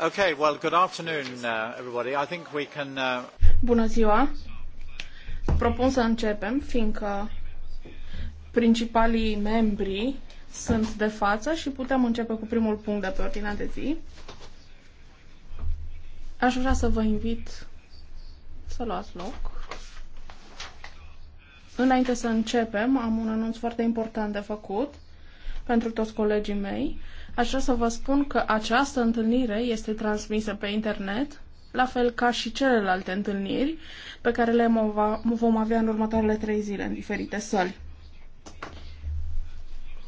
Okay, well, good afternoon, uh, everybody. I think we can. Uh, Bună ziua. Propun să începem, fiindcă principalii membri sunt de față și putem începe cu primul punct de pe ordinea de zi. Aș vrea să vă invit să luați loc. Înainte să începem, am un anunț foarte important de făcut pentru toți colegii mei. Aș vrea să vă spun că această întâlnire este transmisă pe internet, la fel ca și celelalte întâlniri pe care le vom avea în următoarele trei zile în diferite săli.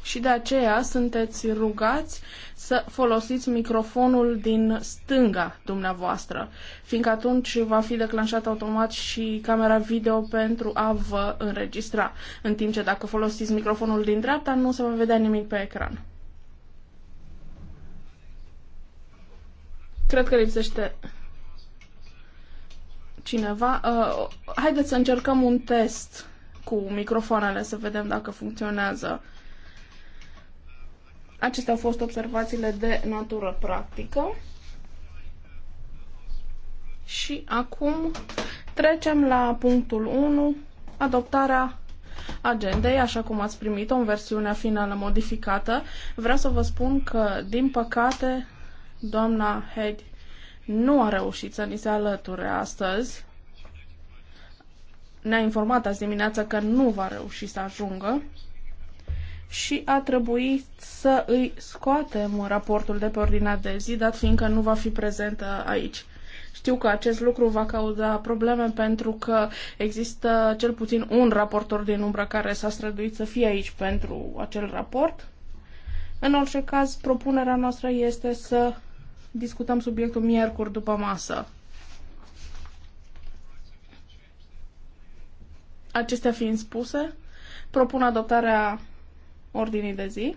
Și de aceea sunteți rugați să folosiți microfonul din stânga dumneavoastră, fiindcă atunci va fi declanșat automat și camera video pentru a vă înregistra, în timp ce dacă folosiți microfonul din dreapta nu se va vedea nimic pe ecran. Cred că lipsește cineva. Uh, haideți să încercăm un test cu microfoanele să vedem dacă funcționează. Acestea au fost observațiile de natură practică. Și acum trecem la punctul 1, adoptarea agendei, așa cum ați primit-o în versiunea finală modificată. Vreau să vă spun că, din păcate, Doamna Head nu a reușit să ni se alăture astăzi. Ne-a informat azi dimineața că nu va reuși să ajungă și a trebuit să îi scoatem raportul de pe ordinea de zi, dat fiindcă nu va fi prezentă aici. Știu că acest lucru va cauza probleme pentru că există cel puțin un raportor din umbră care s-a străduit să fie aici pentru acel raport. În orice caz, propunerea noastră este să discutăm subiectul miercuri după masă. Acestea fiind spuse, propun adoptarea ordinii de zi.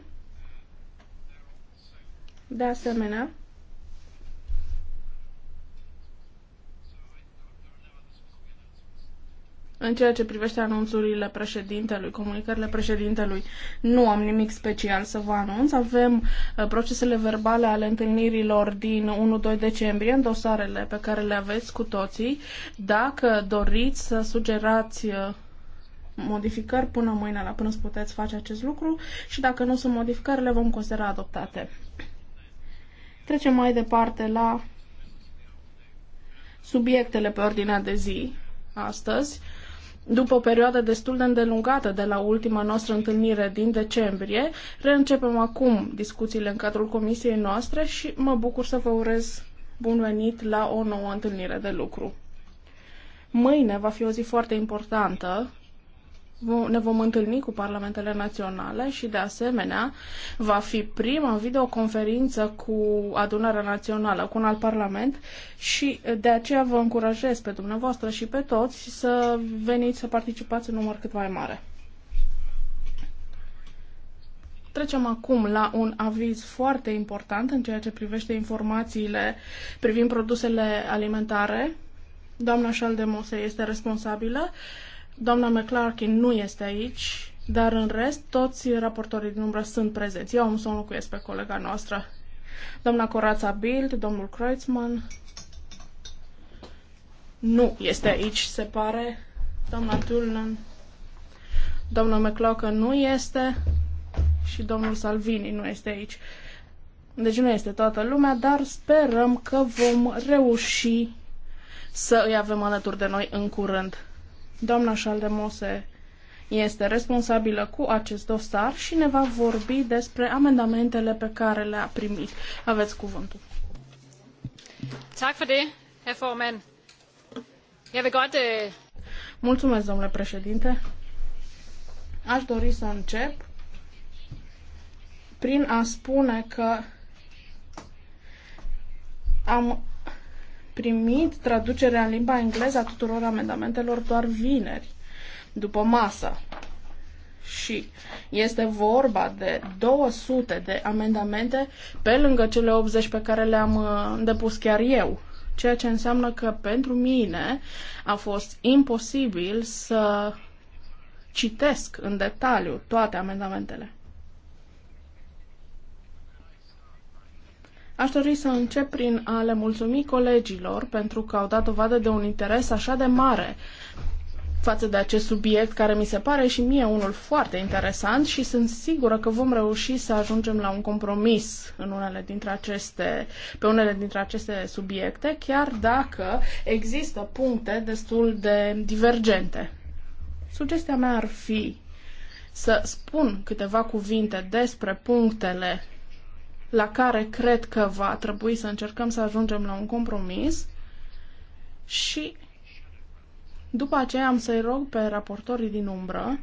De asemenea, În ceea ce privește anunțurile președintelui, comunicările președintelui, nu am nimic special să vă anunț. Avem uh, procesele verbale ale întâlnirilor din 1-2 decembrie în dosarele pe care le aveți cu toții. Dacă doriți să sugerați uh, modificări până mâine la prânz puteți face acest lucru și dacă nu sunt modificări le vom considera adoptate. Trecem mai departe la subiectele pe ordinea de zi astăzi. După o perioadă destul de îndelungată de la ultima noastră întâlnire din decembrie, reîncepem acum discuțiile în cadrul comisiei noastre și mă bucur să vă urez bun venit la o nouă întâlnire de lucru. Mâine va fi o zi foarte importantă ne vom întâlni cu parlamentele naționale și, de asemenea, va fi prima videoconferință cu adunarea națională, cu un alt parlament și eh, de aceea vă încurajez pe dumneavoastră și pe toți să veniți să participați în număr cât mai mare. Trecem acum la un aviz foarte important în ceea ce privește informațiile privind produsele alimentare. Doamna Șaldemose este responsabilă. Uh, Doamna McClarkin nu este aici, dar în rest toți raportorii din umbră sunt prezenți. Eu am să o înlocuiesc pe colega noastră. Doamna Corața Bild, domnul Kreutzmann nu este aici, se pare. Doamna Tulnan, doamna McLaughlin nu este și domnul Salvini nu este aici. Deci nu este toată lumea, dar sperăm că vom reuși să îi avem alături de noi în curând. Doamna Șaldemose este responsabilă cu acest dosar și ne va vorbi despre amendamentele pe care le-a primit. Aveți cuvântul. Tak for det, herr formand. Jeg vil godt... Øh, Mulțumesc, domnule președinte. Aș dori să încep prin a spune că am primit traducerea în limba engleză a tuturor amendamentelor doar vineri, după masă. Și este vorba de 200 de amendamente pe lângă cele 80 pe care le-am uh, depus chiar eu. Ceea ce înseamnă că pentru mine a fost imposibil să citesc în detaliu toate amendamentele. Aș dori să încep prin a le mulțumi colegilor pentru că au dat dovadă de un interes așa de mare față de acest subiect care mi se pare și mie unul foarte interesant și sunt sigură că vom reuși să ajungem la un compromis în unele dintre aceste, pe unele dintre aceste subiecte, chiar dacă există puncte destul de divergente. Sugestia mea ar fi să spun câteva cuvinte despre punctele la care cred că va trebui să încercăm să ajungem la un compromis și după aceea am să-i rog pe raportorii din umbră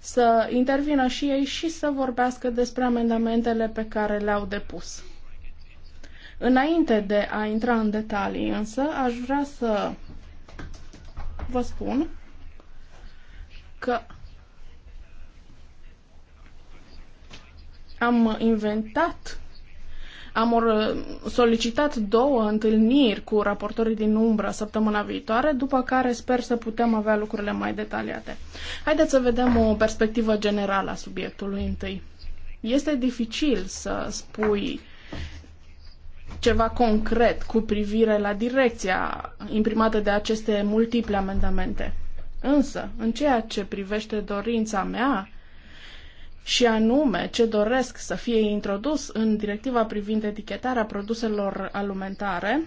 să intervină și ei și să vorbească despre amendamentele pe care le-au depus. Înainte de a intra în detalii, însă, aș vrea să vă spun că am inventat am solicitat două întâlniri cu raportorii din umbră săptămâna viitoare, după care sper să putem avea lucrurile mai detaliate. Haideți să vedem o perspectivă generală a subiectului întâi. Este dificil să spui ceva concret cu privire la direcția imprimată de aceste multiple amendamente. Însă, în ceea ce privește dorința mea și anume ce doresc să fie introdus în directiva privind etichetarea produselor alimentare,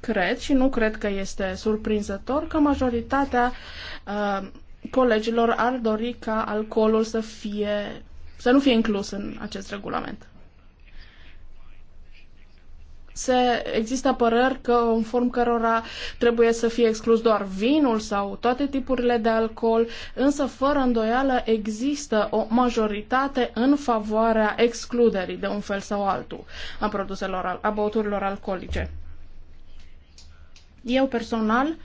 cred și nu cred că este surprinzător că majoritatea uh, colegilor ar dori ca alcoolul să fie să nu fie inclus în acest regulament se există păreri că conform cărora trebuie să fie exclus doar vinul sau toate tipurile de alcool, însă fără îndoială există o majoritate în favoarea excluderii de un fel sau altul a produselor, a băuturilor alcoolice. Eu personal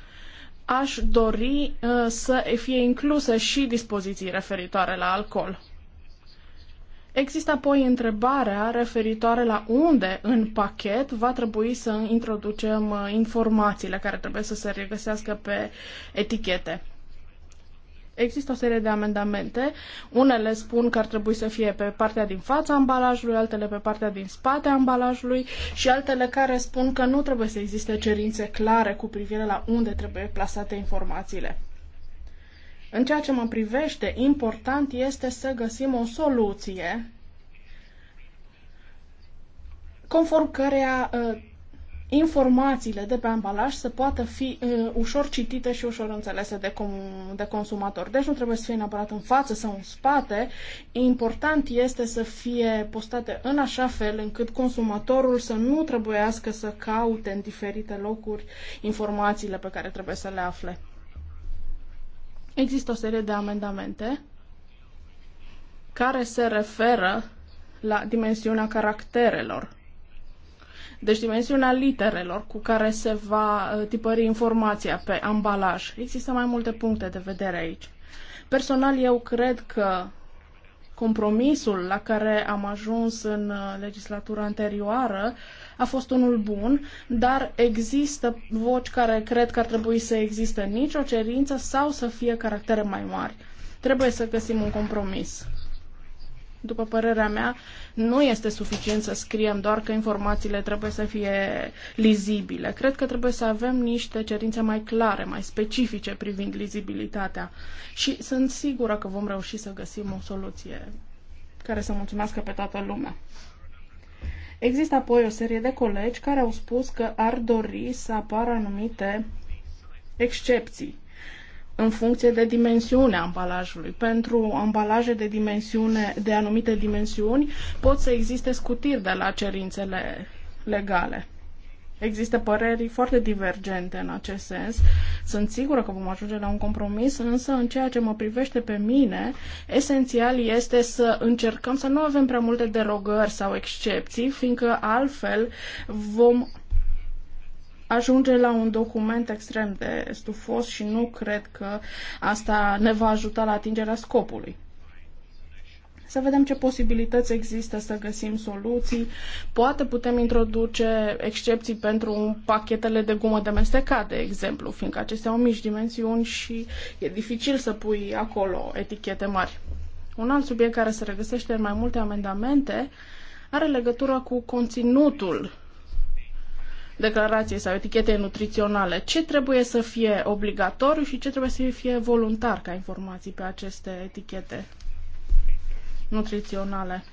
aș dori uh, să fie incluse și dispoziții referitoare la alcool. Există apoi întrebarea referitoare la unde în pachet va trebui să introducem uh, informațiile care trebuie să se regăsească pe etichete. Există o serie de amendamente. Unele spun că ar trebui să fie pe partea din fața ambalajului, altele pe partea din spate a ambalajului și altele care spun că nu trebuie să existe cerințe clare cu privire la unde trebuie plasate informațiile. În ceea ce mă privește, important este să găsim o soluție conform căreia uh, informațiile de pe ambalaj să poată fi uh, ușor citite și ușor înțelese de, com- de consumator. Deci nu trebuie să fie neapărat în față sau în spate. Important este să fie postate în așa fel încât consumatorul să nu trebuiască să caute în diferite locuri informațiile pe care trebuie să le afle. Există o serie de amendamente care se referă la dimensiunea caracterelor. Deci dimensiunea literelor cu care se va uh, tipări informația pe ambalaj. Există mai multe puncte de vedere aici. Personal, eu cred că compromisul la care am ajuns în uh, legislatura anterioară a fost unul bun, dar există voci care cred că ar trebui să existe nicio cerință sau să fie caractere mai mari. Trebuie să găsim un compromis. După părerea mea, nu este suficient să scriem doar că informațiile trebuie să fie lizibile. Cred că trebuie să avem niște cerințe mai clare, mai specifice privind lizibilitatea. Și sunt sigură că vom reuși să găsim o soluție care să mulțumească pe toată lumea. Există apoi o serie de colegi care au spus că ar dori să apară anumite excepții în funcție de dimensiunea ambalajului. Pentru ambalaje de, dimensiune, de anumite dimensiuni pot să existe scutiri de la cerințele legale. Există păreri foarte divergente în acest sens. Sunt sigură că vom ajunge la un compromis, însă în ceea ce mă privește pe mine, esențial este să încercăm să nu avem prea multe derogări sau excepții, fiindcă altfel vom ajunge la un document extrem de stufos și nu cred că asta ne va ajuta la atingerea scopului să vedem ce posibilități există să găsim soluții. Poate putem introduce excepții pentru pachetele de gumă de mestecat, de exemplu, fiindcă acestea au mici dimensiuni și e dificil să pui acolo etichete mari. Un alt subiect care se regăsește în mai multe amendamente are legătură cu conținutul declarației sau etichetei nutriționale. Ce trebuie să fie obligatoriu și ce trebuie să fie voluntar ca informații pe aceste etichete? nutriționale.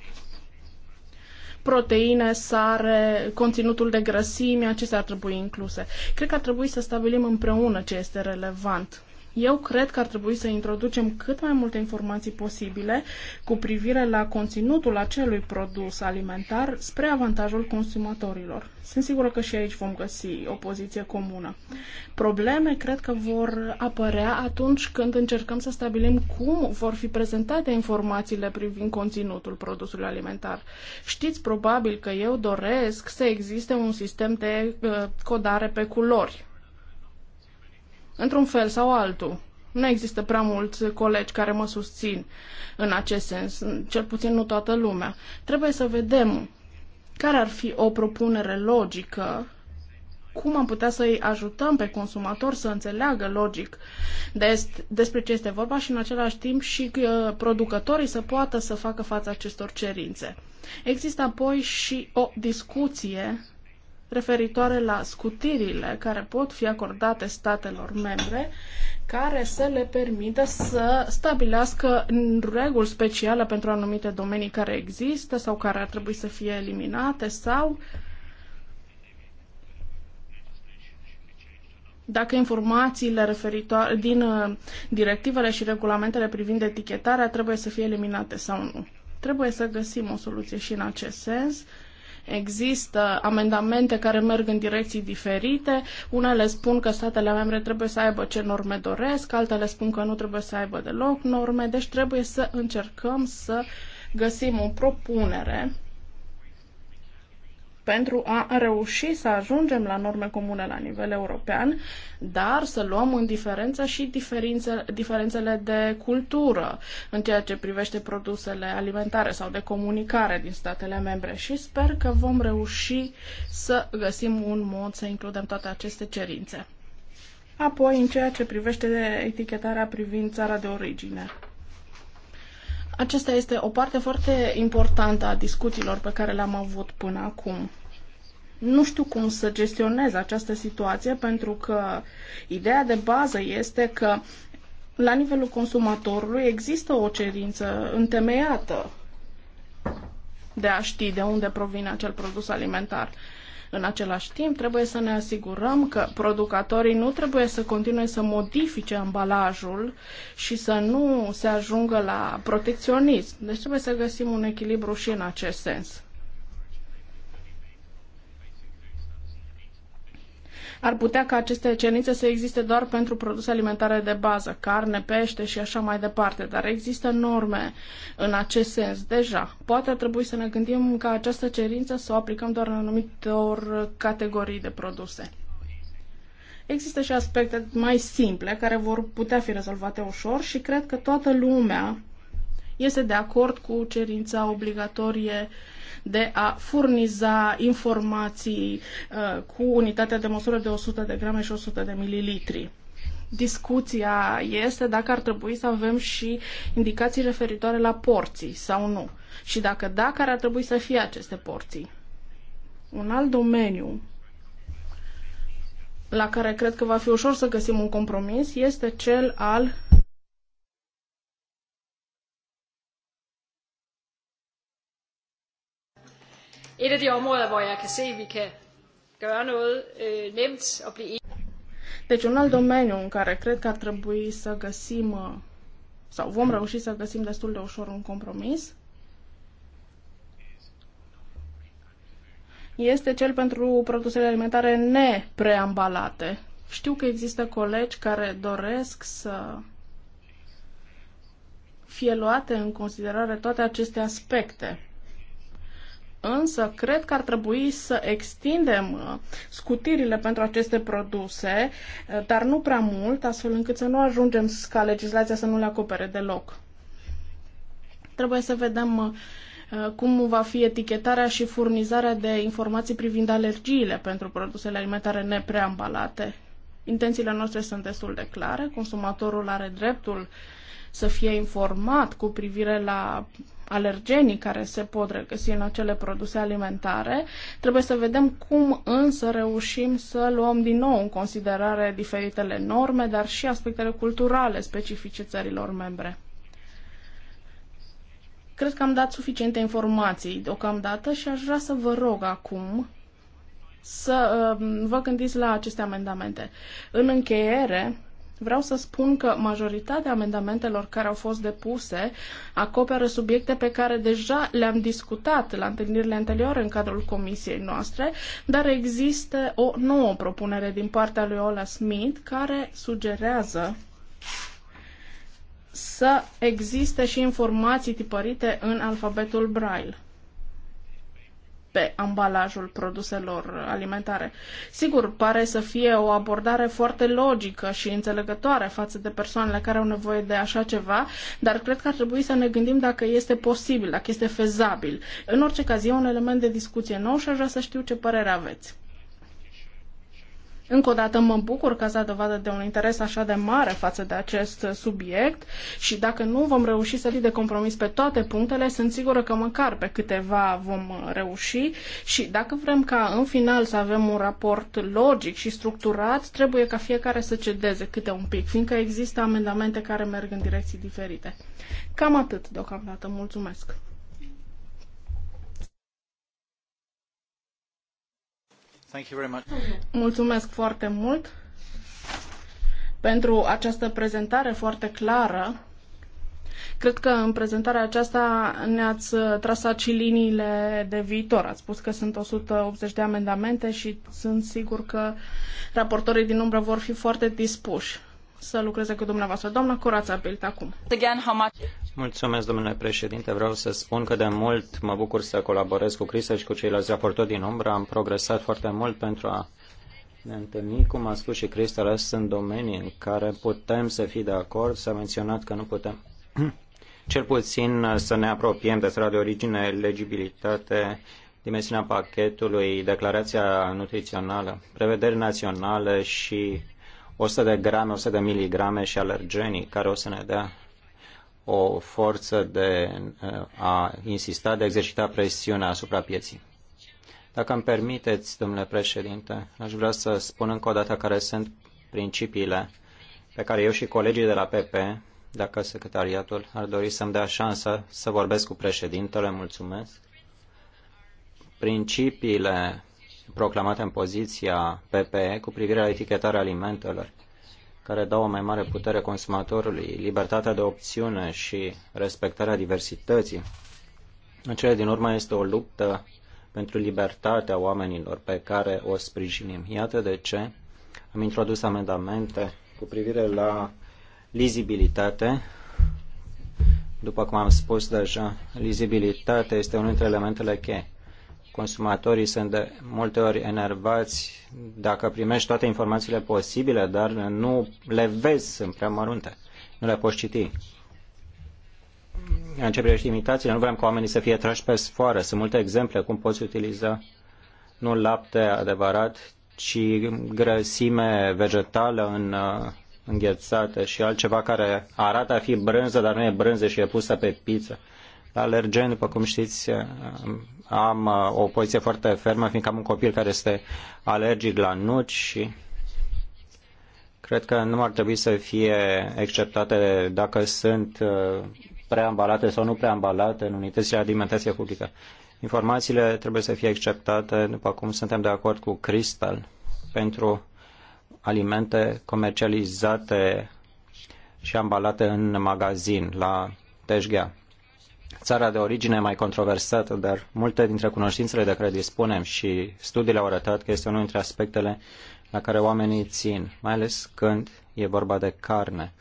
Proteine, sare, conținutul de grăsimi, acestea ar trebui incluse. Cred că ar trebui să stabilim împreună ce este relevant eu cred că ar trebui să introducem cât mai multe informații posibile cu privire la conținutul acelui produs alimentar spre avantajul consumatorilor. Sunt sigură că și aici vom găsi o poziție comună. Probleme cred că vor apărea atunci când încercăm să stabilim cum vor fi prezentate informațiile privind conținutul produsului alimentar. Știți probabil că eu doresc să existe un sistem de uh, codare pe culori într-un fel sau altul. Nu există prea mulți colegi care mă susțin în acest sens, cel puțin nu toată lumea. Trebuie să vedem care ar fi o propunere logică, cum am putea să-i ajutăm pe consumator să înțeleagă logic despre ce este vorba și în același timp și uh, producătorii să poată să facă față acestor cerințe. Există apoi și o discuție referitoare la scutirile care pot fi acordate statelor membre care să le permită să stabilească reguli speciale pentru anumite domenii care există sau care ar trebui să fie eliminate sau dacă informațiile referitoare din uh, directivele și regulamentele privind etichetarea trebuie să fie eliminate sau nu. Trebuie să găsim o soluție și în acest sens Există amendamente care merg în direcții diferite. Unele spun că statele membre trebuie să aibă ce norme doresc, altele spun că nu trebuie să aibă deloc norme, deci trebuie să încercăm să găsim o propunere pentru a reuși să ajungem la norme comune la nivel european, dar să luăm în diferență și diferențe, diferențele de cultură în ceea ce privește produsele alimentare sau de comunicare din statele membre și sper că vom reuși să găsim un mod să includem toate aceste cerințe. Apoi, în ceea ce privește etichetarea privind țara de origine. Acesta este o parte foarte importantă a discuțiilor pe care le-am avut până acum. Nu știu cum să gestionez această situație pentru că ideea de bază este că la nivelul consumatorului există o cerință întemeiată de a ști de unde provine acel produs alimentar. În același timp, trebuie să ne asigurăm că producătorii nu trebuie să continue să modifice ambalajul și să nu se ajungă la protecționism. Deci trebuie să găsim un echilibru și în acest sens. ar putea ca aceste cerințe să existe doar pentru produse alimentare de bază, carne, pește și așa mai departe, dar există norme în acest sens deja. Poate ar trebui să ne gândim ca această cerință să o aplicăm doar în anumitor categorii de produse. Există și aspecte mai simple care vor putea fi rezolvate ușor și cred că toată lumea este de acord cu cerința obligatorie uh, de a furniza informații uh, cu unitatea de măsură de 100 de grame și 100 de mililitri discuția este dacă ar trebui să avem și indicații referitoare la porții sau nu. Și dacă da, care ar trebui să fie aceste porții. Un alt domeniu la care cred că va fi ușor să găsim un compromis este cel al et af de områder, hvor jeg kan se, at vi kan gøre noget øh, nemt og blive deci un alt domeniu în care cred că ar trebui să găsim uh, sau vom reuși să găsim destul de ușor un compromis este cel pentru produsele alimentare nepreambalate. Știu că există colegi care doresc să fie luate în considerare toate aceste aspecte Însă, cred că ar trebui să extindem uh, scutirile pentru aceste produse, uh, dar nu prea mult, astfel încât să nu ajungem ca legislația să nu le acopere deloc. Trebuie să vedem uh, cum va fi etichetarea și furnizarea de informații privind alergiile pentru produsele alimentare nepreambalate. Intențiile noastre sunt destul de clare. Consumatorul are dreptul să fie informat cu privire la alergenii care se pot regăsi în acele produse alimentare. Trebuie să vedem cum însă reușim să luăm din nou în considerare diferitele norme, dar și aspectele culturale specifice țărilor membre. Cred că am dat suficiente informații deocamdată și aș vrea să vă rog acum să uh, vă gândiți la aceste amendamente. În încheiere, Vreau să spun că majoritatea amendamentelor care au fost depuse acoperă subiecte pe care deja le-am discutat la întâlnirile anterioare în cadrul comisiei noastre, dar există o nouă propunere din partea lui Ola Smith care sugerează să existe și informații tipărite în alfabetul Braille pe ambalajul produselor alimentare. Sigur, pare să fie o abordare foarte logică și înțelegătoare față de persoanele care au nevoie de așa ceva, dar cred că ar trebui să ne gândim dacă este posibil, dacă este fezabil. În orice caz, e un element de discuție nou și aș vrea să știu ce părere aveți. Încă o dată mă bucur că ați dat dovadă de un interes așa de mare față de acest subiect și dacă nu vom reuși să de compromis pe toate punctele, sunt sigură că măcar pe câteva vom reuși și dacă vrem ca în final să avem un raport logic și structurat, trebuie ca fiecare să cedeze câte un pic, fiindcă există amendamente care merg în direcții diferite. Cam atât deocamdată. Mulțumesc! Mulțumesc foarte mult pentru această prezentare foarte clară. Cred că în prezentarea aceasta ne-ați trasat și liniile de viitor. Ați spus că sunt 180 de amendamente și sunt sigur că raportorii din umbră vor fi foarte dispuși să lucreze cu dumneavoastră. Doamna Curața Bilt, acum. Mulțumesc, domnule președinte. Vreau să spun că de mult mă bucur să colaborez cu Crisa și cu ceilalți raportori din umbră. Am progresat foarte mult pentru a ne întâlni, cum a spus și Crista, sunt domenii în care putem să fim de acord. S-a menționat că nu putem cel puțin să ne apropiem de strada de origine, legibilitate, dimensiunea pachetului, declarația nutrițională, prevederi naționale și 100 de grame, 100 de miligrame și alergenii, care o să ne dea o forță de eh, a insista, de a exercita presiunea asupra pieții. Dacă îmi permiteți, domnule președinte, aș vrea să spun încă o dată care sunt principiile pe care eu și colegii de la PP, dacă secretariatul ar dori să-mi dea șansa să vorbesc cu președintele, mulțumesc. Principiile proclamate în poziția PPE cu privire la etichetarea alimentelor, care dau o mai mare putere consumatorului, libertatea de opțiune și respectarea diversității. În cele din urmă este o luptă pentru libertatea oamenilor pe care o sprijinim. Iată de ce am introdus amendamente cu privire la lizibilitate. După cum am spus deja, lizibilitatea este unul dintre elementele cheie consumatorii sunt de multe ori enervați dacă primești toate informațiile posibile, dar nu le vezi, sunt prea mărunte. Nu le poți citi. În ce privește imitațiile, nu vrem ca oamenii să fie trași pe sfoară. Sunt multe exemple cum poți utiliza nu lapte adevărat, ci grăsime vegetală în uh, înghețată și altceva care arată a fi brânză, dar nu e brânză și e pusă pe pizza. La alergen, după cum știți, uh, am uh, o poziție foarte fermă, fiindcă am un copil care este alergic la nuci și cred că nu ar trebui să fie acceptate dacă sunt uh, preambalate sau nu preambalate în unitățile alimentației publică. Informațiile trebuie să fie acceptate, după cum suntem de acord cu Crystal, pentru alimente comercializate și ambalate în magazin, la teșghea țara de origine mai controversată, dar multe dintre cunoștințele de care dispunem și studiile au arătat că este unul dintre aspectele la care oamenii țin, mai ales când e vorba de carne.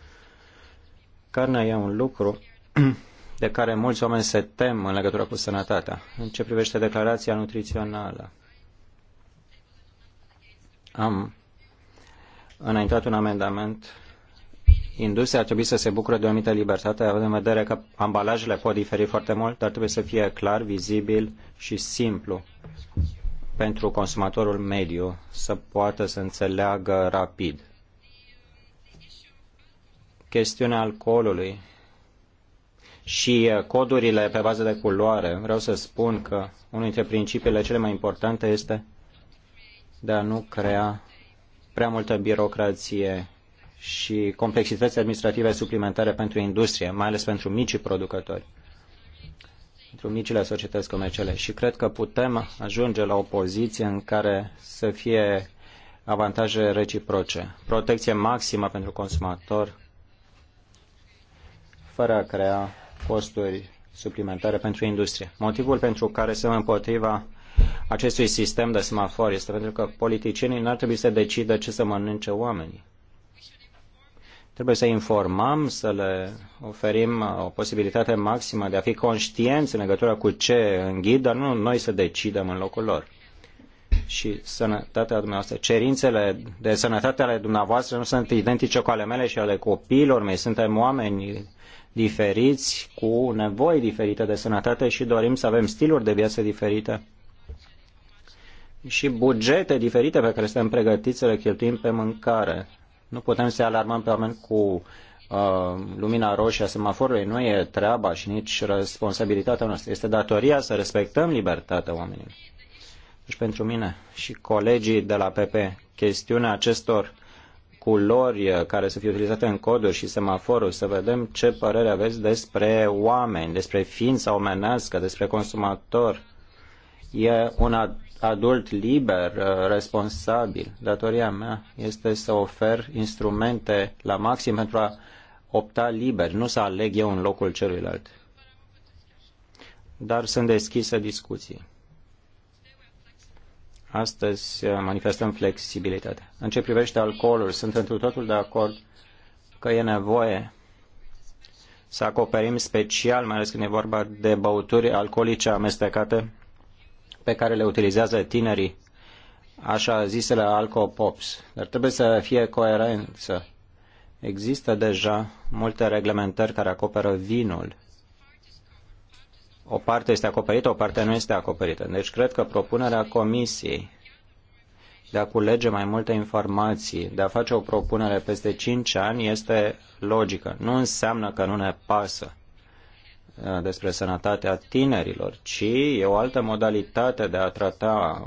Carnea e un lucru de care mulți oameni se tem în legătură cu sănătatea. În ce privește declarația nutrițională, am înaintat un amendament Industria ar trebui să se bucure de o anumită libertate, având în vedere că ambalajele pot diferi foarte mult, dar trebuie să fie clar, vizibil și simplu pentru consumatorul mediu să poată să înțeleagă rapid. Chestiunea alcoolului și codurile pe bază de culoare. Vreau să spun că unul dintre principiile cele mai importante este de a nu crea prea multă birocrație și complexități administrative suplimentare pentru industrie, mai ales pentru micii producători, pentru micile societăți comerciale. Și cred că putem ajunge la o poziție în care să fie avantaje reciproce. Protecție maximă pentru consumator, fără a crea costuri suplimentare pentru industrie. Motivul pentru care sunt împotriva acestui sistem de semafor este pentru că politicienii nu ar trebui să decidă ce să mănânce oamenii. Trebuie să informăm, să le oferim uh, o posibilitate maximă de a fi conștienți în legătură cu ce înghid, dar nu noi să decidem în locul lor. Și sănătatea dumneavoastră, cerințele de sănătate ale dumneavoastră nu sunt identice cu ale mele și ale copiilor mei. Suntem oameni diferiți, cu nevoi diferite de sănătate și dorim să avem stiluri de viață diferite și bugete diferite pe care suntem pregătiți să le cheltuim pe mâncare. Nu putem să alarmăm pe oameni cu uh, lumina roșie a semaforului. Nu e treaba și nici responsabilitatea noastră. Este datoria să respectăm libertatea oamenilor. Deci pentru mine și colegii de la PP, chestiunea acestor culori care să fie utilizate în coduri și semaforul, să vedem ce părere aveți despre oameni, despre ființa omenească, despre consumator. E un adult liber, uh, responsabil. Datoria mea este să ofer instrumente la maxim pentru a opta liber, nu să aleg eu în locul celuilalt. Dar sunt deschise discuții. Astăzi uh, manifestăm flexibilitate. În ce privește alcoolul, sunt întru totul de acord că e nevoie să acoperim special, mai ales când e vorba de băuturi alcoolice amestecate, pe care le utilizează tinerii, așa zisele alcopops. Dar trebuie să fie coerență. Există deja multe reglementări care acoperă vinul. O parte este acoperită, o parte nu este acoperită. Deci cred că propunerea comisiei de a culege mai multe informații, de a face o propunere peste 5 ani este logică. Nu înseamnă că nu ne pasă. Uh, despre sănătatea tinerilor, ci e o altă modalitate de a trata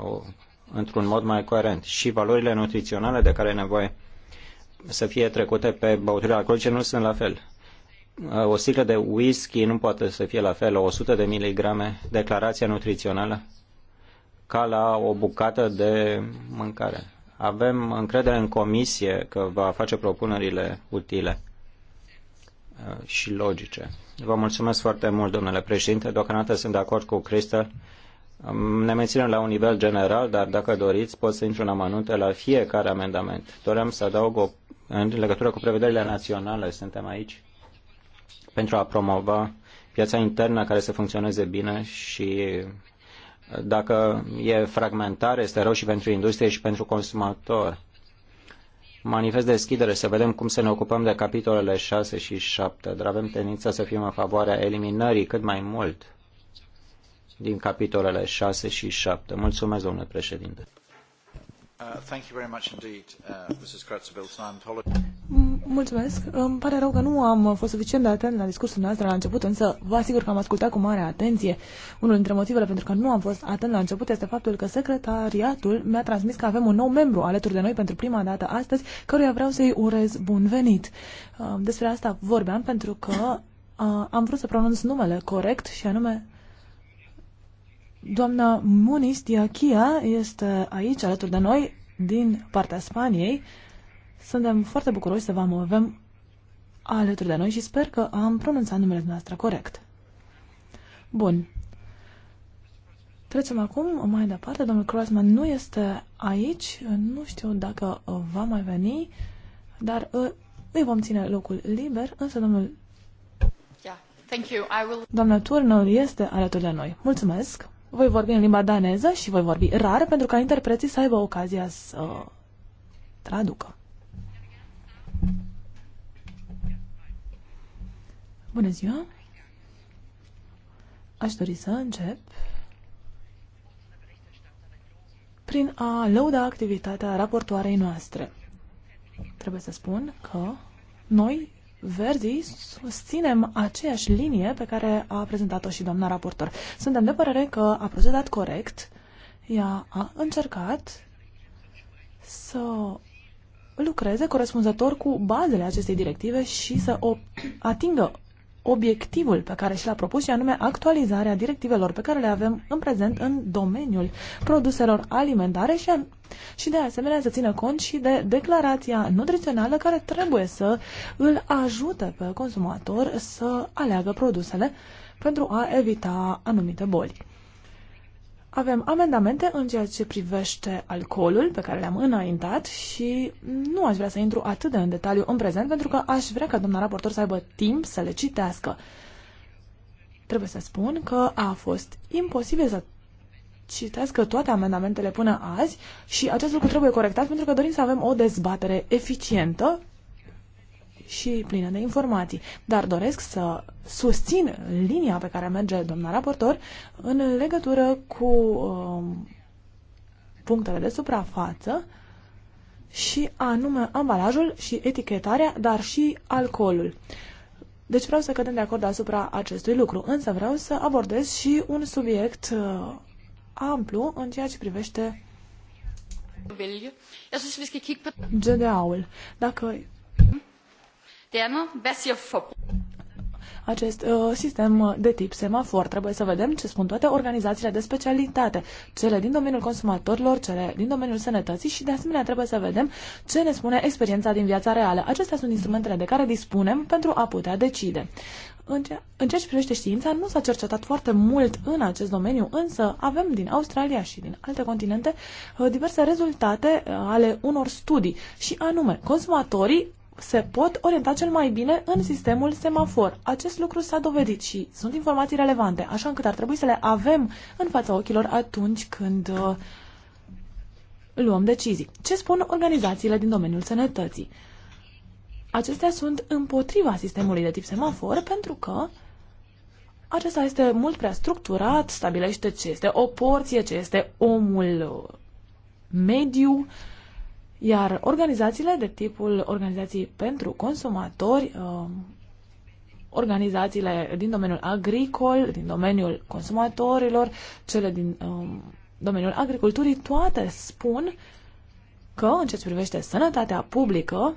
într-un mod mai coerent. Și valorile nutriționale de care e nevoie să fie trecute pe băuturile alcoolice nu sunt la fel. Uh, o sticlă de whisky nu poate să fie la fel, 100 de miligrame, declarația nutrițională, ca la o bucată de mâncare. Avem încredere în comisie că va face propunerile utile Uh, și logice. Vă mulțumesc foarte mult, domnule președinte. Deocamdată sunt de acord cu Cristă. Um, ne menținem la un nivel general, dar dacă doriți, pot să intru în amănunte la fiecare amendament. Doream să adaug o, în legătură cu prevederile naționale, suntem aici pentru a promova piața internă care să funcționeze bine și uh, dacă e fragmentare, este rău și pentru industrie și pentru consumator manifest deschidere să vedem cum să ne ocupăm de capitolele 6 și 7, dar avem tendința să fim în favoarea eliminării cât mai mult din capitolele 6 și 7. Mulțumesc, domnule președinte. Mulțumesc. Îmi pare rău că nu am fost suficient de atent la discursul noastră la început, însă vă asigur că am ascultat cu mare atenție. Unul dintre motivele pentru că nu am fost atent la început este faptul că secretariatul mi-a transmis că avem un nou membru alături de noi pentru prima dată astăzi, căruia vreau să-i urez bun venit. Uh, despre asta vorbeam pentru că uh, am vrut să pronunț numele corect și anume Doamna Muniz Diachia este aici alături de noi din partea Spaniei. Suntem foarte bucuroși să vă avem alături de noi și sper că am pronunțat numele noastră corect. Bun. Trecem acum mai departe. Domnul Crossman nu este aici. Nu știu dacă va mai veni, dar uh, îi vom ține locul liber, însă domnul Doamna Turner este alături de noi. Mulțumesc! Voi vorbi în limba daneză și voi vorbi rar pentru ca interpreții să aibă ocazia să traducă. Bună ziua! Aș dori să încep prin a lăuda activitatea raportoarei noastre. Trebuie să spun că noi Verdi susținem aceeași linie pe care a prezentat-o și doamna raportor. Suntem de părere că a procedat corect, ea a încercat să lucreze corespunzător cu bazele acestei directive și să o atingă obiectivul pe care și l-a propus, și anume actualizarea directivelor pe care le avem în prezent în domeniul produselor alimentare și, an- și de asemenea să țină cont și de declarația nutrițională care trebuie să îl ajute pe consumator să aleagă produsele pentru a evita anumite boli. Avem amendamente în ceea ce privește alcoolul pe care le-am înaintat și nu aș vrea să intru atât de în detaliu în prezent pentru că aș vrea ca doamna raportor să aibă timp să le citească. Trebuie să spun că a fost imposibil să citească toate amendamentele până azi și acest lucru trebuie corectat pentru că dorim să avem o dezbatere eficientă și plină de informații. Dar doresc să susțin linia pe care merge doamna raportor în legătură cu um, punctele de suprafață și anume ambalajul și etichetarea, dar și alcoolul. Deci vreau să cădem de acord asupra acestui lucru, însă vreau să abordez și un subiect uh, amplu în ceea ce privește GDA-ul. Dacă acest uh, sistem de tip semafor. Trebuie să vedem ce spun toate organizațiile de specialitate, cele din domeniul consumatorilor, cele din domeniul sănătății și de asemenea trebuie să vedem ce ne spune experiența din viața reală. Acestea sunt instrumentele de care dispunem pentru a putea decide. În ceea ce privește știința, nu s-a cercetat foarte mult în acest domeniu, însă avem din Australia și din alte continente uh, diverse rezultate uh, ale unor studii și anume, consumatorii se pot orienta cel mai bine în sistemul semafor. Acest lucru s-a dovedit și sunt informații relevante, așa încât ar trebui să le avem în fața ochilor atunci când uh, luăm decizii. Ce spun organizațiile din domeniul sănătății? Acestea sunt împotriva sistemului de tip semafor pentru că acesta este mult prea structurat, stabilește ce este o porție, ce este omul uh, mediu, uh, iar organizațiile de tipul organizații pentru consumatori, uh, organizațiile din domeniul agricol, din domeniul consumatorilor, cele din uh, domeniul agriculturii, toate spun că, în ce privește sănătatea publică,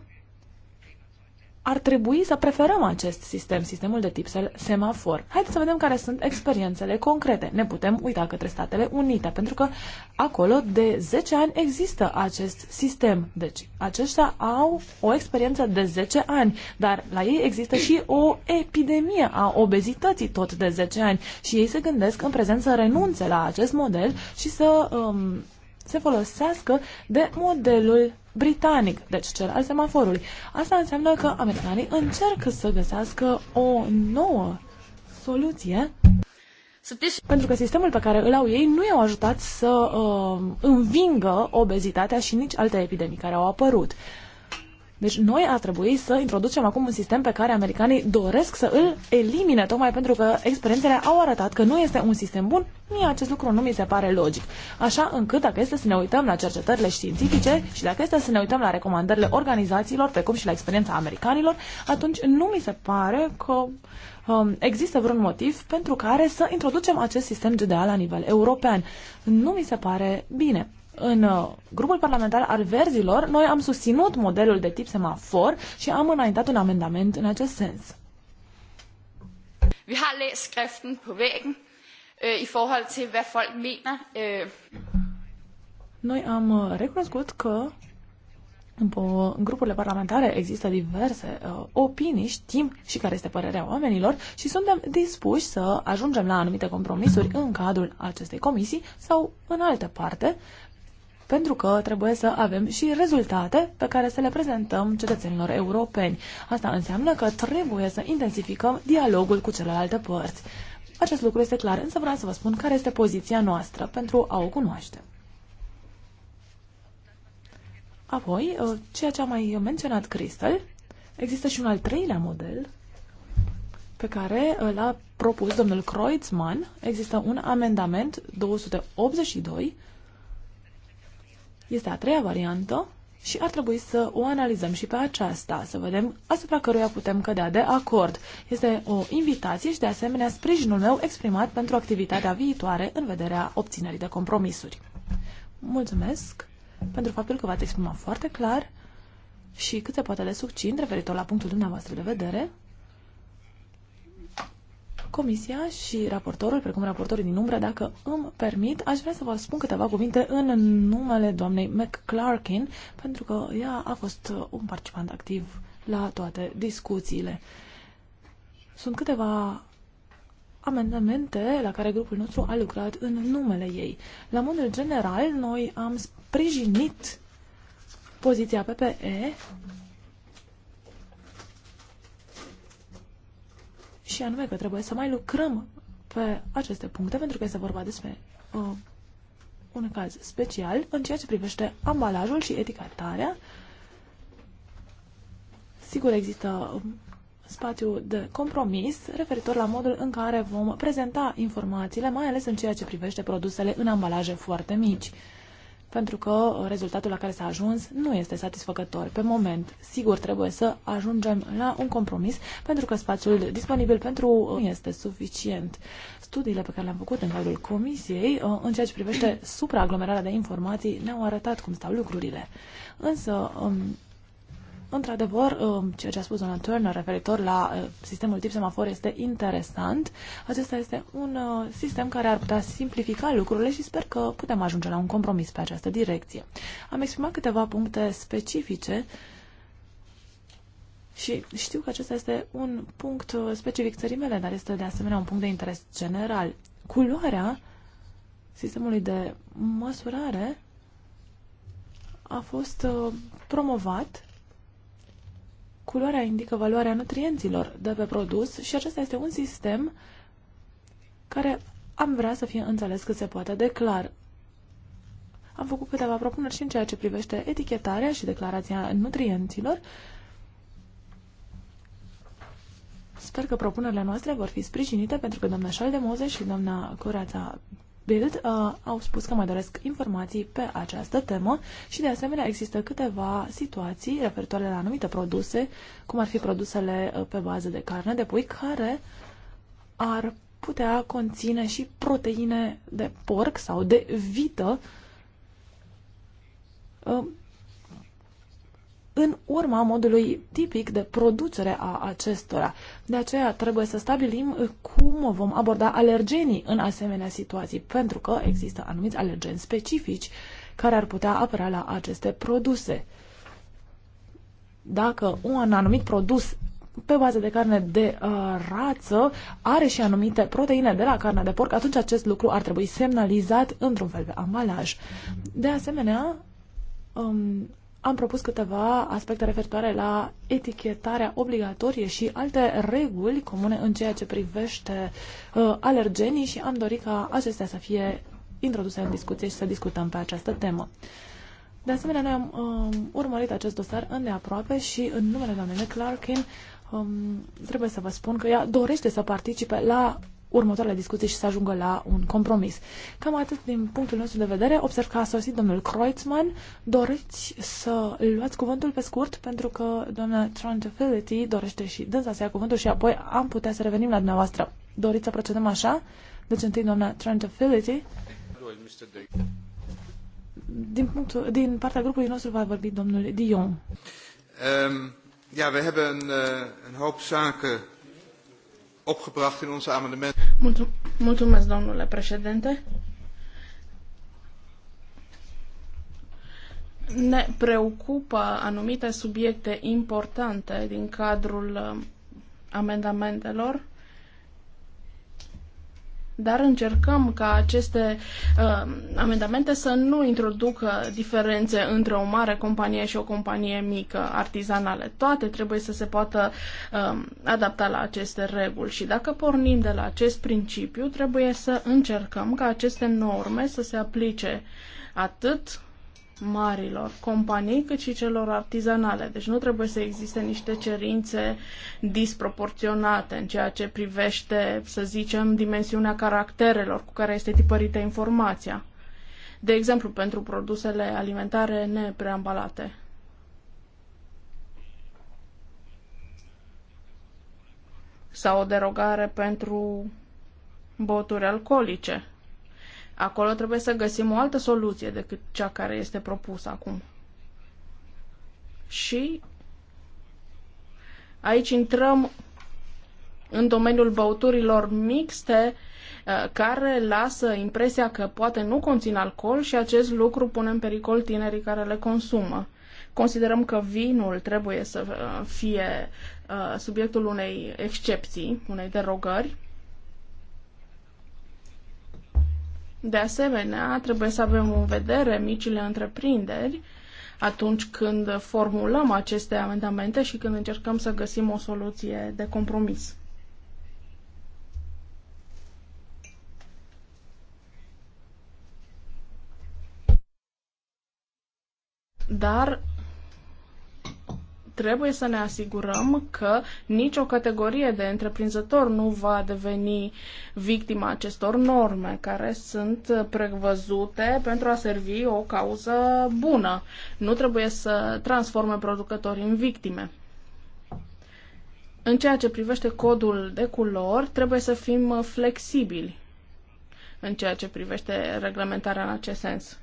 ar trebui să preferăm acest sistem, sistemul de tip semafor. Haideți să vedem care sunt experiențele concrete. Ne putem uita către Statele Unite, pentru că acolo de 10 ani există acest sistem. Deci, aceștia au o experiență de 10 ani, dar la ei există și o epidemie a obezității tot de 10 ani și ei se gândesc în prezent să renunțe la acest model și să um, se folosească de modelul britanic, deci cel al semaforului. Asta înseamnă că americanii încercă să găsească o nouă soluție pentru că sistemul pe care îl au ei nu i-au ajutat să uh, învingă obezitatea și nici alte epidemii care au apărut. Deci noi ar trebui să introducem acum un sistem pe care americanii doresc să îl elimine, tocmai pentru că experiențele au arătat că nu este un sistem bun, mie acest lucru nu mi se pare logic. Așa încât dacă este să ne uităm la cercetările științifice și dacă este să ne uităm la recomandările organizațiilor, precum și la experiența americanilor, atunci nu mi se pare că um, există vreun motiv pentru care să introducem acest sistem judeal la nivel european. Nu mi se pare bine. În uh, grupul parlamentar al verzilor, noi am susținut modelul de tip semafor și am înaintat un amendament în acest sens. Vi har læst skriften på væggen øh, i forhold til, hvad folk mener. Øh. Noi am uh, recunoscut că în grupurile parlamentare există diverse uh, opinii, știm și care este părerea oamenilor și suntem dispuși să ajungem la anumite compromisuri în cadrul acestei comisii sau în altă parte pentru că trebuie să avem și rezultate pe care să le prezentăm cetățenilor europeni. Asta înseamnă că trebuie să intensificăm dialogul cu celelalte părți. Acest lucru este clar, însă vreau să vă spun care este poziția noastră pentru a o cunoaște. Apoi, uh, ceea ce a mai menționat Crystal, există și un al treilea model pe care l-a propus domnul Kreutzmann. Există un amendament 282 este a treia variantă și ar trebui să o analizăm și pe aceasta, să vedem asupra căruia putem cădea de acord. Este o invitație și de asemenea sprijinul meu exprimat pentru activitatea viitoare în vederea obținerii de compromisuri. Mulțumesc pentru faptul că v-ați exprimat foarte clar și cât se poate de succint referitor la punctul dumneavoastră de vedere. Comisia și raportorul, precum raportorii din umbră, dacă îmi permit, aș vrea să vă spun câteva cuvinte în numele doamnei McClarkin, pentru că ea a fost uh, un participant activ la toate discuțiile. Sunt câteva amendamente la care grupul nostru a lucrat în numele ei. La modul general, noi am sprijinit poziția PPE și anume că trebuie să mai lucrăm pe aceste puncte, pentru că este vorba despre uh, un caz special în ceea ce privește ambalajul și etichetarea. Sigur, există um, spațiu de compromis referitor la modul în care vom prezenta informațiile, mai ales în ceea ce privește produsele în ambalaje foarte mici pentru că rezultatul la care s-a ajuns nu este satisfăcător pe moment. Sigur, trebuie să ajungem la un compromis, pentru că spațiul disponibil pentru nu este suficient. Studiile pe care le-am făcut în cadrul comisiei, uh, în ceea ce privește supraaglomerarea de informații, ne-au arătat cum stau lucrurile. Însă, um, Într-adevăr, um, ceea ce a spus Donald Turner referitor la uh, sistemul tip semafor este interesant. Acesta este un uh, sistem care ar putea simplifica lucrurile și sper că putem ajunge la un compromis pe această direcție. Am exprimat câteva puncte specifice și știu că acesta este un punct uh, specific țării mele, dar este de asemenea un punct de interes general. Culoarea sistemului de măsurare a fost promovat Culoarea indică valoarea nutrienților de pe produs și acesta este un sistem care am vrea să fie înțeles cât se poate de clar. Am făcut câteva propuneri și în ceea ce privește etichetarea și declarația nutrienților. Sper că propunerile noastre vor fi sprijinite pentru că doamna Șaldemoze și doamna Coreața Bild uh, au spus că mai doresc informații pe această temă și de asemenea există câteva situații referitoare la anumite produse, cum ar fi produsele pe bază de carne de pui, care ar putea conține și proteine de porc sau de vită, în urma modului tipic de producere a acestora. De aceea trebuie să stabilim cum vom aborda alergenii în asemenea situații, pentru că există anumiți alergeni specifici care ar putea apărea la aceste produse. Dacă un anumit produs pe bază de carne de uh, rață are și anumite proteine de la carnea de porc, atunci acest lucru ar trebui semnalizat într-un fel de ambalaj. De asemenea, um, am propus câteva aspecte referitoare la etichetarea obligatorie și alte reguli comune în ceea ce privește uh, alergenii și am dorit ca acestea să fie introduse în discuție și să discutăm pe această temă. De asemenea, noi am um, urmărit acest dosar îndeaproape și în numele doamnei Clarkin um, trebuie să vă spun că ea dorește să participe la următoarele discuții și să ajungă la un compromis. Cam atât din punctul nostru de vedere. Observ că a sosit domnul Kreutzmann. Doriți să luați cuvântul pe scurt, pentru că doamna Trantafility dorește și dânsa să ia cuvântul și apoi am putea să revenim la dumneavoastră. Doriți să procedăm așa? Deci întâi doamna Trantafility. Din, punctul, din partea grupului nostru va vorbi domnul Dion. Um, ja, we hebben een, uh, een hoop zaken opgebracht in onze amendementen. Mulțumesc, domnule președinte. Ne preocupă anumite subiecte importante din cadrul um, amendamentelor dar încercăm ca aceste uh, amendamente să nu introducă diferențe între o mare companie și o companie mică, artizanale. Toate trebuie să se poată uh, adapta la aceste reguli și dacă pornim de la acest principiu, trebuie să încercăm ca aceste norme să se aplice atât marilor companii, cât și celor artizanale. Deci nu trebuie să existe niște cerințe disproporționate în ceea ce privește, să zicem, dimensiunea caracterelor cu care este tipărită informația. De exemplu, pentru produsele alimentare nepreambalate. Sau o derogare pentru băuturi alcoolice Acolo trebuie să găsim o altă soluție decât cea care este propusă acum. Și aici intrăm în domeniul băuturilor mixte uh, care lasă impresia că poate nu conțin alcool și acest lucru pune în pericol tinerii care le consumă. Considerăm că vinul trebuie să uh, fie uh, subiectul unei excepții, unei derogări De asemenea, trebuie să avem în vedere micile întreprinderi atunci când formulăm aceste amendamente și când încercăm să găsim o soluție de compromis. Dar trebuie să ne asigurăm că nicio categorie de întreprinzător nu va deveni victima acestor norme care sunt prevăzute pentru a servi o cauză bună. Nu trebuie să transforme producătorii în victime. În ceea ce privește codul de culori, trebuie să fim flexibili în ceea ce privește reglementarea în acest sens.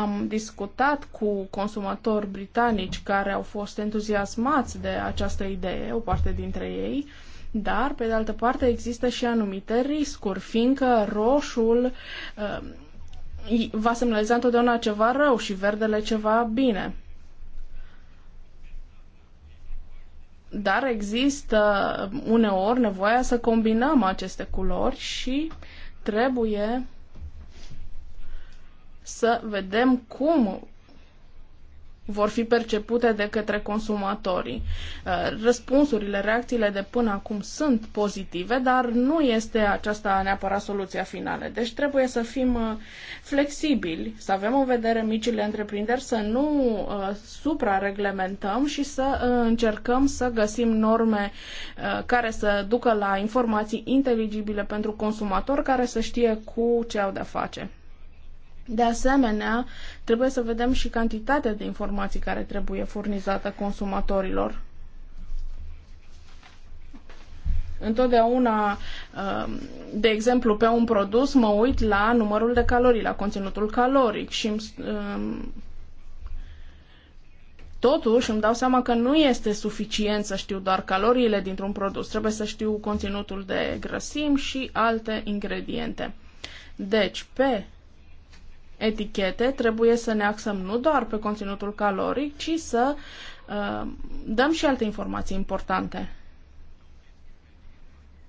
Am discutat cu consumatori britanici care au fost entuziasmați de această idee, o parte dintre ei, dar, pe de altă parte, există și anumite riscuri, fiindcă roșul uh, va semnaliza întotdeauna ceva rău și verdele ceva bine. Dar există uneori nevoia să combinăm aceste culori și trebuie să vedem cum vor fi percepute de către consumatorii. Uh, răspunsurile, reacțiile de până acum sunt pozitive, dar nu este aceasta neapărat soluția finală. Deci trebuie să fim uh, flexibili, să avem în vedere micile întreprinderi, să nu uh, suprareglementăm și să încercăm să găsim norme care să ducă la informații inteligibile pentru consumator care să știe cu ce au de-a face. De asemenea, trebuie să vedem și cantitatea de informații care trebuie furnizată consumatorilor. Întotdeauna, um, de exemplu, pe un produs mă uit la numărul de calorii, la conținutul caloric și um, Totuși, îmi dau seama că nu este suficient să știu doar caloriile dintr-un produs. Trebuie să știu conținutul de grăsim și alte ingrediente. Deci, pe etichete, trebuie să ne axăm nu doar pe conținutul caloric, ci să uh, dăm și alte informații importante.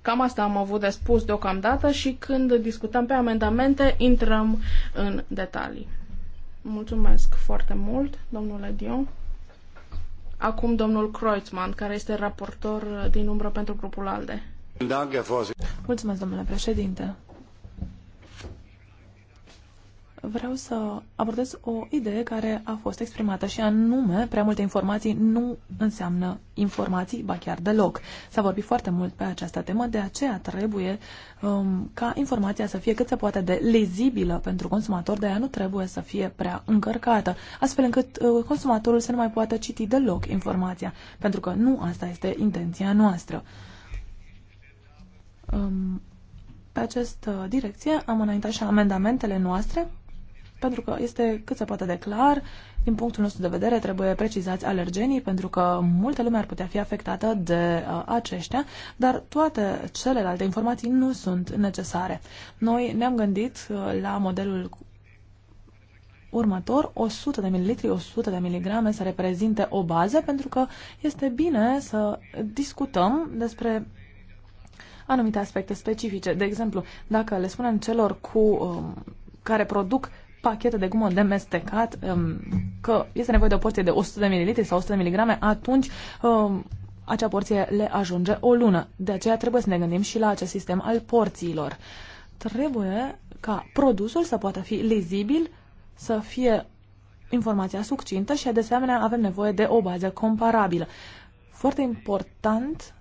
Cam asta am avut de spus deocamdată și când discutăm pe amendamente, intrăm în detalii. Mulțumesc foarte mult, domnule Dion. Acum domnul Kreutzmann, care este raportor din umbră pentru grupul ALDE. Mulțumesc, domnule președinte vreau să abordez o idee care a fost exprimată și anume, prea multe informații nu înseamnă informații, ba chiar deloc. S-a vorbit foarte mult pe această temă, de aceea trebuie um, ca informația să fie cât se poate de lezibilă pentru consumator, de aia nu trebuie să fie prea încărcată, astfel încât uh, consumatorul să nu mai poată citi deloc informația, pentru că nu asta este intenția noastră. Um, pe această direcție am înaintat și amendamentele noastre pentru că este cât se poate de clar, din punctul nostru de vedere trebuie precizați alergenii, pentru că multă lume ar putea fi afectată de uh, aceștia, dar toate celelalte informații nu sunt necesare. Noi ne-am gândit uh, la modelul următor, 100 de mililitri, 100 de miligrame să reprezinte o bază, pentru că este bine să discutăm despre anumite aspecte specifice. De exemplu, dacă le spunem celor cu, um, care produc pachetă de gumă demestecat, um, că este nevoie de o porție de 100 ml sau 100 mg, atunci um, acea porție le ajunge o lună. De aceea trebuie să ne gândim și la acest sistem al porțiilor. Trebuie ca produsul să poată fi lizibil, să fie informația succintă și, de asemenea, avem nevoie de o bază comparabilă. Foarte important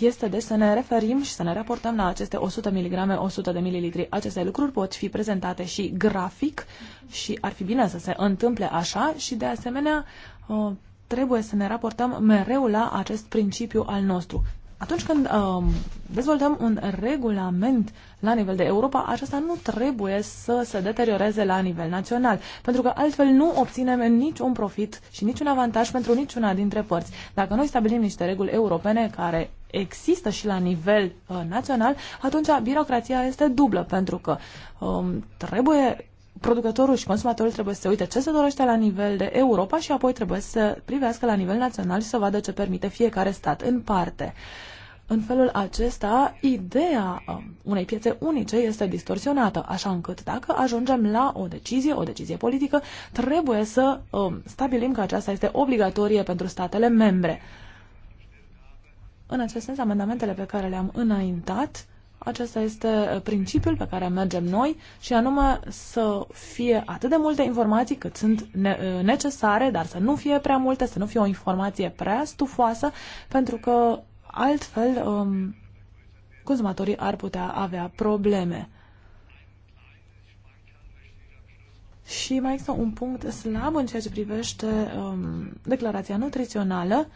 este de să ne referim și să ne raportăm la aceste 100 mg, 100 de ml. Aceste lucruri pot fi prezentate și grafic și ar fi bine să se întâmple așa și de asemenea uh, trebuie să ne raportăm mereu la acest principiu al nostru. Atunci când um, dezvoltăm un regulament la nivel de Europa, acesta nu trebuie să se deterioreze la nivel național, pentru că altfel nu obținem niciun profit și niciun avantaj pentru niciuna dintre părți. Dacă noi stabilim niște reguli europene care există și la nivel uh, național, atunci birocrația este dublă, pentru că um, trebuie producătorul și consumatorul trebuie să se uite ce se dorește la nivel de Europa și apoi trebuie să privească la nivel național și să vadă ce permite fiecare stat în parte. În felul acesta, ideea um, unei piețe unice este distorsionată, așa încât dacă ajungem la o decizie, o decizie politică, trebuie să um, stabilim că aceasta este obligatorie pentru statele membre. În acest sens, amendamentele pe care le-am înaintat, acesta este principiul pe care mergem noi și anume să fie atât de multe informații cât sunt necesare, dar să nu fie prea multe, să nu fie o informație prea stufoasă, pentru că altfel um, consumatorii ar putea avea probleme. Și mai există un punct slab în ceea ce privește um, declarația nutrițională. Uh,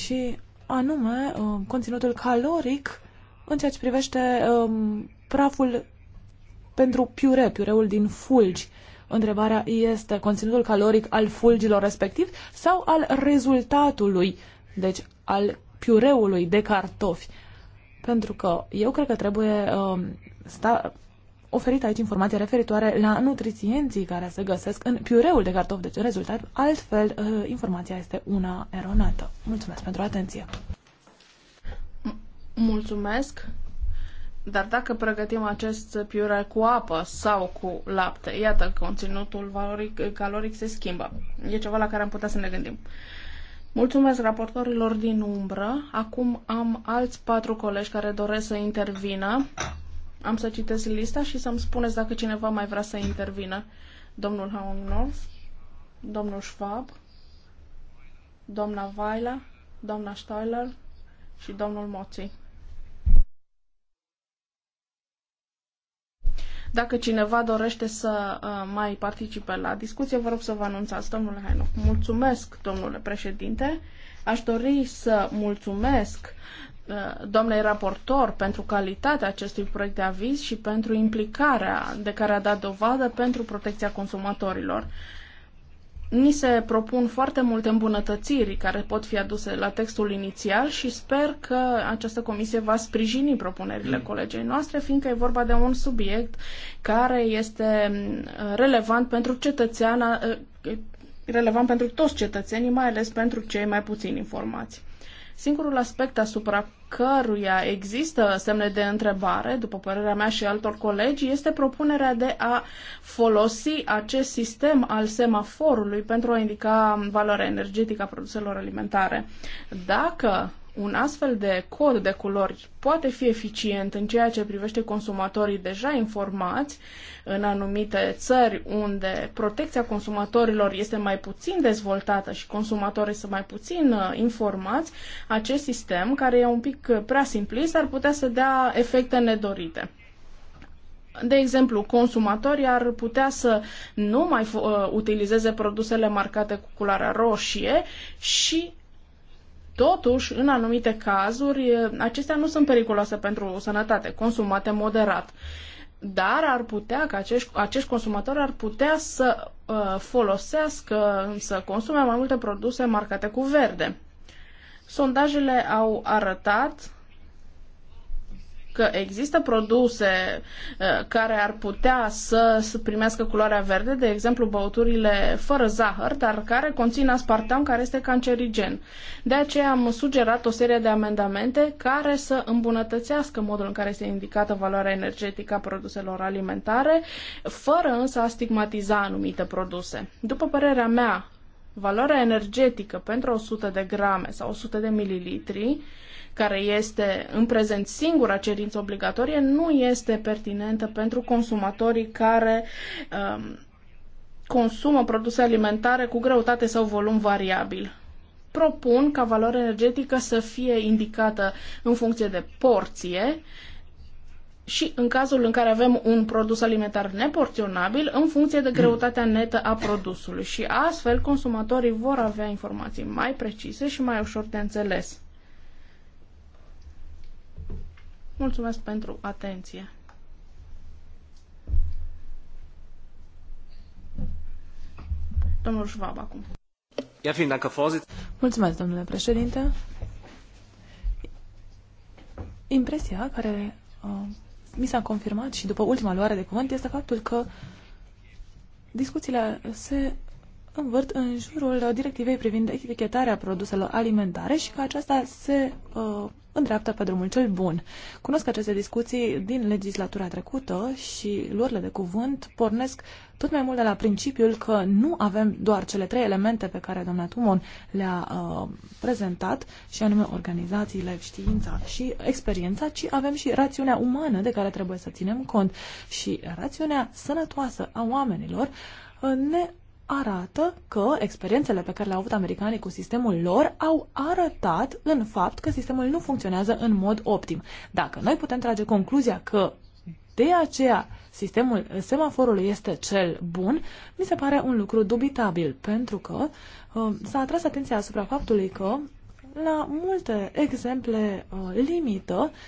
și anume uh, conținutul caloric în ceea ce privește um, praful pentru piure, piureul din fulgi. Întrebarea este conținutul caloric al fulgilor respectiv sau al rezultatului, deci al piureului de cartofi. Pentru că eu cred că trebuie um, sta, oferit aici informații referitoare la nutrițienții care se găsesc în piureul de cartofi, deci rezultat altfel uh, informația este una eronată. Mulțumesc pentru atenție! Mulțumesc! Dar dacă pregătim acest piure cu apă sau cu lapte, iată, conținutul valoric, caloric se schimbă. E ceva la care am putea să ne gândim. Mulțumesc raportorilor din umbră. Acum am alți patru colegi care doresc să intervină. Am să citesc lista și să-mi spuneți dacă cineva mai vrea să intervină. Domnul Haung domnul Schwab, doamna Vaila, doamna Steiler și domnul Moții. Dacă cineva dorește să uh, mai participe la discuție, vă rog să vă anunțați, domnule Hainoc. Mulțumesc, domnule președinte. Aș dori să mulțumesc Uh, doamnei raportor pentru calitatea acestui proiect de aviz și pentru implicarea de care a dat dovadă pentru protecția consumatorilor. Ni se propun foarte multe îmbunătățiri care pot fi aduse la textul inițial și sper că această comisie va sprijini propunerile colegei noastre, fiindcă e vorba de un subiect care este uh, relevant pentru cetățeana, uh, relevant pentru toți cetățenii, mai ales pentru cei mai puțini informați. Singurul aspect asupra căruia există semne de întrebare, după părerea mea și altor colegi, este propunerea de a folosi acest sistem al semaforului pentru a indica valoarea energetică a produselor alimentare. Dacă un astfel de cod de culori poate fi eficient în ceea ce privește consumatorii deja informați în anumite țări unde protecția consumatorilor este mai puțin dezvoltată și consumatorii sunt mai puțin uh, informați, acest sistem, care e un pic uh, prea simplist, ar putea să dea efecte nedorite. De exemplu, consumatorii ar putea să nu mai uh, utilizeze produsele marcate cu culoarea roșie și Totuși, în anumite cazuri, acestea nu sunt periculoase pentru sănătate, consumate moderat. Dar ar putea că acești, acești consumatori ar putea să uh, folosească, să consume mai multe produse marcate cu verde. Sondajele au arătat că există produse uh, care ar putea să, primească culoarea verde, de exemplu băuturile fără zahăr, dar care conțin aspartam care este cancerigen. De aceea am sugerat o serie de amendamente care să îmbunătățească modul în care este indicată valoarea energetică a produselor alimentare, fără însă a stigmatiza anumite produse. După părerea mea, valoarea energetică pentru 100 de grame sau 100 de mililitri care este în prezent singura cerință obligatorie, nu este pertinentă pentru consumatorii care um, consumă produse alimentare cu greutate sau volum variabil. Propun ca valoarea energetică să fie indicată în funcție de porție și în cazul în care avem un produs alimentar neporționabil, în funcție de greutatea netă a produsului și astfel consumatorii vor avea informații mai precise și mai ușor de înțeles. Mulțumesc pentru atenție. Domnul Șvab, acum. fiind Mulțumesc, domnule președinte. Impresia care uh, mi s-a confirmat și după ultima luare de cuvânt este faptul că discuțiile se învârt în jurul directivei privind etichetarea produselor alimentare și că aceasta se uh, îndreaptă pe drumul cel bun. Cunosc aceste discuții din legislatura trecută și luările de cuvânt pornesc tot mai mult de la principiul că nu avem doar cele trei elemente pe care doamna Tumon le-a uh, prezentat, și anume organizațiile, știința și experiența, ci avem și rațiunea umană de care trebuie să ținem cont. Și rațiunea sănătoasă a oamenilor uh, ne arată că experiențele pe care le-au avut americanii cu sistemul lor au arătat în fapt că sistemul nu funcționează în mod optim. Dacă noi putem trage concluzia că de aceea sistemul semaforului este cel bun, mi se pare un lucru dubitabil, pentru că uh, s-a atras atenția asupra faptului că la multe exemple uh, limită, uh,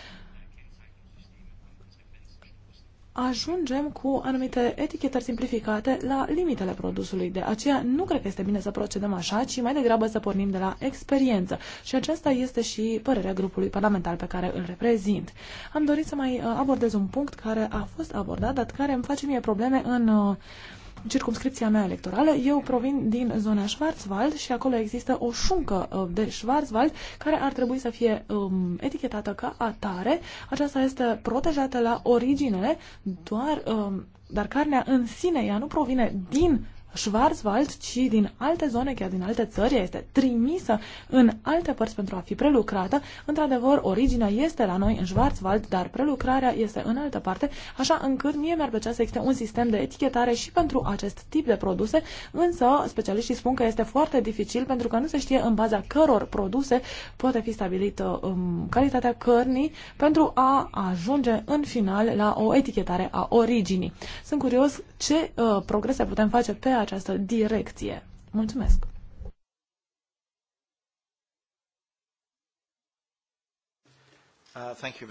ajungem cu anumite etichetări simplificate la limitele produsului. De aceea nu cred că este bine să procedăm așa, ci mai degrabă să pornim de la experiență. Și aceasta este și părerea grupului parlamentar pe care îl reprezint. Am dorit să mai uh, abordez un punct care a fost abordat, dar care îmi face mie probleme în uh, circumscripția mea electorală. Eu provin din zona Schwarzwald și acolo există o șuncă uh, de Schwarzwald care ar trebui să fie um, etichetată ca atare. Aceasta este protejată la originele, doar, um, dar carnea în sine, ea nu provine din Schwarzwald, ci din alte zone, chiar din alte țări, este trimisă în alte părți pentru a fi prelucrată. Într-adevăr, originea este la noi în Schwarzwald, dar prelucrarea este în altă parte, așa încât mie mi-ar plăcea să existe un sistem de etichetare și pentru acest tip de produse, însă specialiștii spun că este foarte dificil pentru că nu se știe în baza căror produse poate fi stabilită um, calitatea cărnii pentru a ajunge în final la o etichetare a originii. Sunt curios ce uh, progrese putem face pe această direcție. Mulțumesc! Uh,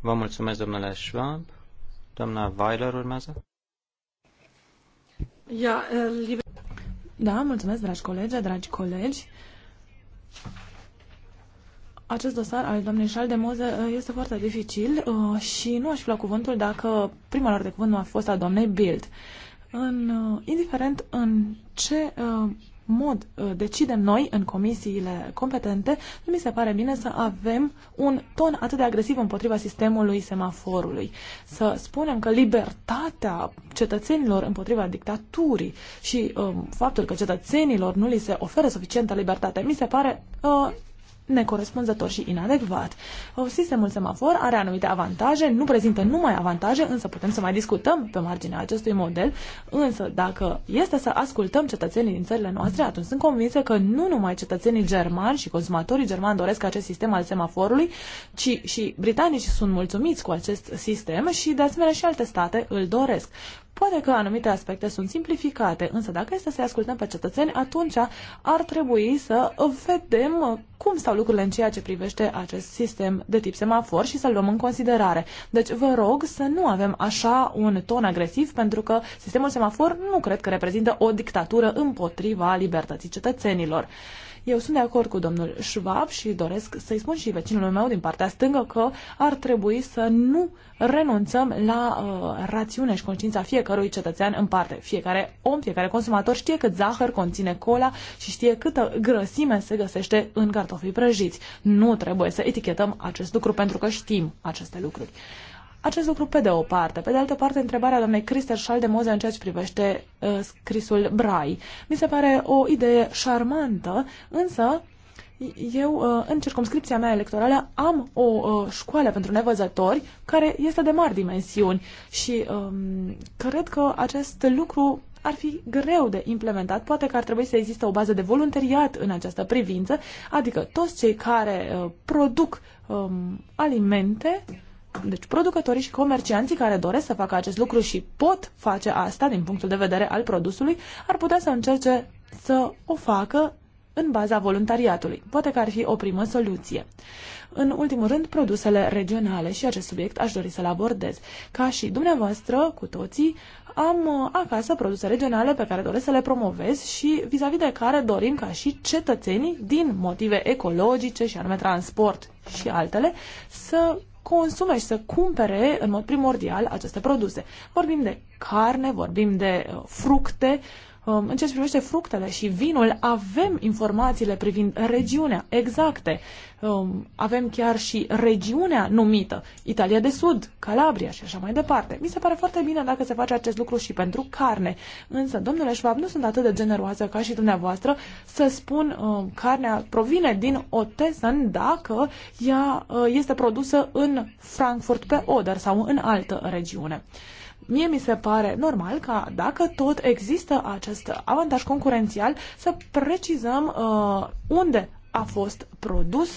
Vă mulțumesc, domnule Schwab. Doamna Weiler urmează. Äh, da, mulțumesc, dragi colegi, dragi colegi acest dosar al doamnei Șaldemoze uh, este foarte dificil uh, și nu aș fi la cuvântul dacă prima lor de cuvânt nu a fost a doamnei Bild. În, uh, indiferent în ce mod decidem noi în comisiile competente, nu mi se pare bine să avem un ton atât de agresiv împotriva sistemului semaforului. Să spunem că libertatea cetățenilor împotriva dictaturii și um, faptul că cetățenilor nu li se oferă suficientă libertate, mi se pare uh, necorespunzător și inadecvat. Sistemul semafor are anumite avantaje, nu prezintă numai avantaje, însă putem să mai discutăm pe marginea acestui model, însă dacă este să ascultăm cetățenii din țările noastre, atunci sunt convinsă că nu numai cetățenii germani și consumatorii germani doresc acest sistem al semaforului, ci și britanicii sunt mulțumiți cu acest sistem și de asemenea și alte state îl doresc. Poate că anumite aspecte sunt simplificate, însă dacă este să-i ascultăm pe cetățeni, atunci ar trebui să vedem cum stau lucrurile în ceea ce privește acest sistem de tip semafor și să-l luăm în considerare. Deci vă rog să nu avem așa un ton agresiv, pentru că sistemul semafor nu cred că reprezintă o dictatură împotriva libertății cetățenilor. Eu sunt de acord cu domnul Schwab și doresc să-i spun și vecinului meu din partea stângă că ar trebui să nu renunțăm la uh, rațiune și conștiința fiecărui cetățean în parte. Fiecare om, fiecare consumator știe cât zahăr conține cola și știe câtă grăsime se găsește în cartofii prăjiți. Nu trebuie să etichetăm acest lucru pentru că știm aceste lucruri. Acest lucru pe de o parte. Pe de altă parte, întrebarea doamnei Christel Schaldemose în ceea ce privește uh, scrisul Brai. Mi se pare o idee șarmantă, însă eu, uh, în circumscripția mea electorală, am o uh, școală pentru nevăzători care este de mari dimensiuni și um, cred că acest lucru ar fi greu de implementat. Poate că ar trebui să existe o bază de voluntariat în această privință, adică toți cei care uh, produc um, alimente deci producătorii și comercianții care doresc să facă acest lucru și pot face asta din punctul de vedere al produsului, ar putea să încerce să o facă în baza voluntariatului. Poate că ar fi o primă soluție. În ultimul rând, produsele regionale și acest subiect aș dori să-l abordez. Ca și dumneavoastră, cu toții, am uh, acasă produse regionale pe care doresc să le promovez și vis-a-vis -vis de care dorim ca și cetățenii, din motive ecologice și anume transport și altele, să consume și să cumpere în mod primordial aceste produse. Vorbim de carne, vorbim de uh, fructe, Um, în ce privește fructele și vinul, avem informațiile privind regiunea exacte. Um, avem chiar și regiunea numită, Italia de Sud, Calabria și așa mai departe. Mi se pare foarte bine dacă se face acest lucru și pentru carne. Însă, domnule Schwab, nu sunt atât de generoasă ca și dumneavoastră să spun um, carnea provine din Otesan dacă ea uh, este produsă în Frankfurt pe Oder sau în altă regiune. Mie mi se pare normal ca dacă tot există acest avantaj concurențial să precizăm uh, unde a fost produs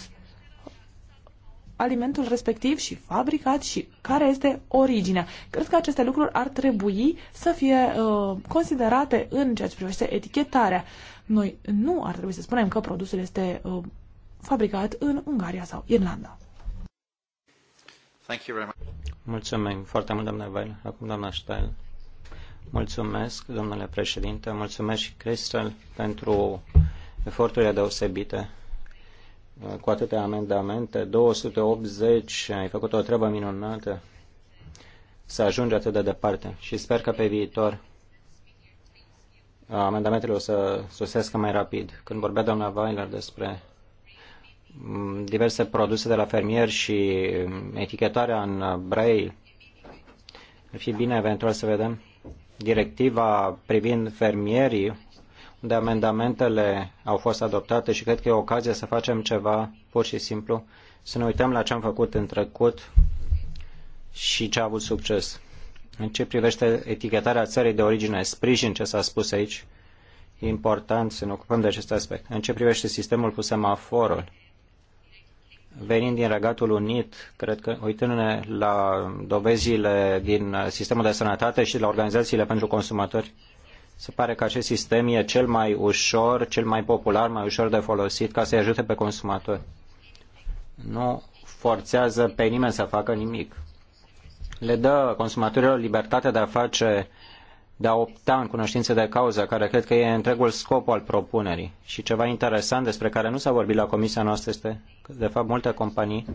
alimentul respectiv și fabricat și care este originea. Cred că aceste lucruri ar trebui să fie uh, considerate în ceea ce privește etichetarea. Noi nu ar trebui să spunem că produsul este uh, fabricat în Ungaria sau Irlanda. Thank you very much. Mulțumim foarte mult, domnule Weil. Acum, doamna Steil. Mulțumesc, domnule președinte. Mulțumesc și Cristel pentru eforturile deosebite cu atâtea amendamente. 280, ai făcut o treabă minunată să ajungi atât de departe și sper că pe viitor amendamentele o să sosească mai rapid. Când vorbea doamna Weiler despre diverse produse de la fermier și etichetarea în braille. Ar fi bine eventual să vedem directiva privind fermierii, unde amendamentele au fost adoptate și cred că e o ocazie să facem ceva pur și simplu, să ne uităm la ce am făcut în trecut și ce a avut succes. În ce privește etichetarea țării de origine, sprijin ce s-a spus aici, e important să ne ocupăm de acest aspect. În ce privește sistemul cu semaforul, venind din Regatul Unit, cred că uitându-ne la dovezile din sistemul de sănătate și la organizațiile pentru consumatori, se pare că acest sistem e cel mai ușor, cel mai popular, mai ușor de folosit ca să-i ajute pe consumatori. Nu forțează pe nimeni să facă nimic. Le dă consumatorilor libertatea de a face uh, de a opta în cunoștință de cauză, care cred că e întregul scop al propunerii. Și ceva interesant despre care nu s-a vorbit la comisia noastră este că, de fapt, multe companii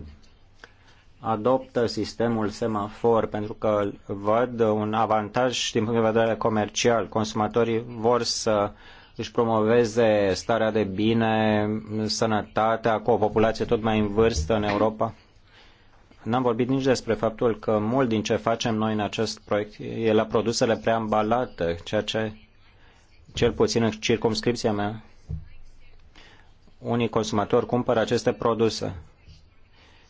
adoptă sistemul semafor pentru că văd un avantaj din punct de vedere comercial. Consumatorii vor să își promoveze starea de bine, sănătatea cu o populație tot mai în vârstă în Europa N-am vorbit nici despre faptul că mult din ce facem noi în acest proiect e la produsele preambalate, ceea ce, cel puțin în circumscripția mea, unii consumatori cumpără aceste produse.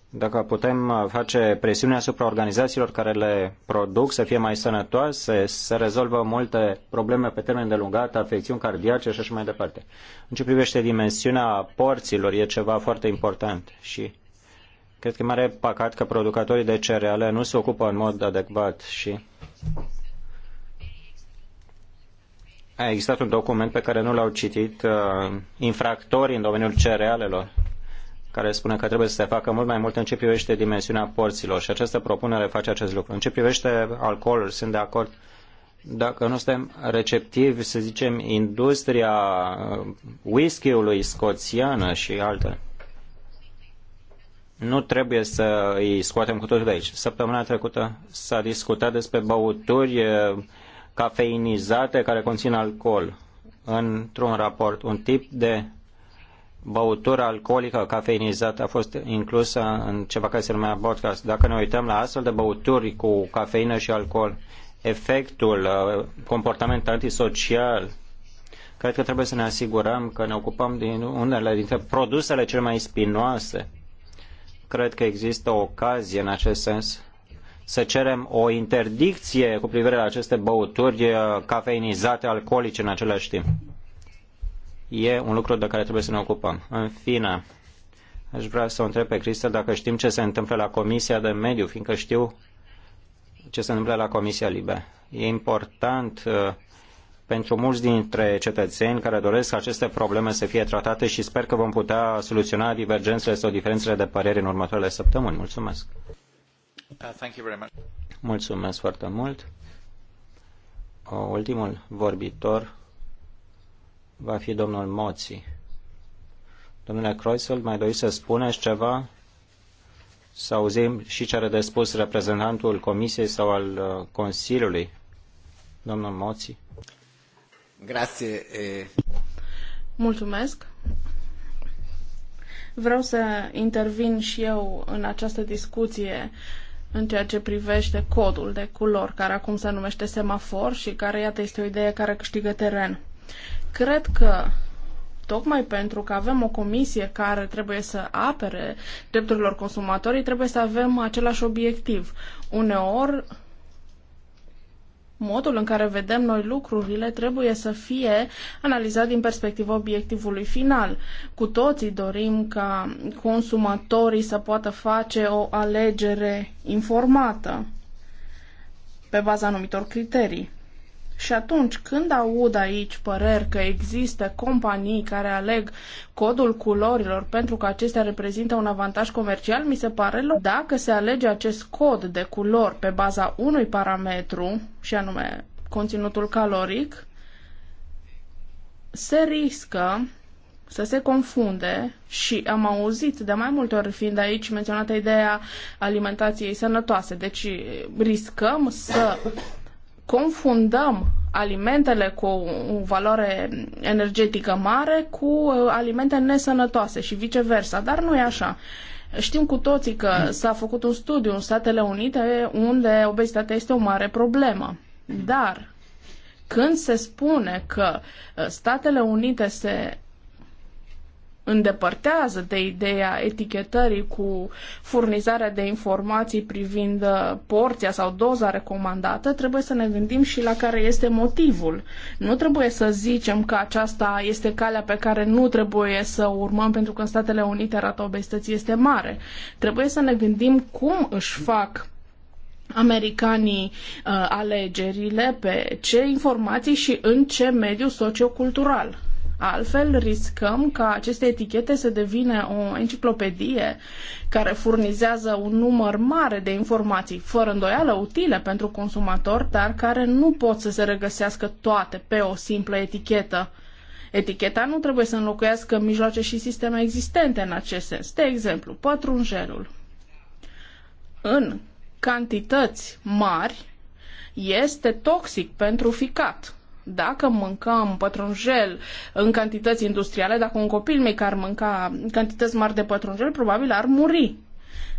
Dacă putem face presiune asupra organizațiilor care le produc să fie mai sănătoase, să rezolvă multe probleme pe termen de lungat, afecțiuni cardiace și așa mai departe. În ce privește dimensiunea porților, e ceva foarte important și Cred că e mare păcat că producătorii de cereale nu se ocupă în mod adecvat și a existat un document pe care nu l-au citit uh, infractorii în domeniul cerealelor care spune că trebuie să se facă mult mai mult în ce privește dimensiunea porților și această propunere face acest lucru. În ce privește alcoolul, sunt de acord. Dacă nu suntem receptivi, să zicem, industria uh, whisky-ului scoțiană și altele nu trebuie să îi scoatem cu totul de aici. Săptămâna trecută s-a discutat despre băuturi eh, cafeinizate care conțin alcool. Într-un raport, un tip de băutură alcoolică cafeinizată a fost inclusă în ceva care se numea podcast. Dacă ne uităm la astfel de băuturi cu cafeină și alcool, efectul, eh, comportament antisocial, cred că trebuie să ne asigurăm că ne ocupăm din unele dintre produsele cele mai spinoase cred că există ocazie în acest sens să cerem o interdicție cu privire la aceste băuturi uh, cafeinizate alcoolice în același timp. E un lucru de care trebuie să ne ocupăm. În fine, aș vrea să o întreb pe Cristă dacă știm ce se întâmplă la Comisia de Mediu, fiindcă știu ce se întâmplă la Comisia Libe. E important uh, pentru mulți dintre cetățeni care doresc aceste probleme să fie tratate și sper că vom putea soluționa divergențele sau diferențele de păreri în următoarele săptămâni. Mulțumesc! Uh, Mulțumesc foarte mult! Ultimul vorbitor va fi domnul Moții. Domnule Croisel, mai doriți să spuneți ceva? Să auzim și ce are de spus reprezentantul Comisiei sau al uh, Consiliului, domnul Moții. Mulțumesc. Vreau să intervin și eu în această discuție în ceea ce privește codul de culori, care acum se numește semafor și care, iată, este o idee care câștigă teren. Cred că tocmai pentru că avem o comisie care trebuie să apere drepturilor consumatorii, trebuie să avem același obiectiv. Uneori, modul în care vedem noi lucrurile trebuie să fie analizat din perspectiva obiectivului final. Cu toții dorim ca consumatorii să poată face o alegere informată pe baza anumitor criterii. Și atunci când aud aici păreri că există companii care aleg codul culorilor pentru că acestea reprezintă un avantaj comercial, mi se pare loc. Dacă se alege acest cod de culori pe baza unui parametru, și anume conținutul caloric, se riscă să se confunde și am auzit de mai multe ori fiind aici menționată ideea alimentației sănătoase. Deci riscăm să confundăm alimentele cu o valoare energetică mare cu uh, alimente nesănătoase și viceversa, dar nu e așa. Știm cu toții că s-a făcut un studiu în Statele Unite unde obezitatea este o mare problemă. Dar când se spune că uh, Statele Unite se îndepărtează de ideea etichetării cu furnizarea de informații privind uh, porția sau doza recomandată, trebuie să ne gândim și la care este motivul. Nu trebuie să zicem că aceasta este calea pe care nu trebuie să o urmăm pentru că în Statele Unite rata obezității este mare. Trebuie să ne gândim cum își fac americanii uh, alegerile, pe ce informații și în ce mediu sociocultural. Altfel, riscăm ca aceste etichete să devină o enciclopedie care furnizează un număr mare de informații, fără îndoială utile pentru consumator, dar care nu pot să se regăsească toate pe o simplă etichetă. Eticheta nu trebuie să înlocuiască mijloace și sisteme existente în acest sens, de exemplu, pătrunjelul. În cantități mari este toxic pentru ficat dacă mâncăm pătrunjel în cantități industriale, dacă un copil mic ar mânca cantități mari de pătrunjel, probabil ar muri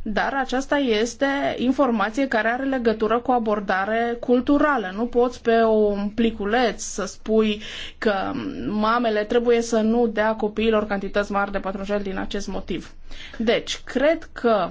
dar aceasta este informație care are legătură cu abordare culturală. Nu poți pe un pliculeț să spui că mamele trebuie să nu dea copiilor cantități mari de pătrunjel din acest motiv. Deci, cred că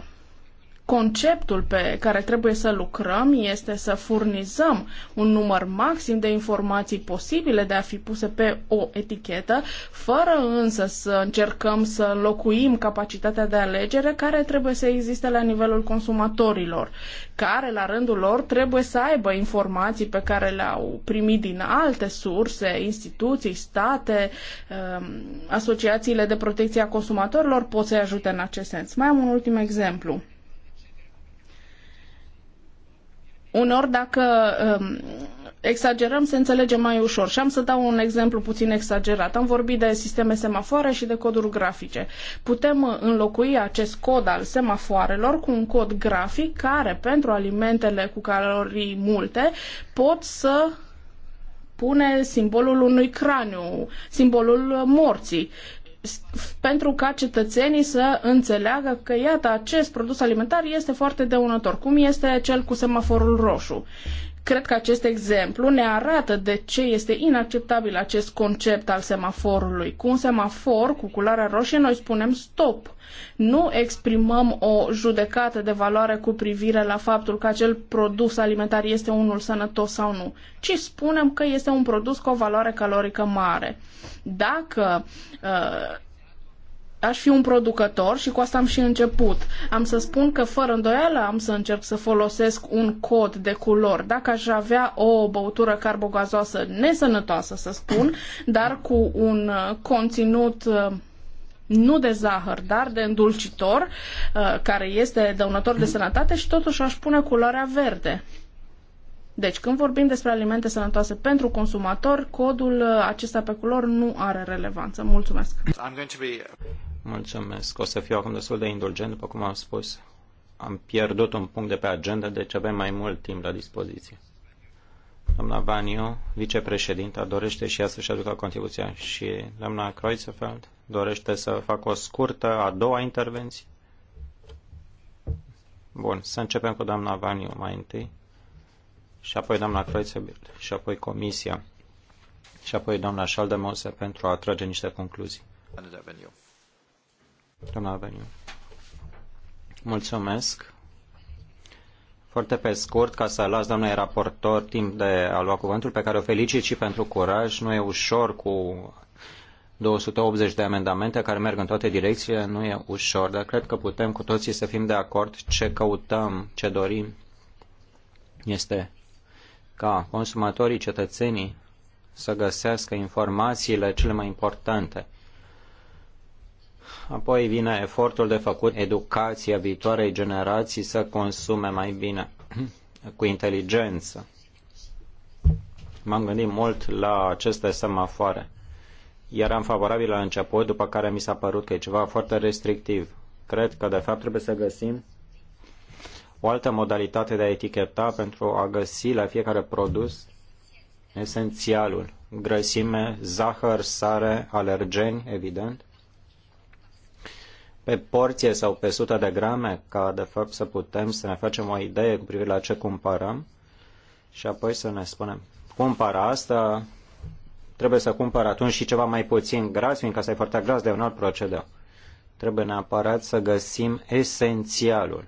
Conceptul pe care trebuie să lucrăm este să furnizăm un număr maxim de informații posibile de a fi puse pe o etichetă, fără însă să încercăm să locuim capacitatea de alegere care trebuie să existe la nivelul consumatorilor, care la rândul lor trebuie să aibă informații pe care le-au primit din alte surse, instituții, state, um, asociațiile de protecție a consumatorilor pot să-i ajute în acest sens. Mai am un ultim exemplu. Unor, dacă um, exagerăm, se înțelege mai ușor. Și am să dau un exemplu puțin exagerat. Am vorbit de sisteme semafoare și de coduri grafice. Putem uh, înlocui acest cod al semafoarelor cu un cod grafic care, pentru alimentele cu calorii multe, pot să pune simbolul unui craniu, simbolul morții pentru ca cetățenii să înțeleagă că, iată, acest produs alimentar este foarte dăunător, cum este cel cu semaforul roșu. Cred că acest exemplu ne arată de ce este inacceptabil acest concept al semaforului. Cu un semafor, cu culoarea roșie, noi spunem stop. Nu exprimăm o judecată de valoare cu privire la faptul că acel produs alimentar este unul sănătos sau nu, ci spunem că este un produs cu o valoare calorică mare. Dacă uh, aș fi un producător și cu asta am și început. Am să spun că fără îndoială am să încerc să folosesc un cod de culori. Dacă aș avea o băutură carbogazoasă nesănătoasă, să spun, dar cu un uh, conținut uh, nu de zahăr, dar de îndulcitor, uh, care este dăunător de sănătate și totuși aș pune culoarea verde. Deci, când vorbim despre alimente sănătoase pentru consumator, codul acesta pe culori nu are relevanță. Mulțumesc! Mulțumesc. O să fiu acum destul de indulgent, după cum am spus. Am pierdut un punct de pe agenda, deci avem mai mult timp la dispoziție. Doamna Vaniu, vicepreședinta, dorește și ea să-și aducă contribuția și doamna Kreuzfeld dorește să facă o scurtă a doua intervenție. Bun, să începem cu doamna Vaniu mai întâi și apoi doamna Kreuzfeld și apoi comisia și apoi doamna Schaldemose pentru a trage niște concluzii. Doamna Vaniu. Doamna Mulțumesc. Foarte pe scurt, ca să las doamnei raportor timp de a lua cuvântul, pe care o felicit și pentru curaj. Nu e ușor cu 280 de amendamente care merg în toate direcțiile, nu e ușor, dar cred că putem cu toții să fim de acord ce căutăm, ce dorim. Este ca consumatorii, cetățenii să găsească informațiile cele mai importante – Apoi vine efortul de făcut educația viitoarei generații să consume mai bine, cu inteligență. M-am gândit mult la aceste semafoare. Eram favorabil la început, după care mi s-a părut că e ceva foarte restrictiv. Cred că, de fapt, trebuie să găsim o altă modalitate de a eticheta pentru a găsi la fiecare produs esențialul. Grăsime, zahăr, sare, alergeni, evident, pe porție sau pe sută de grame, ca de fapt să putem să ne facem o idee cu privire la ce cumpărăm și apoi să ne spunem, cumpăr asta, trebuie să cumpăr atunci și ceva mai puțin gras, fiindcă asta e foarte gras de un alt procedeu. Trebuie neapărat să găsim esențialul.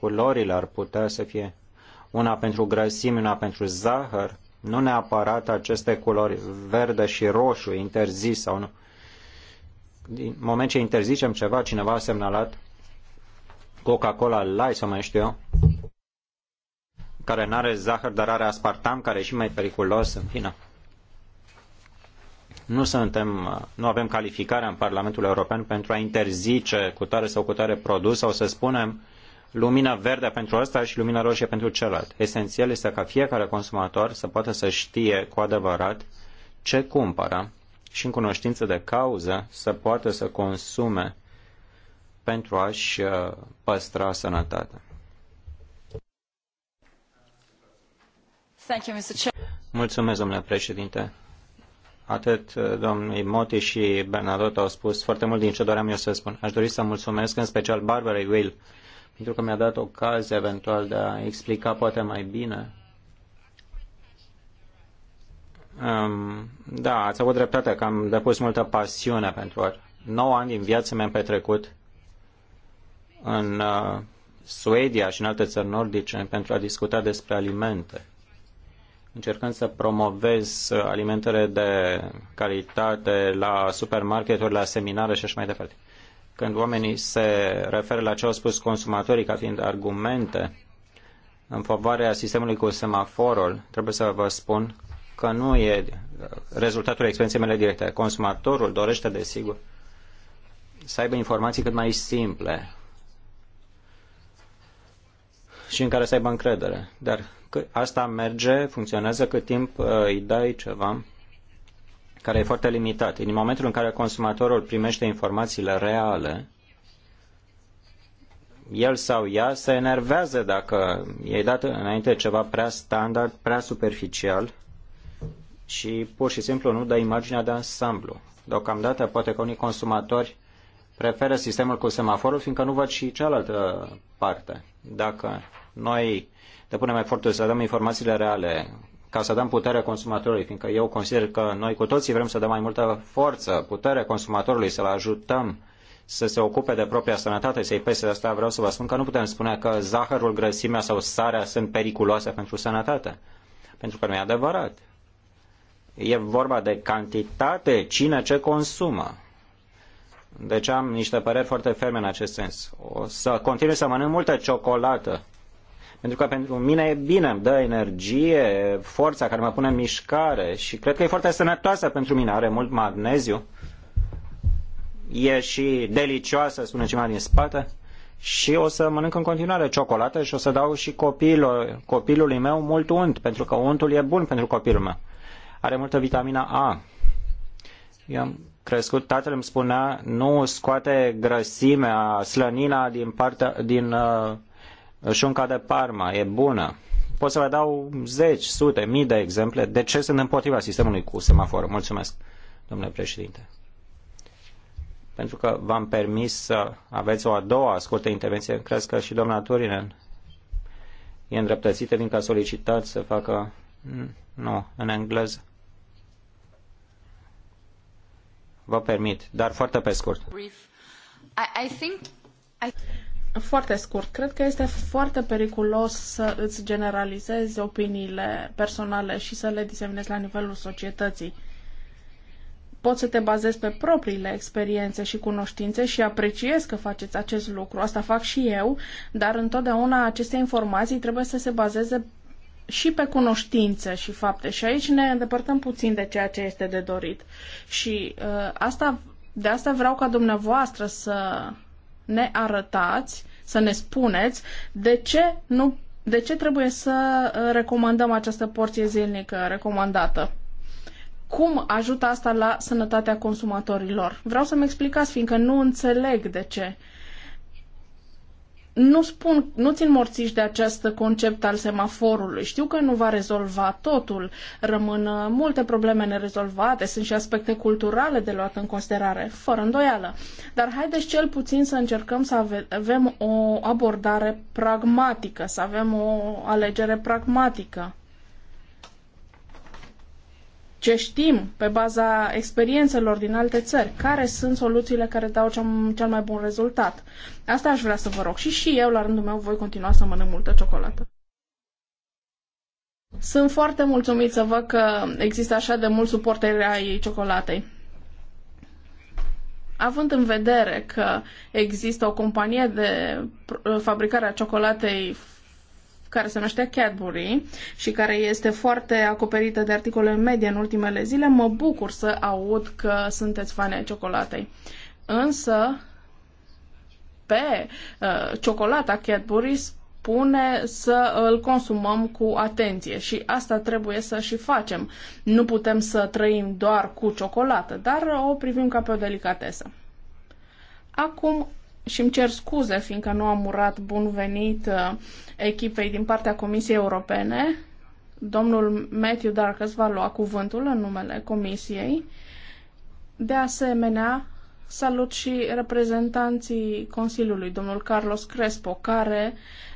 Culorile ar putea să fie una pentru grăsimi, una pentru zahăr, nu neapărat aceste culori verde și roșu interzis sau nu din moment ce interzicem ceva, cineva a semnalat Coca-Cola Light sau mai știu eu, care nu are zahăr, dar are aspartam, care e și mai periculos, în fine. Nu, suntem, nu avem calificarea în Parlamentul European pentru a interzice cu tare sau cu tare produs sau să spunem lumina verde pentru ăsta și lumina roșie pentru celălalt. Esențial este ca fiecare consumator să poată să știe cu adevărat ce cumpără și în cunoștință de cauză să poată să consume pentru a-și uh, păstra sănătatea. Mulțumesc, domnule președinte. Atât uh, domnii Moti și Bernadotte au spus foarte mult din ce doream eu să spun. Aș dori să mulțumesc în special Barbara Will pentru că mi-a dat ocazia eventual de a explica poate mai bine Um, da, ați avut dreptate că am depus multă pasiune pentru ori. 9 ani din viață mi-am petrecut în uh, Suedia și în alte țări nordice pentru a discuta despre alimente, încercând să promovez uh, alimentele de calitate la supermarketuri, la seminare și așa mai departe. Când oamenii se referă la ce au spus consumatorii ca fiind argumente în favoarea sistemului cu semaforul, trebuie să vă spun că nu e rezultatul experienței mele directe. Consumatorul dorește, desigur, să aibă informații cât mai simple și în care să aibă încredere. Dar asta merge, funcționează cât timp uh, îi dai ceva care e foarte limitat. În momentul în care consumatorul primește informațiile reale, el sau ea se enervează dacă i-ai dat înainte ceva prea standard, prea superficial și pur și simplu nu dă imaginea de ansamblu. Deocamdată poate că unii consumatori preferă sistemul cu semaforul, fiindcă nu văd și cealaltă parte. Dacă noi depunem efortul să dăm informațiile reale, ca să dăm putere consumatorului, fiindcă eu consider că noi cu toții vrem să dăm mai multă forță, putere consumatorului, să-l ajutăm să se ocupe de propria sănătate, să-i pese de asta, vreau să vă spun că nu putem spune că zahărul, grăsimea sau sarea sunt periculoase pentru sănătate. Pentru că nu e adevărat. E vorba de cantitate, cine ce consumă. Deci am niște păreri foarte ferme în acest sens. O să continui să mănânc multă ciocolată. Pentru că pentru mine e bine, îmi dă energie, forța care mă pune în mișcare și cred că e foarte sănătoasă pentru mine. Are mult magneziu. E și delicioasă, spune cineva din spate. Și o să mănânc în continuare ciocolată și o să dau și copilul, copilului meu mult unt, pentru că untul e bun pentru copilul meu are multă vitamina A. Eu am crescut, tatăl îmi spunea, nu scoate grăsimea, slănina din, partea, din uh, șunca de parma, e bună. Pot să vă dau zeci, sute, mii de exemple de ce sunt împotriva sistemului cu semaforul. Mulțumesc, domnule președinte. Pentru că v-am permis să aveți o a doua scurtă intervenție, cred că și doamna Turinen e îndreptățită din că a solicitat să facă... Mm, nu, în engleză. vă permit, dar foarte pe scurt. Foarte scurt. Cred că este foarte periculos să îți generalizezi opiniile personale și să le diseminezi la nivelul societății. Poți să te bazezi pe propriile experiențe și cunoștințe și apreciez că faceți acest lucru. Asta fac și eu, dar întotdeauna aceste informații trebuie să se bazeze și pe cunoștințe și fapte. Și aici ne îndepărtăm puțin de ceea ce este de dorit. Și uh, asta, de asta vreau ca dumneavoastră să ne arătați, să ne spuneți de ce, nu, de ce trebuie să uh, recomandăm această porție zilnică recomandată. Cum ajută asta la sănătatea consumatorilor? Vreau să-mi explicați, fiindcă nu înțeleg de ce. Uh, nu spun, nu țin morțiș de acest concept al semaforului. Știu că nu va rezolva totul, rămân uh, multe probleme nerezolvate, sunt și aspecte culturale de luat în considerare, fără îndoială. Dar haideți cel puțin să încercăm să avem o abordare pragmatică, să avem o alegere pragmatică ce știm pe baza experiențelor din alte țări, care sunt soluțiile care dau cel mai bun rezultat. Asta aș vrea să vă rog și și eu, la rândul meu, voi continua să mănânc multă ciocolată. Sunt foarte mulțumit să văd că există așa de mult suporteri ai ciocolatei. Având în vedere că există o companie de fabricare a ciocolatei care se numește Cadbury și care este foarte acoperită de articole în medie în ultimele zile, mă bucur să aud că sunteți fani ai ciocolatei. Însă, pe uh, ciocolata Cadbury spune să îl consumăm cu atenție și asta trebuie să și facem. Nu putem să trăim doar cu ciocolată, dar o privim ca pe o delicatesă. Acum și îmi cer scuze fiindcă nu am urat bun venit uh, echipei din partea Comisiei Europene. Domnul Matthew Darkes va lua cuvântul în numele Comisiei. De asemenea, salut și reprezentanții Consiliului, domnul Carlos Crespo, care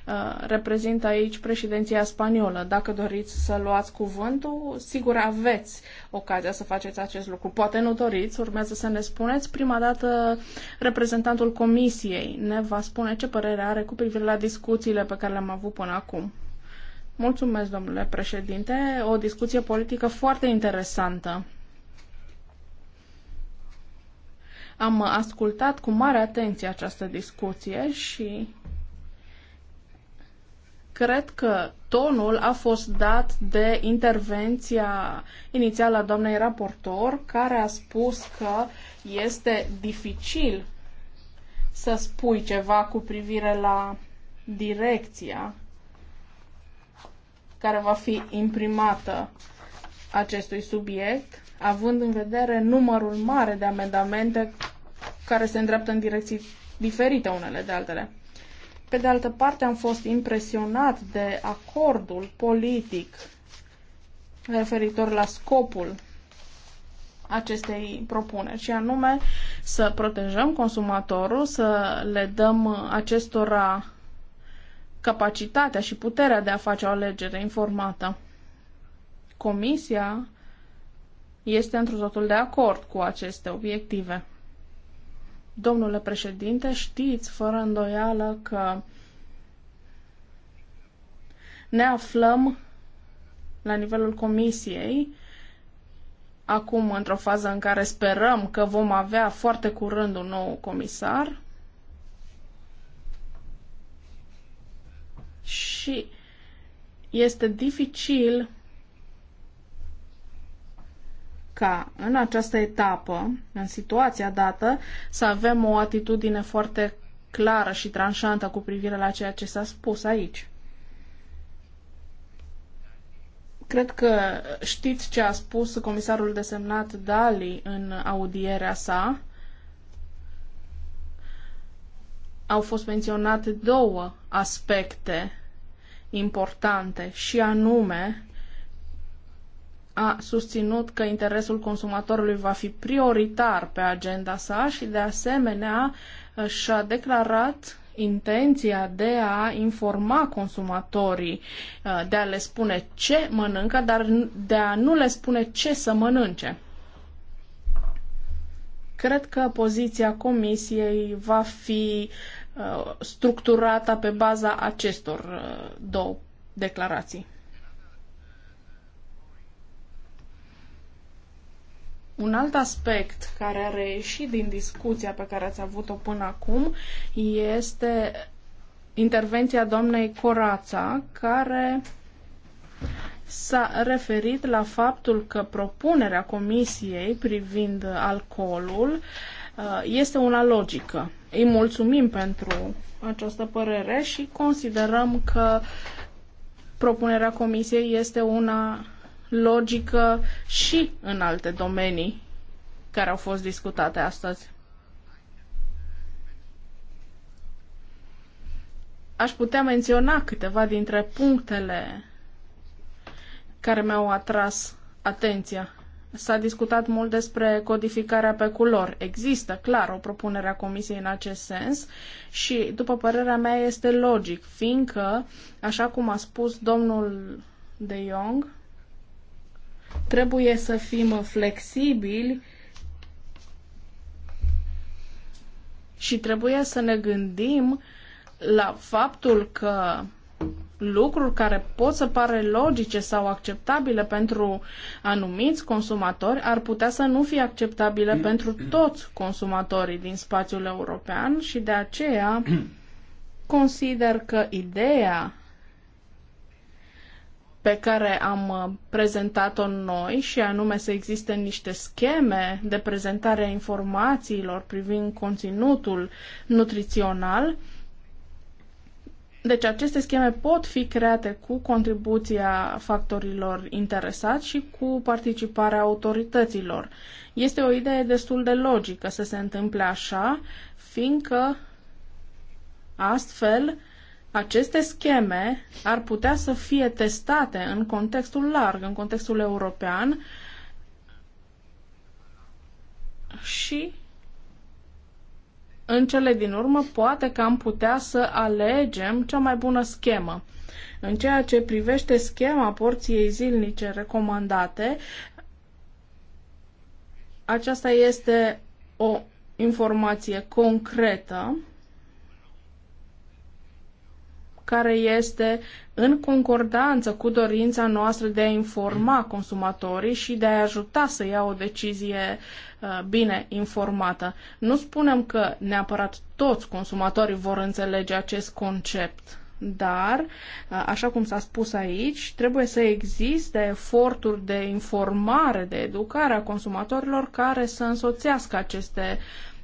Uh, Reprezintă aici președinția spaniolă. Dacă doriți să luați cuvântul, sigur aveți ocazia să faceți acest lucru. Poate nu doriți, urmează să ne spuneți. Prima dată, reprezentantul comisiei ne va spune ce părere are cu privire la discuțiile pe care le-am avut până acum. Mulțumesc, domnule președinte. O discuție politică foarte interesantă. Am ascultat cu mare atenție această discuție și Cred că tonul a fost dat de intervenția inițială a doamnei raportor, care a spus că este dificil să spui ceva cu privire la direcția care va fi imprimată acestui subiect, având în vedere numărul mare de amendamente care se îndreaptă în direcții diferite unele de altele. Pe de altă parte, am fost impresionat de acordul politic referitor la scopul acestei propuneri, și anume să protejăm consumatorul, să le dăm acestora capacitatea și puterea de a face o alegere informată. Comisia este într totul de acord cu aceste obiective. Domnule președinte, știți fără îndoială că ne aflăm la nivelul comisiei acum într-o fază în care sperăm că vom avea foarte curând un nou comisar și este dificil ca în această etapă, în situația dată, să avem o atitudine foarte clară și tranșantă cu privire la ceea ce s-a spus aici. Cred că știți ce a spus comisarul desemnat Dali în audierea sa. Au fost menționate două aspecte importante și anume a susținut că interesul consumatorului va fi prioritar pe agenda sa și, de asemenea, și-a declarat intenția de a informa consumatorii, uh, de a le spune ce mănâncă, dar de a nu le spune ce să mănânce. Cred că poziția comisiei va fi uh, structurată pe baza acestor uh, două declarații. Un alt aspect care a reieșit din discuția pe care ați avut-o până acum este intervenția doamnei Corața, care s-a referit la faptul că propunerea comisiei privind alcoolul uh, este una logică. Îi mulțumim pentru această părere și considerăm că propunerea comisiei este una logică și în alte domenii care au fost discutate astăzi. Aș putea menționa câteva dintre punctele care mi-au atras atenția. S-a discutat mult despre codificarea pe culori. Există, clar, o propunere a Comisiei în acest sens și, după părerea mea, este logic, fiindcă, așa cum a spus domnul de Jong, Trebuie să fim flexibili și trebuie să ne gândim la faptul că lucruri care pot să pare logice sau acceptabile pentru anumiți consumatori ar putea să nu fie acceptabile pentru toți consumatorii din spațiul european și de aceea consider că ideea pe care am uh, prezentat-o noi și anume să existe niște scheme de prezentare a informațiilor privind conținutul nutrițional. Deci aceste scheme pot fi create cu contribuția factorilor interesați și cu participarea autorităților. Este o idee destul de logică să se întâmple așa, fiindcă astfel aceste scheme ar putea să fie testate în contextul larg, în contextul european și în cele din urmă poate că am putea să alegem cea mai bună schemă. În ceea ce privește schema porției zilnice recomandate, aceasta este o informație concretă care este în concordanță cu dorința noastră de a informa consumatorii și de a ajuta să ia o decizie uh, bine informată. Nu spunem că neapărat toți consumatorii vor înțelege acest concept, dar, uh, așa cum s-a spus aici, trebuie să existe eforturi de informare, de educare a consumatorilor care să însoțească aceste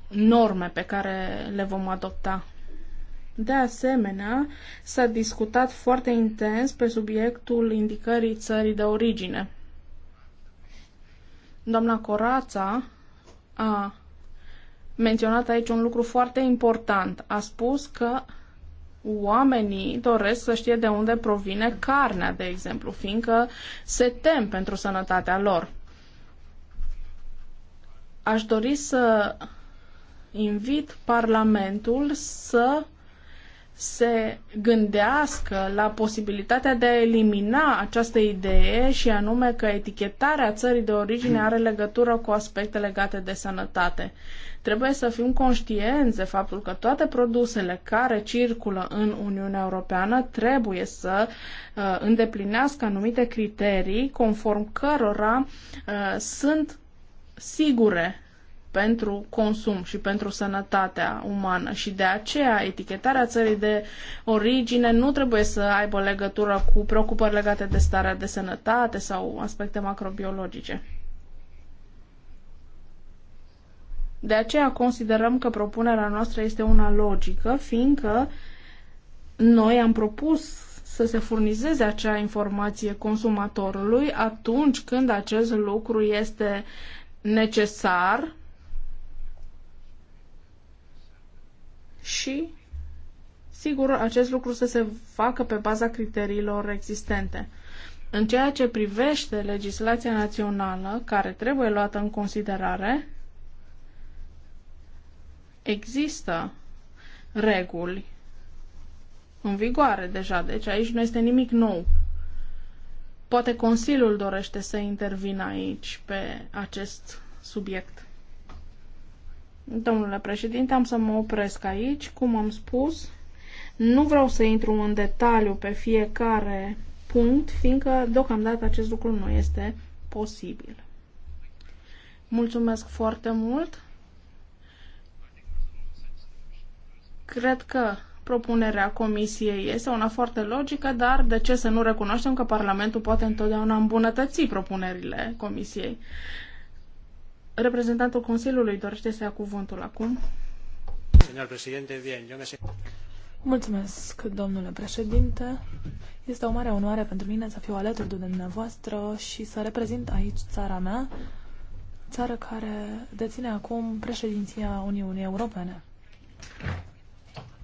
norme pe care le vom adopta. De asemenea, s-a discutat foarte intens pe subiectul indicării țării de origine. Doamna Corața a menționat aici un lucru foarte important. A spus că oamenii doresc să știe de unde provine carnea, de exemplu, fiindcă se tem pentru sănătatea lor. Aș dori să invit Parlamentul să se gândească la posibilitatea de a elimina această idee și anume că etichetarea țării de origine are legătură cu aspecte legate de sănătate. Trebuie să fim conștienți de faptul că toate produsele care circulă în Uniunea Europeană trebuie să uh, îndeplinească anumite criterii conform cărora uh, sunt sigure pentru consum și pentru sănătatea umană și de aceea etichetarea țării de origine nu trebuie să aibă legătură cu preocupări legate de starea de sănătate sau aspecte macrobiologice. De aceea considerăm că propunerea noastră este una logică, fiindcă noi am propus să se furnizeze acea informație consumatorului atunci când acest lucru este necesar și, sigur, acest lucru să se facă pe baza criteriilor existente. În ceea ce privește legislația națională, care trebuie luată în considerare, există reguli în vigoare deja, deci aici nu este nimic nou. Poate Consiliul dorește să intervină aici pe acest subiect. Domnule președinte, am să mă opresc aici. Cum am spus, nu vreau să intru în detaliu pe fiecare punct, fiindcă deocamdată acest lucru nu este posibil. Mulțumesc foarte mult. Cred că propunerea comisiei este una foarte logică, dar de ce să nu recunoaștem că Parlamentul poate întotdeauna îmbunătăți propunerile comisiei? Reprezentantul Consiliului dorește să ia cuvântul acum. Mulțumesc, domnule președinte. Este o mare onoare pentru mine să fiu alături de dumneavoastră și să reprezint aici țara mea, țară care deține acum președinția Uniunii Europene.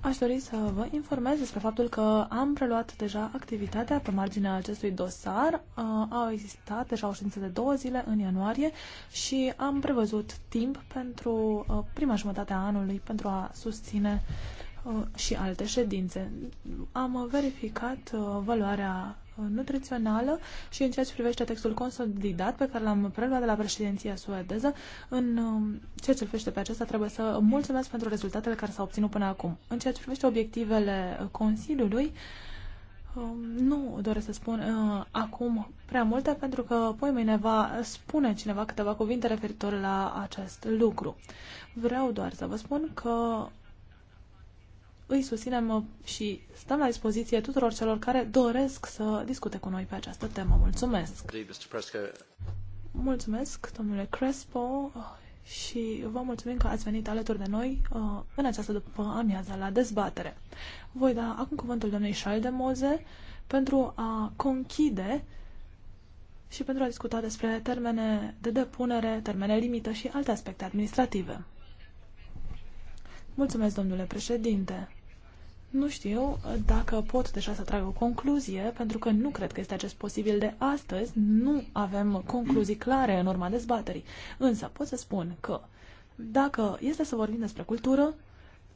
Aș dori să vă informez despre faptul că am preluat deja activitatea pe marginea acestui dosar. Au existat deja o ședință de două zile în ianuarie și am prevăzut timp pentru prima jumătate a anului pentru a susține și alte ședințe. Am verificat valoarea Uh, nutrițională și în ceea ce privește textul consolidat pe care l-am preluat de la președinția suedeză. În um, ceea ce privește pe acesta trebuie să mulțumesc pentru rezultatele care s-au obținut până acum. În ceea ce privește obiectivele Consiliului, um, nu doresc să spun uh, acum prea multe, pentru că poi mâine va spune cineva câteva cuvinte referitor la acest lucru. Vreau doar să vă spun că îi susținem și stăm la dispoziție tuturor celor care doresc să discute cu noi pe această temă. Mulțumesc! Mulțumesc, domnule Crespo, și vă mulțumim că ați venit alături de noi uh, în această după amiază la dezbatere. Voi da acum cuvântul doamnei moze pentru a conchide și pentru a discuta despre termene de depunere, termene limită și alte aspecte administrative. Mulțumesc, domnule președinte. Nu știu dacă pot deja să trag o concluzie, pentru că nu cred că este acest posibil de astăzi. Nu avem concluzii clare în urma dezbaterii. Însă pot să spun că dacă este să vorbim despre cultură,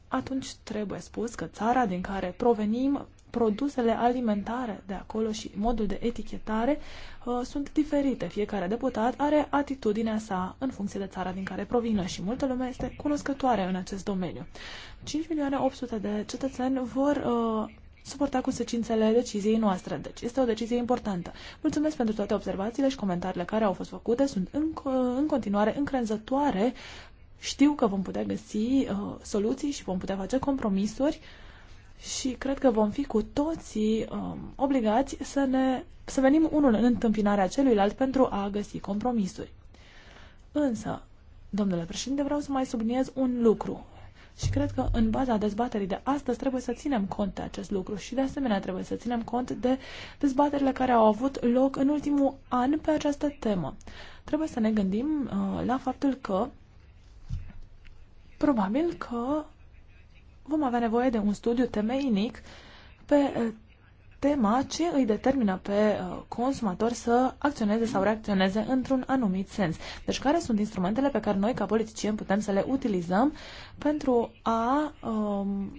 atunci trebuie spus că țara din care provenim produsele alimentare de acolo și modul de etichetare uh, sunt diferite. Fiecare deputat are atitudinea sa în funcție de țara din care provine și multă lume este cunoscătoare în acest domeniu. 5 milioane 800 de cetățeni vor uh, suporta consecințele deciziei noastre. Deci este o decizie importantă. Mulțumesc pentru toate observațiile și comentariile care au fost făcute. Sunt în, uh, în continuare încrenzătoare. Știu că vom putea găsi uh, soluții și vom putea face compromisuri uh, și cred că vom fi cu toții um, obligați să, ne, să venim unul în întâmpinarea celuilalt pentru a găsi compromisuri. Însă, domnule președinte, vreau să mai subliniez un lucru. Și cred că în baza dezbaterii de astăzi trebuie să ținem cont de acest lucru și de asemenea trebuie să ținem cont de dezbaterile care au avut loc în ultimul an pe această temă. Trebuie să ne gândim uh, la faptul că probabil că vom avea nevoie de un studiu temeinic pe eh, tema ce îi determină pe eh, consumator să acționeze sau reacționeze într-un anumit sens. Deci care sunt instrumentele pe care noi ca politicieni putem să le utilizăm pentru a um,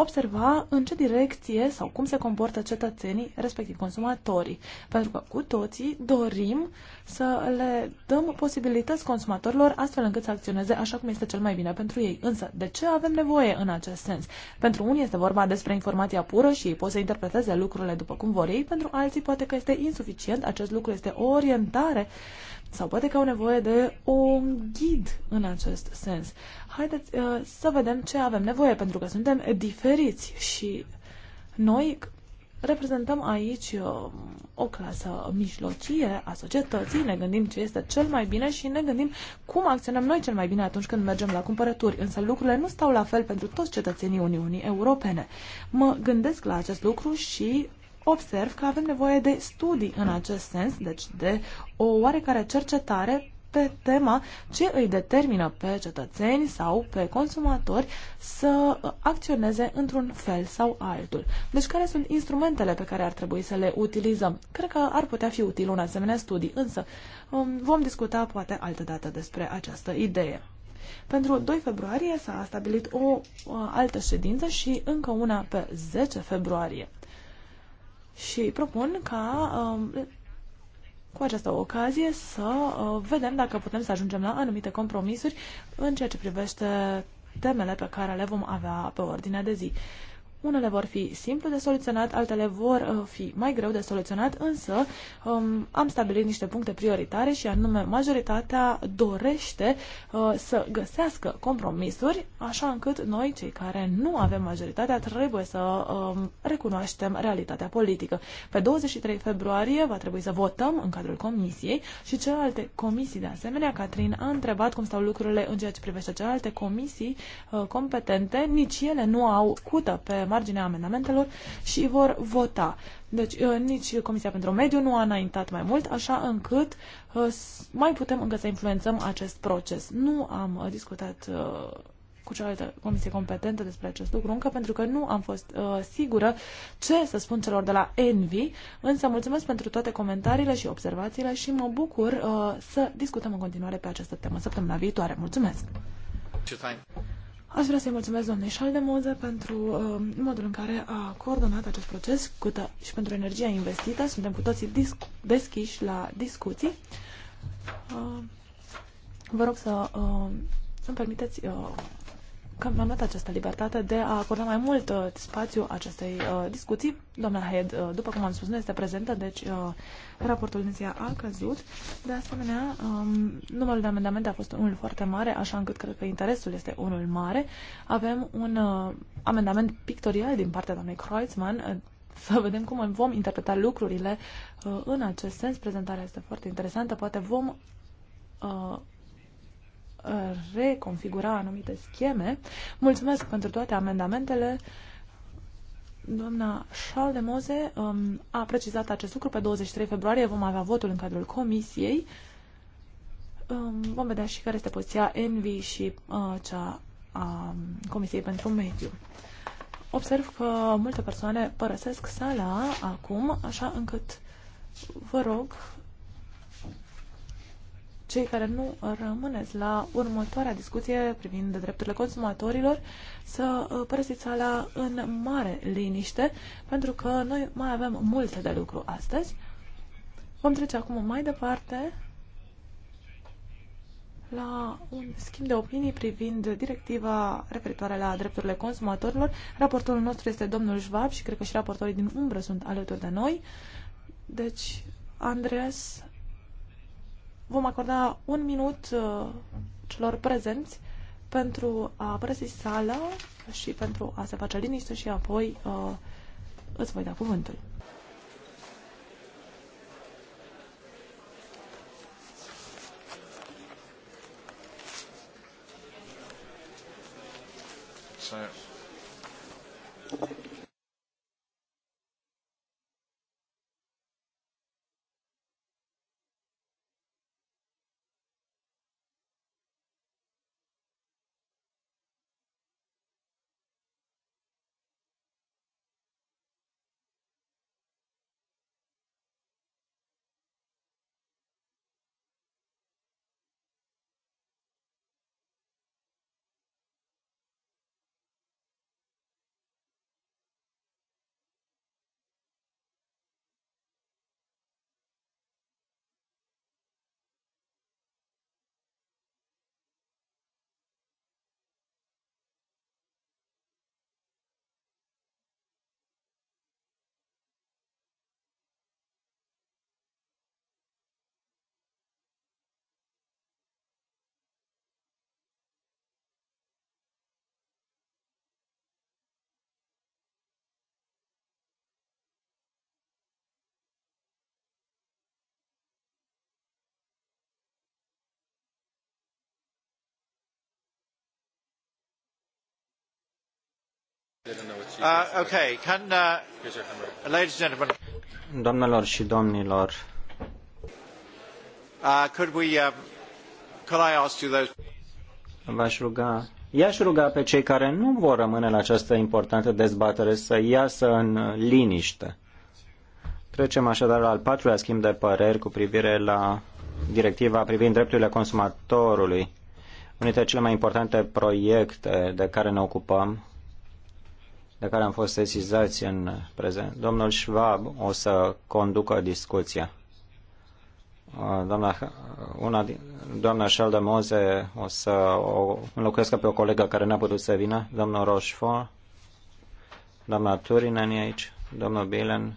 observa în ce direcție sau cum se comportă cetățenii, respectiv consumatorii. Pentru că cu toții dorim să le dăm posibilități consumatorilor astfel încât să acționeze așa cum este cel mai bine pentru ei. Însă, de ce avem nevoie în acest sens? Pentru unii este vorba despre informația pură și ei pot să interpreteze lucrurile după cum vor ei, pentru alții poate că este insuficient, acest lucru este o orientare sau poate că au nevoie de un ghid în acest sens. Haideți uh, să vedem ce avem nevoie, pentru că suntem diferiți și noi reprezentăm aici uh, o clasă mijlocie a societății, ne gândim ce este cel mai bine și ne gândim cum acționăm noi cel mai bine atunci când mergem la cumpărături. Însă lucrurile nu stau la fel pentru toți cetățenii Uniunii Europene. Mă gândesc la acest lucru și observ că avem nevoie de studii în acest sens, deci de o oarecare cercetare pe tema ce îi determină pe cetățeni sau pe consumatori să acționeze într-un fel sau altul. Deci care sunt instrumentele pe care ar trebui să le utilizăm? Cred că ar putea fi util un asemenea studii, însă um, vom discuta poate altă dată despre această idee. Pentru 2 februarie s-a stabilit o, altă ședință și încă una pe 10 februarie. Și propun ca um, cu această ocazie să uh, vedem dacă putem să ajungem la anumite compromisuri în ceea ce privește temele pe care le vom avea pe ordinea de zi. Unele vor fi simplu de soluționat, altele vor uh, fi mai greu de soluționat, însă um, am stabilit niște puncte prioritare și anume majoritatea dorește uh, să găsească compromisuri, așa încât noi, cei care nu avem majoritatea, trebuie să um, recunoaștem realitatea politică. Pe 23 februarie va trebui să votăm în cadrul comisiei și celelalte comisii de asemenea. Catrin a întrebat cum stau lucrurile în ceea ce privește celelalte comisii uh, competente. Nici ele nu au scută pe marginea amendamentelor și vor vota. Deci uh, nici Comisia pentru Mediu nu a înaintat mai mult, așa încât uh, mai putem încă să influențăm acest proces. Nu am uh, discutat cu cealaltă comisie competentă despre acest lucru încă, pentru că nu am fost uh, sigură ce să spun celor de la Envi, însă mulțumesc pentru toate comentariile și observațiile și mă bucur uh, să discutăm în continuare pe această temă săptămâna viitoare. Mulțumesc! Aș vrea să-i mulțumesc doamnei Șaldemoze pentru uh, modul în care a coordonat acest proces câtă, și pentru energia investită. Suntem cu toții deschiși la discuții. Uh, vă rog să uh, să-mi permiteți uh, că v-am dat această libertate de a acorda mai mult uh, spațiu acestei uh, discuții. Doamna Head, uh, după cum am spus, nu este prezentă, deci uh, raportul din a căzut. De asemenea, um, numărul de amendamente a fost unul foarte mare, așa încât cred că interesul este unul mare. Avem un uh, amendament pictorial din partea doamnei Kreutzmann, uh, să vedem cum vom interpreta lucrurile uh, în acest sens. Prezentarea este foarte interesantă, poate vom uh, reconfigura anumite scheme. Mulțumesc pentru toate amendamentele. Doamna Schaldemose um, a precizat acest lucru. Pe 23 februarie vom avea votul în cadrul comisiei. Um, vom vedea și care este poziția ENVI și uh, cea a um, Comisiei pentru Mediu. Observ că multe persoane părăsesc sala acum, așa încât vă rog cei care nu rămâneți la următoarea discuție privind drepturile consumatorilor să uh, părăsiți sala în mare liniște, pentru că noi mai avem multe de lucru astăzi. Vom trece acum mai departe la un schimb de opinii privind directiva referitoare la drepturile consumatorilor. Raportorul nostru este domnul Schwab și cred că și raportorii din umbră sunt alături de noi. Deci, Andreas, Vom acorda un minut uh, celor prezenți pentru a părăsi sala și pentru a se face liniște și apoi uh, îți voi da cuvântul. Sorry. Uh, okay. Can, uh, ladies and gentlemen. Doamnelor și domnilor, uh, could we, uh, could I ask you those? V-aș ruga, i-aș ruga pe cei care nu vor rămâne la această importantă dezbatere să iasă în liniște. Trecem așadar la al patrulea schimb de păreri cu privire la directiva privind drepturile consumatorului, unul dintre cele mai importante proiecte de care ne ocupăm de care am fost sesizați în prezent. Domnul Schwab o să conducă discuția. Uh, doamna, uh, una, doamna Sheldon Moze o să o înlocuiască pe o colegă care n-a putut să vină, domnul Rochefort, doamna Turinen e aici, domnul Bilen,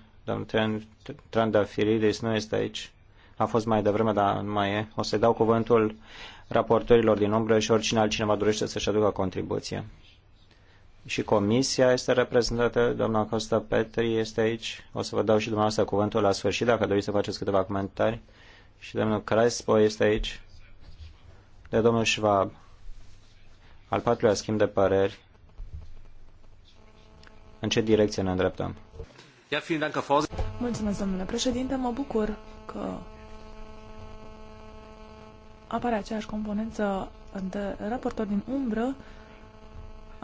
domnul Firidis nu este aici, a fost mai devreme, dar nu mai e. O să dau cuvântul raportorilor din umbră și oricine altcineva dorește să-și aducă contribuție și comisia este reprezentată, doamna Costa Petri este aici. O să vă dau și dumneavoastră cuvântul la sfârșit, dacă doriți să faceți câteva comentarii. Și domnul Crespo este aici. De domnul Schwab. Al patrulea schimb de păreri. În ce direcție ne îndreptăm? Mulțumesc, domnule președinte. Mă bucur că apare aceeași componență de raportor din umbră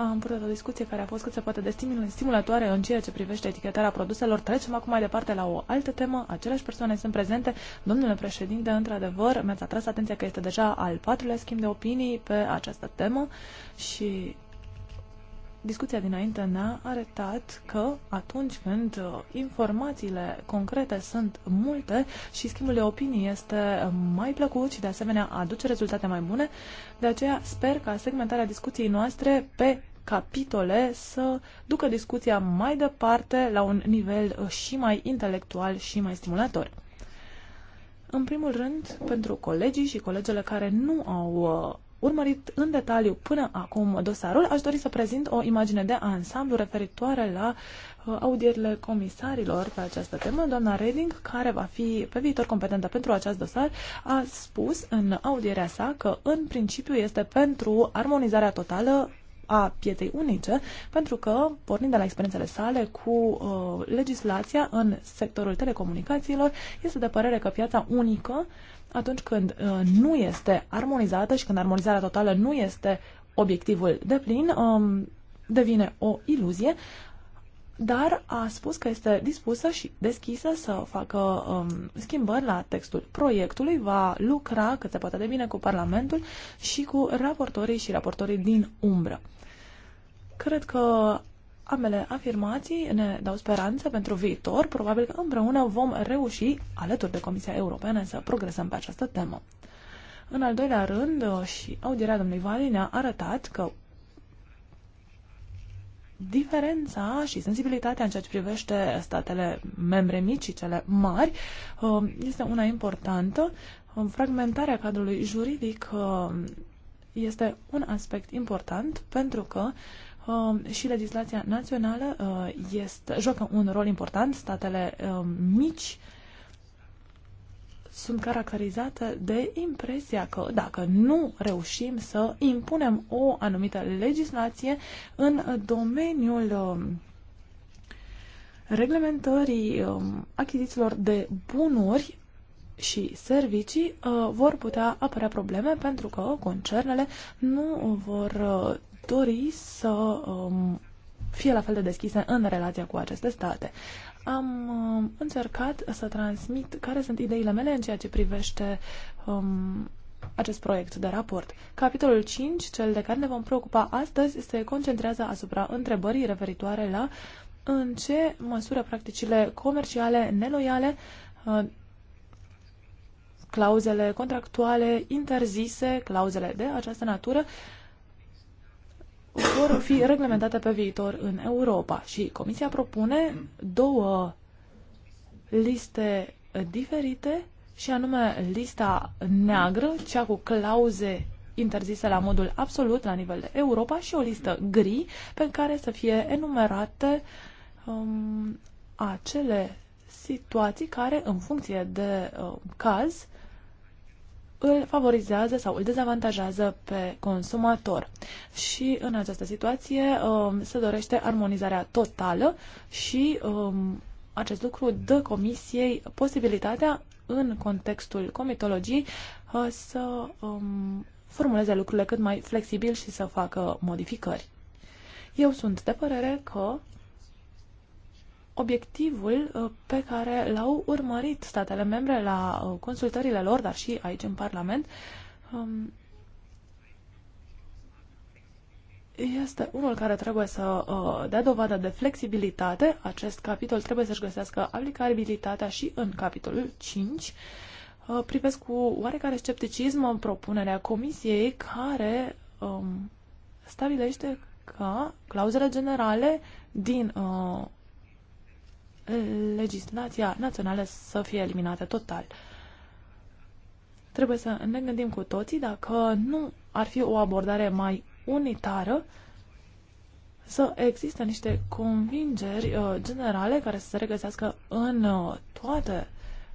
am purtat o discuție care a fost cât se poate de stimulatoare în ceea ce privește etichetarea produselor. Trecem acum mai departe la o altă temă. Aceleași persoane sunt prezente. Domnule președinte, într-adevăr, mi-ați atras atenția că este deja al patrulea schimb de opinii pe această temă și discuția dinainte ne-a arătat că atunci când uh, informațiile concrete sunt multe și schimbul de opinii este uh, mai plăcut și de asemenea aduce rezultate mai bune, de aceea sper ca segmentarea discuției noastre pe capitole să ducă discuția mai departe la un nivel uh, și mai intelectual și mai stimulator. În primul rând, pentru colegii și colegele care nu au uh, urmărit în detaliu până acum dosarul, aș dori să prezint o imagine de ansamblu referitoare la uh, audierile comisarilor pe această temă. Doamna Reding, care va fi pe viitor competentă pentru acest dosar, a spus în audierea sa că în principiu este pentru armonizarea totală a pieței unice, pentru că, pornind de la experiențele sale cu uh, legislația în sectorul telecomunicațiilor, este de părere că piața unică, atunci când uh, nu este armonizată și când armonizarea totală nu este obiectivul de plin, um, devine o iluzie, dar a spus că este dispusă și deschisă să facă um, schimbări la textul proiectului, va lucra cât se poate de bine cu Parlamentul și cu raportorii și raportorii din umbră. Cred că ambele afirmații ne dau speranță pentru viitor. Probabil că împreună vom reuși, alături de Comisia Europeană, să progresăm pe această temă. În al doilea rând, și audierea domnului Vali ne-a arătat că diferența și sensibilitatea în ceea ce privește statele membre mici și cele mari uh, este una importantă. Uh, fragmentarea cadrului juridic uh, este un aspect important pentru că uh, Um, și legislația națională uh, este, joacă un rol important. Statele um, mici sunt caracterizate de impresia că dacă nu reușim să impunem o anumită legislație în domeniul um, reglementării achizițiilor de bunuri și servicii, uh, vor putea apărea probleme pentru că concernele nu vor uh, dori să um, fie la fel de deschise în relația cu aceste state. Am um, încercat să transmit care sunt ideile mele în ceea ce privește um, acest proiect de raport. Capitolul 5, cel de care ne vom preocupa astăzi, se concentrează asupra întrebării referitoare la în ce măsură practicile comerciale neloiale, uh, clauzele contractuale interzise, clauzele de această natură, vor fi reglementate pe viitor în Europa și Comisia propune două liste diferite și anume lista neagră, cea cu clauze interzise la modul absolut la nivel de Europa și o listă gri pe care să fie enumerate um, acele situații care, în funcție de uh, caz, îl favorizează sau îl dezavantajează pe consumator. Și în această situație um, se dorește armonizarea totală și um, acest lucru dă comisiei posibilitatea în contextul comitologiei uh, să um, formuleze lucrurile cât mai flexibil și să facă modificări. Eu sunt de părere că obiectivul uh, pe care l-au urmărit statele membre la uh, consultările lor, dar și aici în Parlament, um, este unul care trebuie să uh, dea dovadă de flexibilitate. Acest capitol trebuie să-și găsească aplicabilitatea și în capitolul 5. Privesc cu oarecare scepticism în propunerea Comisiei care um, stabilește că clauzele generale din uh, legislația națională să fie eliminată total. Trebuie să ne gândim cu toții dacă nu ar fi o abordare mai unitară să existe niște convingeri uh, generale care să se regăsească în uh, toate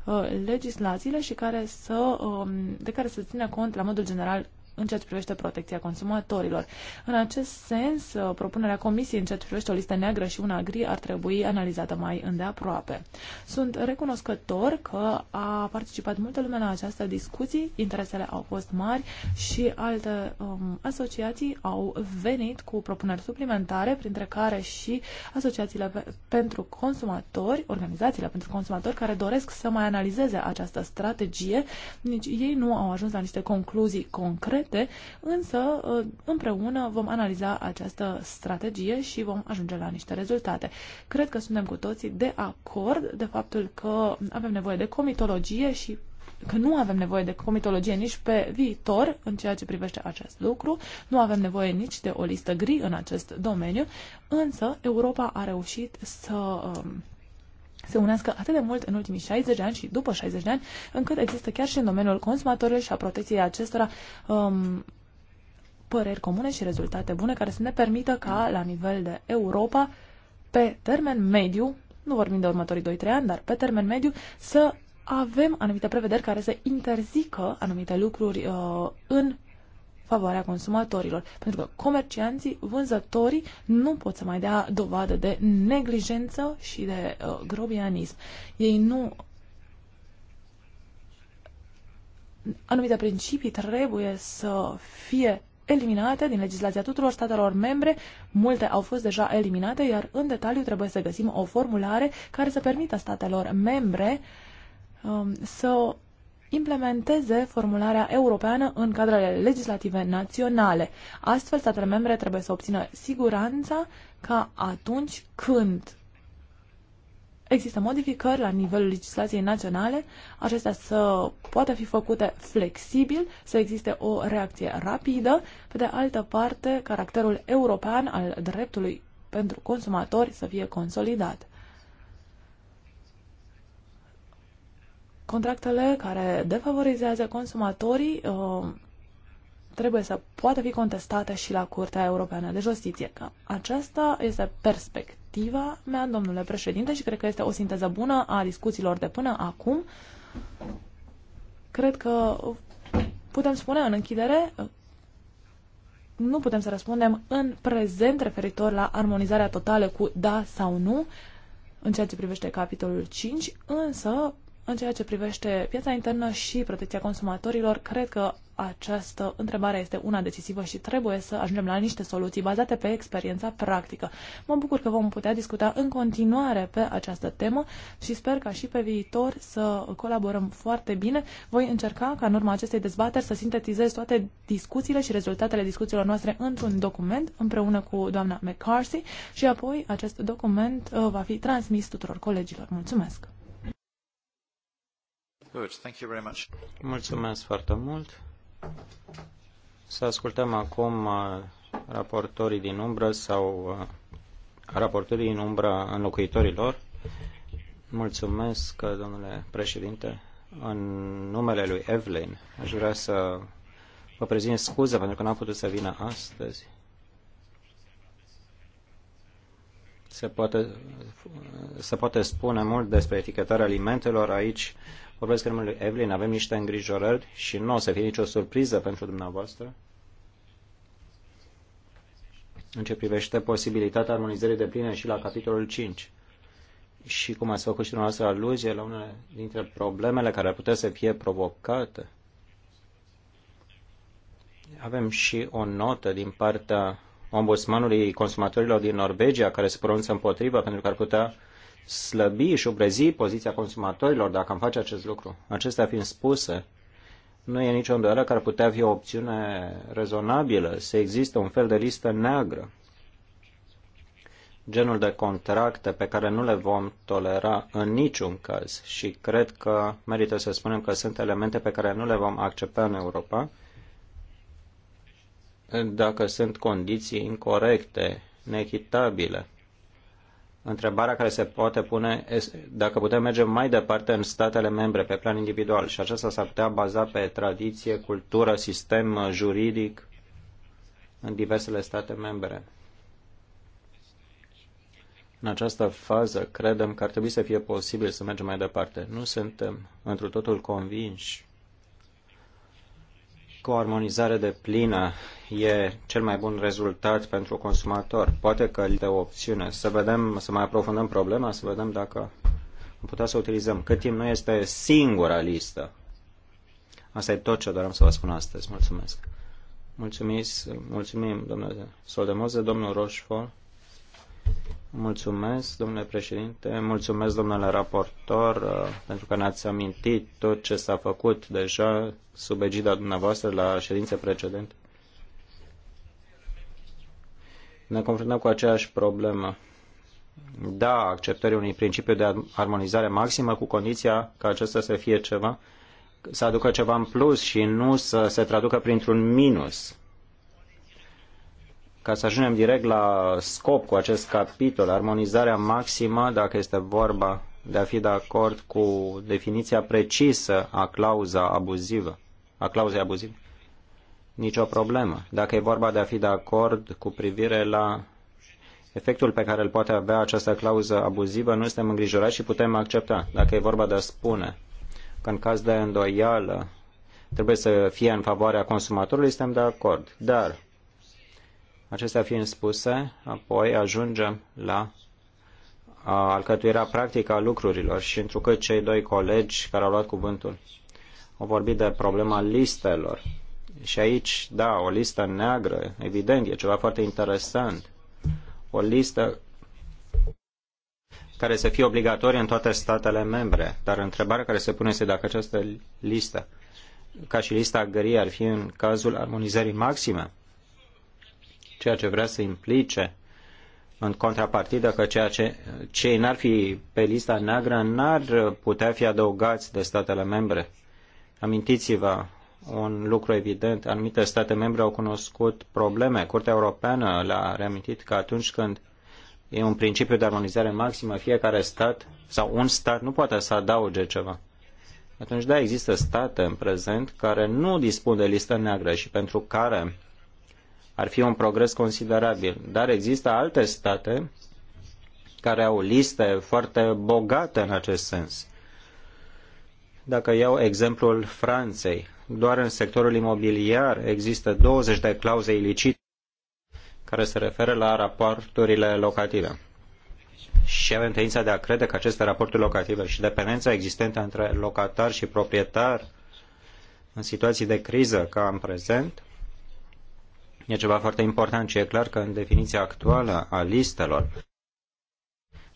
uh, legislațiile și care să, um, de care să ține cont la modul general în ceea ce privește protecția consumatorilor. În acest sens, uh, propunerea Comisiei în ceea ce privește o listă neagră și una gri ar trebui analizată mai îndeaproape. Sunt recunoscător că a participat multă lume la această discuție, interesele au fost mari și alte um, asociații au venit cu propuneri suplimentare, printre care și asociațiile pe, pentru consumatori, organizațiile pentru consumatori care doresc să mai analizeze această strategie. Nici ei nu au ajuns la niște concluzii concrete proiecte, însă ă, împreună vom analiza această strategie și vom ajunge la niște rezultate. Cred că suntem cu toții de acord de faptul că avem nevoie de comitologie și că nu avem nevoie de comitologie nici pe viitor în ceea ce privește acest lucru, nu avem nevoie nici de o listă gri în acest domeniu, însă Europa a reușit să ă, se unească atât de mult în ultimii 60 de ani și după 60 de ani, încât există chiar și în domeniul consumatorilor și a protecției acestora um, păreri comune și rezultate bune care să ne permită ca, la nivel de Europa, pe termen mediu, nu vorbim de următorii 2-3 ani, dar pe termen mediu, să avem anumite prevederi care să interzică anumite lucruri uh, în favoarea consumatorilor. Pentru că comercianții, vânzătorii nu pot să mai dea dovadă de neglijență și de uh, grobianism. Ei nu anumite principii trebuie să fie eliminate din legislația tuturor statelor membre. Multe au fost deja eliminate, iar în detaliu trebuie să găsim o formulare care să permită statelor membre um, să implementeze formularea europeană în cadrele legislative naționale. Astfel, statele membre trebuie să obțină siguranța ca atunci când există modificări la nivelul legislației naționale, acestea să poată fi făcute flexibil, să existe o reacție rapidă, pe de altă parte, caracterul european al dreptului pentru consumatori să fie consolidat. contractele care defavorizează consumatorii uh, trebuie să poată fi contestate și la Curtea Europeană de Justiție. Că aceasta este perspectiva mea, domnule președinte, și cred că este o sinteză bună a discuțiilor de până acum. Cred că putem spune în închidere nu putem să răspundem în prezent referitor la armonizarea totală cu da sau nu în ceea ce privește capitolul 5, însă în ceea ce privește piața internă și protecția consumatorilor, cred că această întrebare este una decisivă și trebuie să ajungem la niște soluții bazate pe experiența practică. Mă bucur că vom putea discuta în continuare pe această temă și sper ca și pe viitor să colaborăm foarte bine. Voi încerca ca în urma acestei dezbateri să sintetizez toate discuțiile și rezultatele discuțiilor noastre într-un document împreună cu doamna McCarthy și apoi acest document uh, va fi transmis tuturor colegilor. Mulțumesc! Good. Thank you very much. Mulțumesc foarte mult. Să ascultăm acum uh, raportorii din umbră sau uh, raportorii din umbră înlocuitorilor. Mulțumesc, uh, domnule președinte. În numele lui Evelyn, aș vrea să vă prezint scuze pentru că n-am putut să vină astăzi. Se poate, se poate spune mult despre etichetarea alimentelor aici vorbesc în numele Evelyn, avem niște îngrijorări și nu o să fie nicio surpriză pentru dumneavoastră în ce privește posibilitatea armonizării de pline și la capitolul 5. Și cum ați făcut și dumneavoastră aluzie la una dintre problemele care ar putea să fie provocate, avem și o notă din partea ombudsmanului consumatorilor din Norvegia care se pronunță împotriva pentru că ar putea slăbi și obrezi poziția consumatorilor dacă am face acest lucru. Acestea fiind spuse, nu e nicio îndoială că ar putea fi o opțiune rezonabilă să existe un fel de listă neagră. Genul de contracte pe care nu le vom tolera în niciun caz și cred că merită să spunem că sunt elemente pe care nu le vom accepta în Europa dacă sunt condiții incorrecte, neechitabile întrebarea care se poate pune este dacă putem merge mai departe în statele membre pe plan individual și aceasta s-ar putea baza pe tradiție, cultură, sistem juridic în diversele state membre. În această fază, credem că ar trebui să fie posibil să mergem mai departe. Nu suntem întru totul convinși cu o armonizare de plină e cel mai bun rezultat pentru consumator. Poate că e o opțiune. Să vedem, să mai aprofundăm problema, să vedem dacă am putea să utilizăm. Cât timp nu este singura listă. Asta e tot ce doream să vă spun astăzi. Mulțumesc. mulțumesc. mulțumim, domnule Soldemoze, domnul Roșfor. Mulțumesc, domnule președinte, mulțumesc, domnule raportor, pentru că ne-ați amintit tot ce s-a făcut deja sub egida dumneavoastră la ședințe precedente. ne confruntăm cu aceeași problemă. Da, acceptării unui principiu de armonizare maximă cu condiția ca acesta să fie ceva, să aducă ceva în plus și nu să se traducă printr-un minus. Ca să ajungem direct la scop cu acest capitol, armonizarea maximă, dacă este vorba de a fi de acord cu definiția precisă a clauza abuzivă, a clauzei abuzive nicio problemă. Dacă e vorba de a fi de acord cu privire la efectul pe care îl poate avea această clauză abuzivă, nu suntem îngrijorați și putem accepta. Dacă e vorba de a spune că în caz de îndoială trebuie să fie în favoarea consumatorului, suntem de acord. Dar, acestea fiind spuse, apoi ajungem la alcătuirea practică a lucrurilor și întrucât cei doi colegi care au luat cuvântul au vorbit de problema listelor și aici, da, o listă neagră, evident, e ceva foarte interesant. O listă care să fie obligatorie în toate statele membre. Dar întrebarea care se pune este dacă această listă, ca și lista gri, ar fi în cazul armonizării maxime, ceea ce vrea să implice în contrapartidă că ceea ce, cei n-ar fi pe lista neagră n-ar putea fi adăugați de statele membre. Amintiți-vă un lucru evident. Anumite state membre au cunoscut probleme. Curtea Europeană le-a reamintit că atunci când e un principiu de armonizare maximă, fiecare stat sau un stat nu poate să adauge ceva. Atunci, da, există state în prezent care nu dispun de listă neagră și pentru care ar fi un progres considerabil. Dar există alte state care au liste foarte bogate în acest sens. Dacă iau exemplul Franței, doar în sectorul imobiliar există 20 de clauze ilicite care se referă la raporturile locative. Și avem tendința de a crede că aceste raporturi locative și dependența existentă între locatar și proprietar în situații de criză ca în prezent e ceva foarte important și e clar că în definiția actuală a listelor,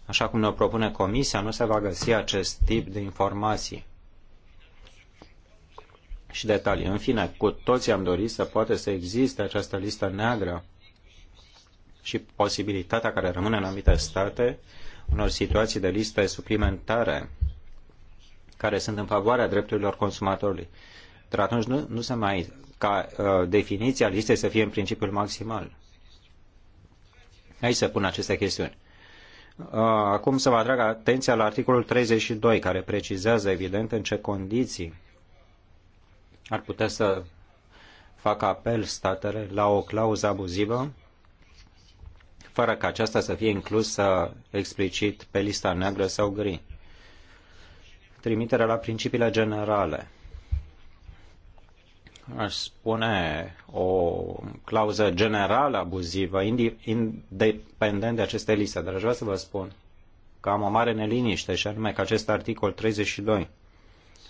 așa cum ne-o propune Comisia, nu se va găsi acest tip de informații și detalii. În fine, cu toții am dorit să poate să existe această listă neagră și posibilitatea care rămâne în anumite state unor situații de liste suplimentare care sunt în favoarea drepturilor consumatorului. Dar atunci nu, nu se mai ca uh, definiția listei să fie în principiul maximal. Aici se pun aceste chestiuni. Uh, acum să vă atrag atenția la articolul 32, care precizează evident în ce condiții ar putea să facă apel statele la o clauză abuzivă, fără ca aceasta să fie inclusă explicit pe lista neagră sau gri. Trimiterea la principiile generale. Aș spune o clauză generală abuzivă, independent de aceste liste, dar aș vrea să vă spun că am o mare neliniște și anume că acest articol 32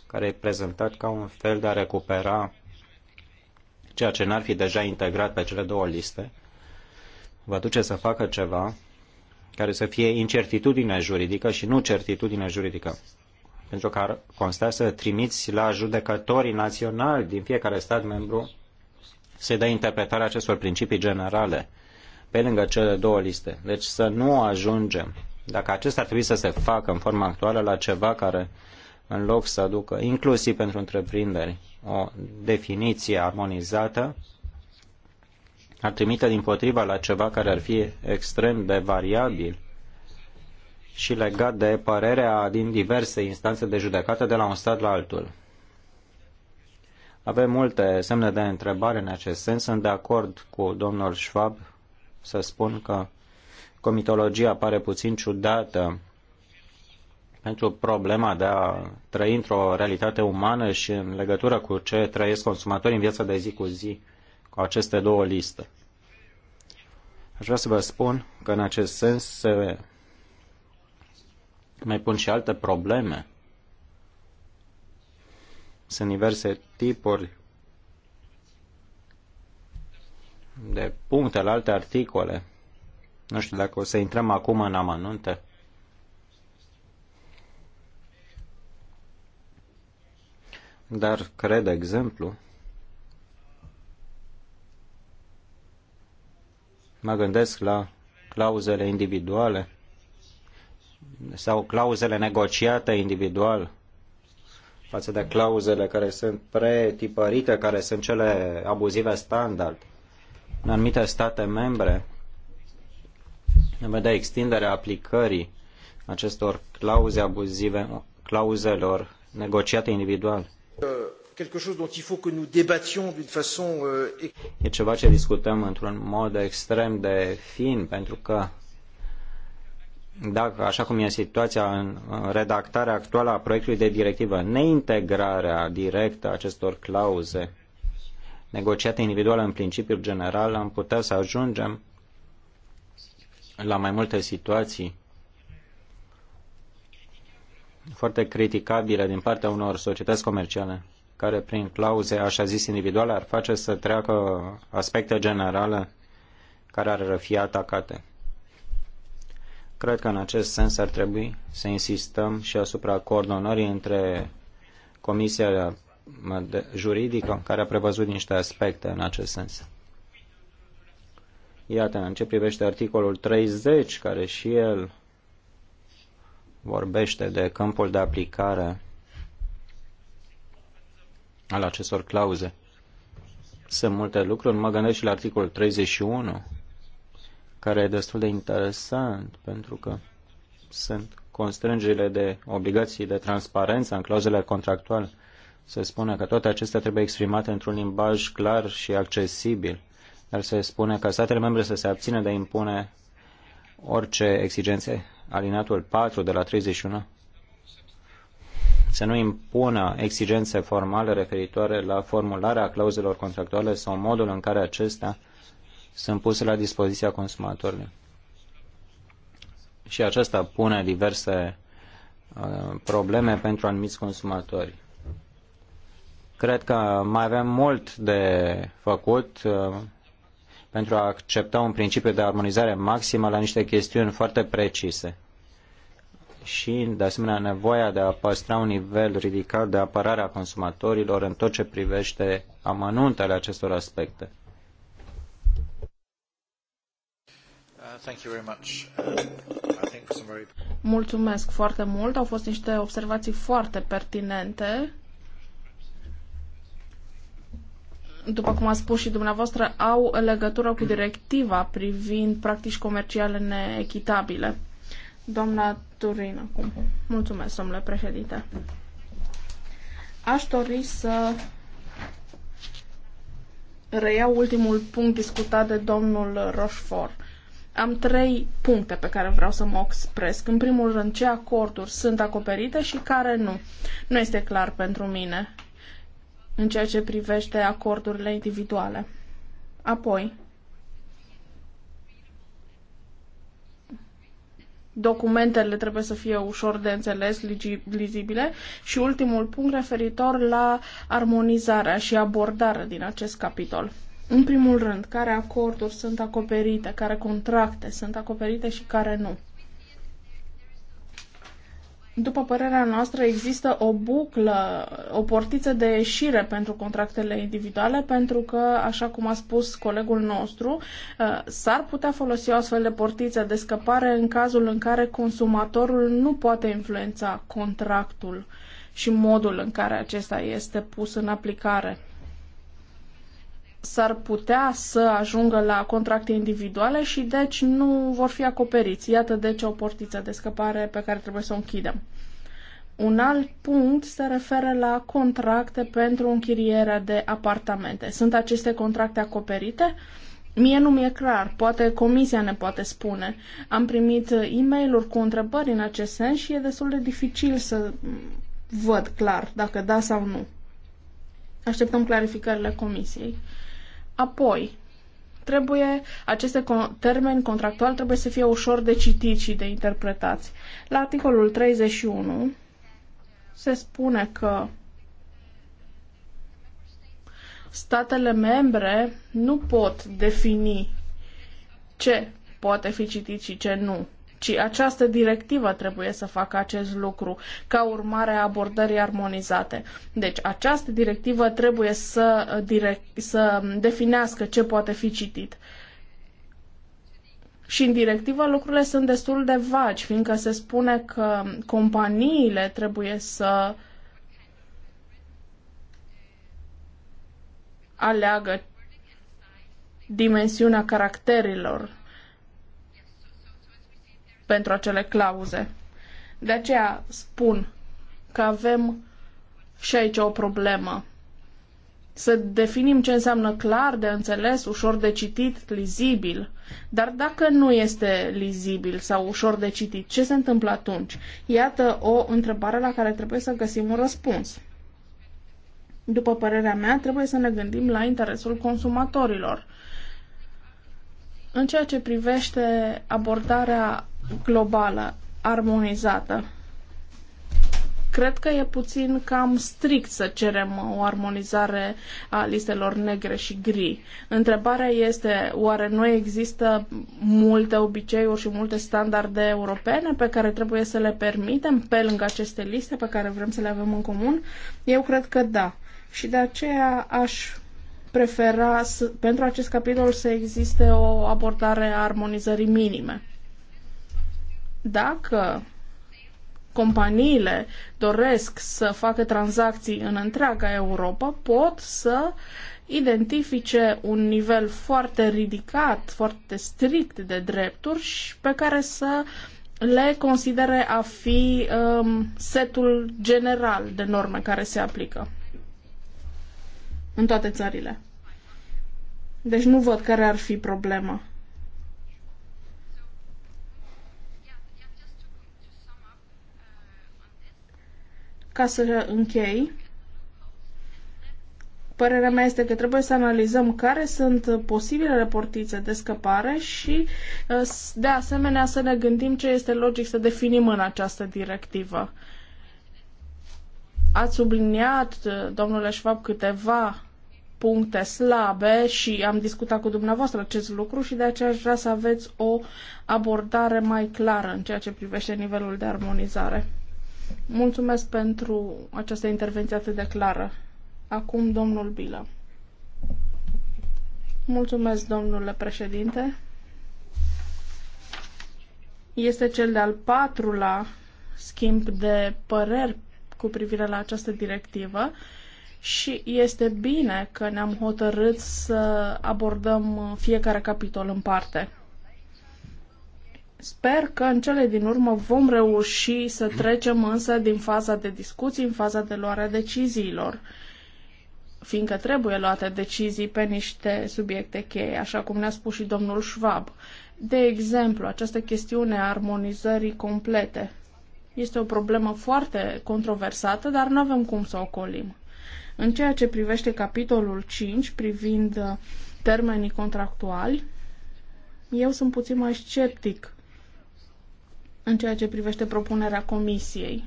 care e prezentat ca un fel de a recupera ceea ce n-ar fi deja integrat pe cele două liste, va duce să facă ceva care să fie incertitudine juridică și nu certitudine juridică. Pentru că ar consta să trimiți la judecătorii naționali din fiecare stat membru să dea interpretarea acestor principii generale pe lângă cele două liste. Deci să nu ajungem, dacă acesta ar trebui să se facă în forma actuală, la ceva care în loc să aducă, inclusiv pentru întreprinderi, o definiție armonizată, ar trimite din potriva la ceva care ar fi extrem de variabil și legat de părerea din diverse instanțe de judecată de la un stat la altul. Avem multe semne de întrebare în acest sens. Sunt de acord cu domnul Schwab să spun că comitologia pare puțin ciudată pentru problema de a trăi într-o realitate umană și în legătură cu ce trăiesc consumatorii în viața de zi cu zi cu aceste două liste. Aș vrea să vă spun că în acest sens se mai pun și alte probleme. Sunt diverse tipuri de puncte la alte articole. Nu știu dacă o să intrăm acum în amănunte dar cred, exemplu, mă gândesc la clauzele individuale sau clauzele negociate individual față de clauzele care sunt pretipărite, care sunt cele abuzive standard. În anumite state membre ne vedea extinderea aplicării acestor clauze abuzive, clauzelor negociate individual. E ceva ce discutăm într-un mod extrem de fin, pentru că dacă, așa cum e situația în redactarea actuală a proiectului de directivă, neintegrarea directă a acestor clauze negociate individual în principiul general, am putea să ajungem la mai multe situații foarte criticabile din partea unor societăți comerciale care prin clauze așa zis individuale ar face să treacă aspecte generale care ar fi atacate. Cred că în acest sens ar trebui să insistăm și asupra coordonării între Comisia Juridică, care a prevăzut niște aspecte în acest sens. Iată, în ce privește articolul 30, care și el vorbește de câmpul de aplicare al acestor clauze. Sunt multe lucruri, mă gândesc și la articolul 31, care e destul de interesant, pentru că sunt constrângerile de obligații de transparență în clauzele contractuale. Se spune că toate acestea trebuie exprimate într-un limbaj clar și accesibil, dar se spune că statele membre să se abțină de a impune orice exigențe alinatul 4 de la 31 să nu impună exigențe formale referitoare la formularea clauzelor contractuale sau modul în care acestea sunt puse la dispoziția consumatorului. Și aceasta pune diverse uh, probleme pentru anumiți consumatori. Cred că mai avem mult de făcut. Uh, pentru a accepta un principiu de armonizare maximă la niște chestiuni foarte precise și, de asemenea, nevoia de a păstra un nivel ridicat de apărare a consumatorilor în tot ce privește amănuntele acestor aspecte. Uh, uh, Mulțumesc foarte mult, au fost niște observații foarte pertinente după cum a spus și dumneavoastră, au legătură cu directiva privind practici comerciale neechitabile. Doamna Turin, acum. Mulțumesc, domnule președinte. Aș dori să reiau ultimul punct discutat de domnul Rochefort. Am trei puncte pe care vreau să mă expresc. În primul rând, ce acorduri sunt acoperite și care nu. Nu este clar pentru mine în ceea ce privește acordurile individuale. Apoi, documentele trebuie să fie ușor de înțeles, lizibile și ultimul punct referitor la armonizarea și abordarea din acest capitol. În primul rând, care acorduri sunt acoperite, care contracte sunt acoperite și care nu. După părerea noastră, există o buclă, o portiță de ieșire pentru contractele individuale, pentru că, așa cum a spus colegul nostru, uh, s-ar putea folosi o astfel de portiță de scăpare în cazul în care consumatorul nu poate influența contractul și modul în care acesta este pus în aplicare s-ar putea să ajungă la contracte individuale și deci nu vor fi acoperiți. Iată deci o portiță de scăpare pe care trebuie să o închidem. Un alt punct se referă la contracte pentru închirierea de apartamente. Sunt aceste contracte acoperite? Mie nu mi-e clar, poate comisia ne poate spune. Am primit e mail cu întrebări în acest sens și e destul de dificil să văd clar dacă da sau nu. Așteptăm clarificările comisiei. Apoi, trebuie, aceste termeni contractuali trebuie să fie ușor de citit și de interpretați. La articolul 31 se spune că statele membre nu pot defini ce poate fi citit și ce nu ci această directivă trebuie să facă acest lucru ca urmare a abordării armonizate. Deci această directivă trebuie să, direct, să definească ce poate fi citit. Și în directivă lucrurile sunt destul de vagi, fiindcă se spune că companiile trebuie să aleagă dimensiunea caracterilor pentru acele clauze. De aceea spun că avem și aici o problemă. Să definim ce înseamnă clar, de înțeles, ușor de citit, lizibil. Dar dacă nu este lizibil sau ușor de citit, ce se întâmplă atunci? Iată o întrebare la care trebuie să găsim un răspuns. După părerea mea, trebuie să ne gândim la interesul consumatorilor. În ceea ce privește abordarea globală, armonizată. Cred că e puțin cam strict să cerem o armonizare a listelor negre și gri. Întrebarea este, oare nu există multe obiceiuri și multe standarde europene pe care trebuie să le permitem pe lângă aceste liste pe care vrem să le avem în comun? Eu cred că da. Și de aceea aș prefera să, pentru acest capitol să existe o abordare a armonizării minime. Dacă companiile doresc să facă tranzacții în întreaga Europa, pot să identifice un nivel foarte ridicat, foarte strict de drepturi și pe care să le considere a fi um, setul general de norme care se aplică în toate țările. Deci nu văd care ar fi problema. Ca să închei, părerea mea este că trebuie să analizăm care sunt posibilele portițe de scăpare și, uh, de asemenea, să ne gândim ce este logic să definim în această directivă. Ați subliniat, uh, domnule Schwab, câteva puncte slabe și am discutat cu dumneavoastră acest lucru și de aceea aș vrea să aveți o abordare mai clară în ceea ce privește nivelul de armonizare. Mulțumesc pentru această intervenție atât de clară. Acum domnul Bila. Mulțumesc, domnule președinte. Este cel de-al patrulea schimb de păreri cu privire la această directivă și este bine că ne-am hotărât să abordăm fiecare capitol în parte. Sper că în cele din urmă vom reuși să trecem însă din faza de discuții în faza de luarea deciziilor, fiindcă trebuie luate decizii pe niște subiecte cheie, așa cum ne-a spus și domnul Schwab. De exemplu, această chestiune a armonizării complete este o problemă foarte controversată, dar nu avem cum să o colim. În ceea ce privește capitolul 5, privind termenii contractuali, eu sunt puțin mai sceptic în ceea ce privește propunerea comisiei.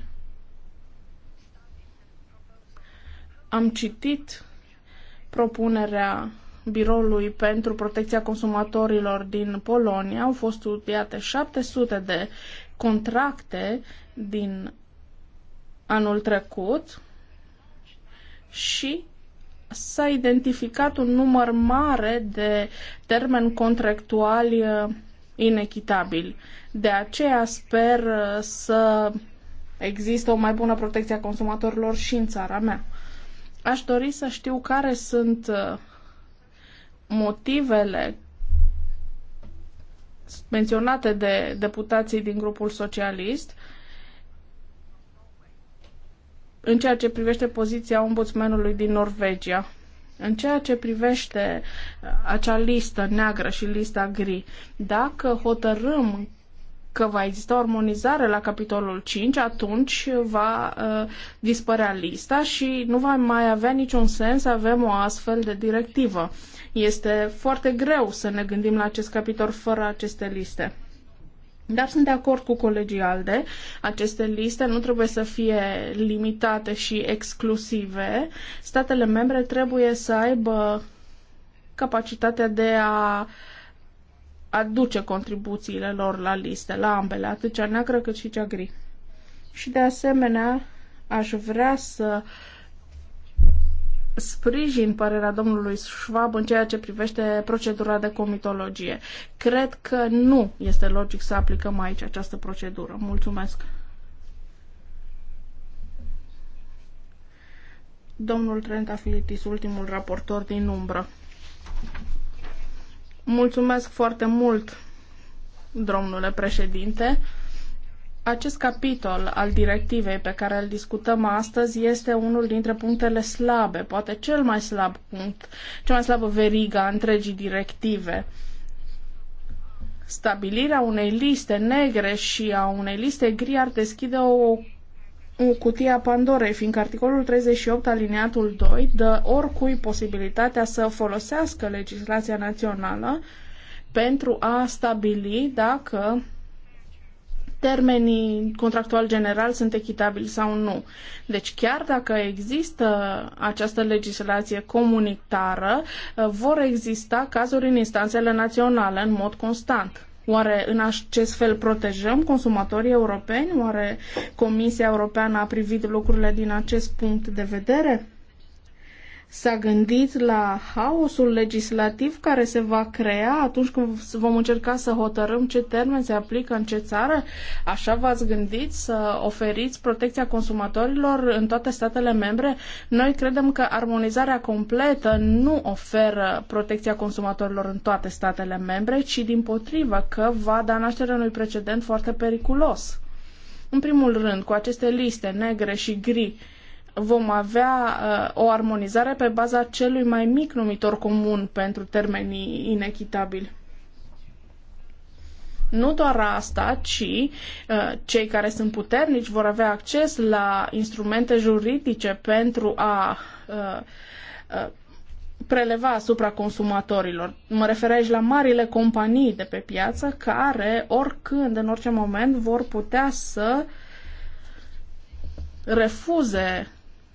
Am citit propunerea Biroului pentru Protecția Consumatorilor din Polonia. Au fost studiate 700 de contracte din anul trecut și s-a identificat un număr mare de termeni contractuali uh, inechitabil. De aceea sper uh, să există o mai bună protecție a consumatorilor și în țara mea. Aș dori să știu care sunt uh, motivele menționate de deputații din grupul socialist în ceea ce privește poziția ombudsmanului din Norvegia. În ceea ce privește uh, acea listă neagră și lista gri, dacă hotărâm că va exista o armonizare la capitolul 5, atunci va uh, dispărea lista și nu va mai avea niciun sens să avem o astfel de directivă. Este foarte greu să ne gândim la acest capitol fără aceste liste. Dar sunt de acord cu colegii ALDE, aceste liste nu trebuie să fie limitate și exclusive. Statele membre trebuie să aibă capacitatea de a uh, aduce contribuțiile lor la listă, la ambele, atât cea neagră cât și cea gri. Și de asemenea, aș vrea să sprijin părerea domnului Schwab în ceea ce privește procedura de comitologie. Cred că nu este logic să aplicăm aici această procedură. Mulțumesc. Domnul Trent Afilitis, ultimul raportor din umbră. Mulțumesc foarte mult, domnule președinte. Acest capitol al directivei pe care îl discutăm astăzi este unul dintre punctele slabe, poate cel mai slab punct, cea mai slabă veriga a întregii directive. Stabilirea unei liste negre și a unei liste gri ar deschide o cutia Pandorei, fiindcă articolul 38 alineatul 2 dă oricui posibilitatea să folosească legislația națională pentru a stabili dacă termenii contractual general sunt echitabili sau nu. Deci chiar dacă există această legislație comunitară, vor exista cazuri în instanțele naționale în mod constant. Oare în acest fel protejăm consumatorii europeni? Oare Comisia Europeană a privit lucrurile din acest punct de vedere? S-a gândit la haosul legislativ care se va crea atunci când vom încerca să hotărâm ce termen se aplică în ce țară? Așa v-ați gândit să oferiți protecția consumatorilor în toate statele membre? Noi credem că armonizarea completă nu oferă protecția consumatorilor în toate statele membre, ci din potrivă că va da naștere unui precedent foarte periculos. În primul rând, cu aceste liste negre și gri, vom avea uh, o armonizare pe baza celui mai mic numitor comun pentru termenii inechitabili. Nu doar asta, ci uh, cei care sunt puternici vor avea acces la instrumente juridice pentru a uh, uh, preleva asupra consumatorilor. Mă refer aici la marile companii de pe piață care, oricând, în orice moment, vor putea să refuze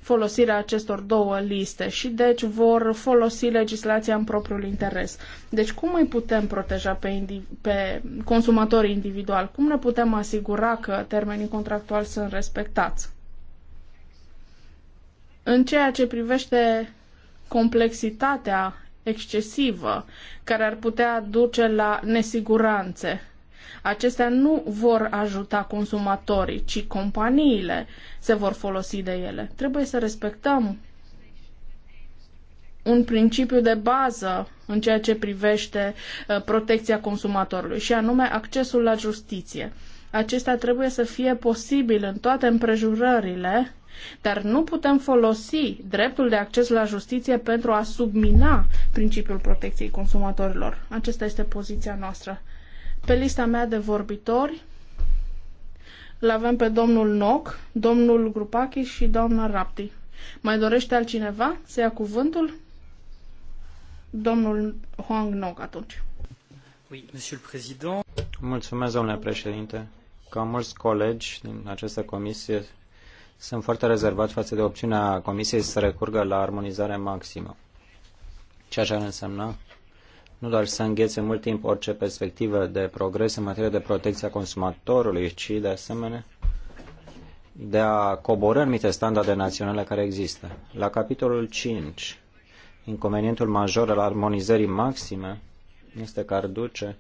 folosirea acestor două liste și deci vor folosi legislația în propriul interes. Deci cum îi putem proteja pe, indi- pe consumatorii individual? Cum ne putem asigura că termenii contractuali sunt respectați? În ceea ce privește complexitatea excesivă care ar putea duce la nesiguranțe Acestea nu vor ajuta consumatorii, ci companiile se vor folosi de ele. Trebuie să respectăm un principiu de bază în ceea ce privește uh, protecția consumatorului, și anume accesul la justiție. Acesta trebuie să fie posibil în toate împrejurările, dar nu putem folosi dreptul de acces la justiție pentru a submina principiul protecției consumatorilor. Acesta este poziția noastră. Pe lista mea de vorbitori îl avem pe domnul Noc, domnul Grupachi și doamna Rapti. Mai dorește altcineva să ia cuvântul? Domnul Huang Noc atunci. Oui, monsieur le président. Mulțumesc, domnule președinte. Ca mulți colegi din această comisie sunt foarte rezervat față de opțiunea comisiei să recurgă la armonizare maximă. Ceea ce ar însemna nu doar să înghețe mult timp orice perspectivă de progres în materie de protecția consumatorului, ci de asemenea de a coborâ anumite standarde naționale care există. La capitolul 5, inconvenientul major al armonizării maxime este că ar duce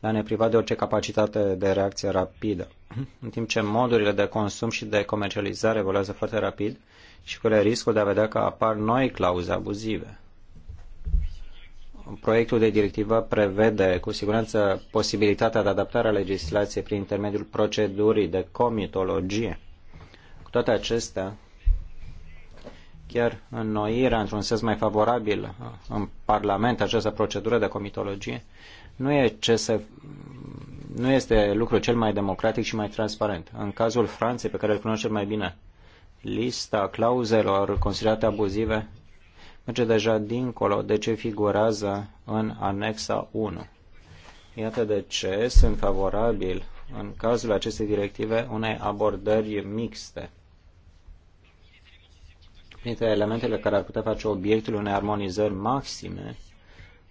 la ne priva de orice capacitate de reacție rapidă. În timp ce modurile de consum și de comercializare evoluează foarte rapid și cu riscul de a vedea că apar noi clauze abuzive proiectul de directivă prevede cu siguranță posibilitatea de adaptare a legislației prin intermediul procedurii de comitologie. Cu toate acestea, chiar înnoirea într-un sens mai favorabil uh, în Parlament, această procedură de comitologie, nu, e ce se, nu este lucru cel mai democratic și mai transparent. În cazul Franței, pe care îl cunoaște mai bine, lista clauzelor considerate abuzive merge deja dincolo de ce figurează în anexa 1. Iată de ce sunt favorabil în cazul acestei directive unei abordări mixte. Printre elementele care ar putea face obiectul unei armonizări maxime,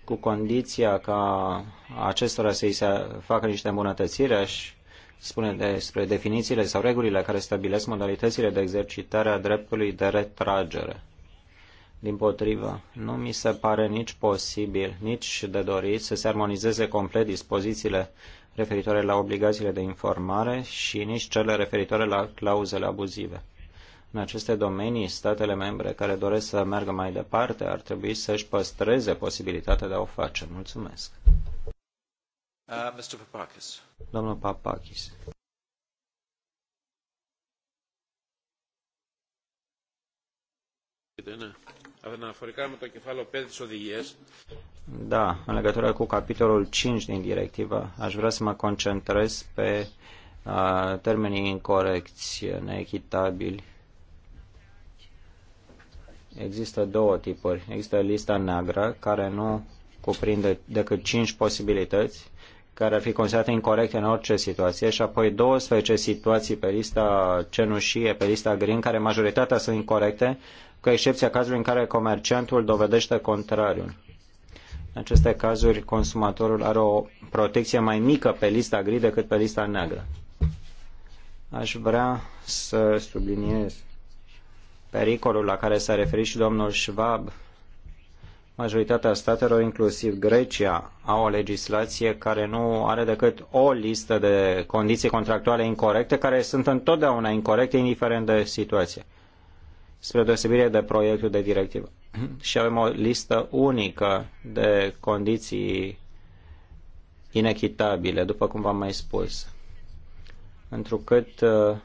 cu condiția ca acestora să-i se facă niște îmbunătățiri, aș spune despre definițiile sau regulile care stabilesc modalitățile de exercitare a dreptului de retragere. Din potrivă, nu mi se pare nici posibil, nici de dorit să se armonizeze complet dispozițiile referitoare la obligațiile de informare și nici cele referitoare la clauzele abuzive. În aceste domenii, statele membre care doresc să meargă mai departe ar trebui să-și păstreze posibilitatea de a o face. Mulțumesc. Uh, Mr. Papakis. Domnul Papakis αναφορικά με το κεφάλαιο 5 Da, în legătură cu capitolul 5 din directivă, aș vrea să mă concentrez pe a, termenii incorrecți, neechitabili. Există două tipuri. Există lista neagră, care nu cuprinde decât 5 posibilități, care ar fi considerate incorecte în orice situație și apoi 12 situații pe lista cenușie, pe lista green, care majoritatea sunt incorecte cu excepția cazului în care comerciantul dovedește contrariul. În aceste cazuri, consumatorul are o protecție mai mică pe lista gri decât pe lista neagră. Aș vrea să subliniez pericolul la care s-a referit și domnul Schwab. Majoritatea statelor, inclusiv Grecia, au o legislație care nu are decât o listă de condiții contractuale incorrecte, care sunt întotdeauna incorrecte, indiferent de situație spre deosebire de proiectul de directivă. Și avem o listă unică de condiții inechitabile, după cum v-am mai spus. Întrucât uh,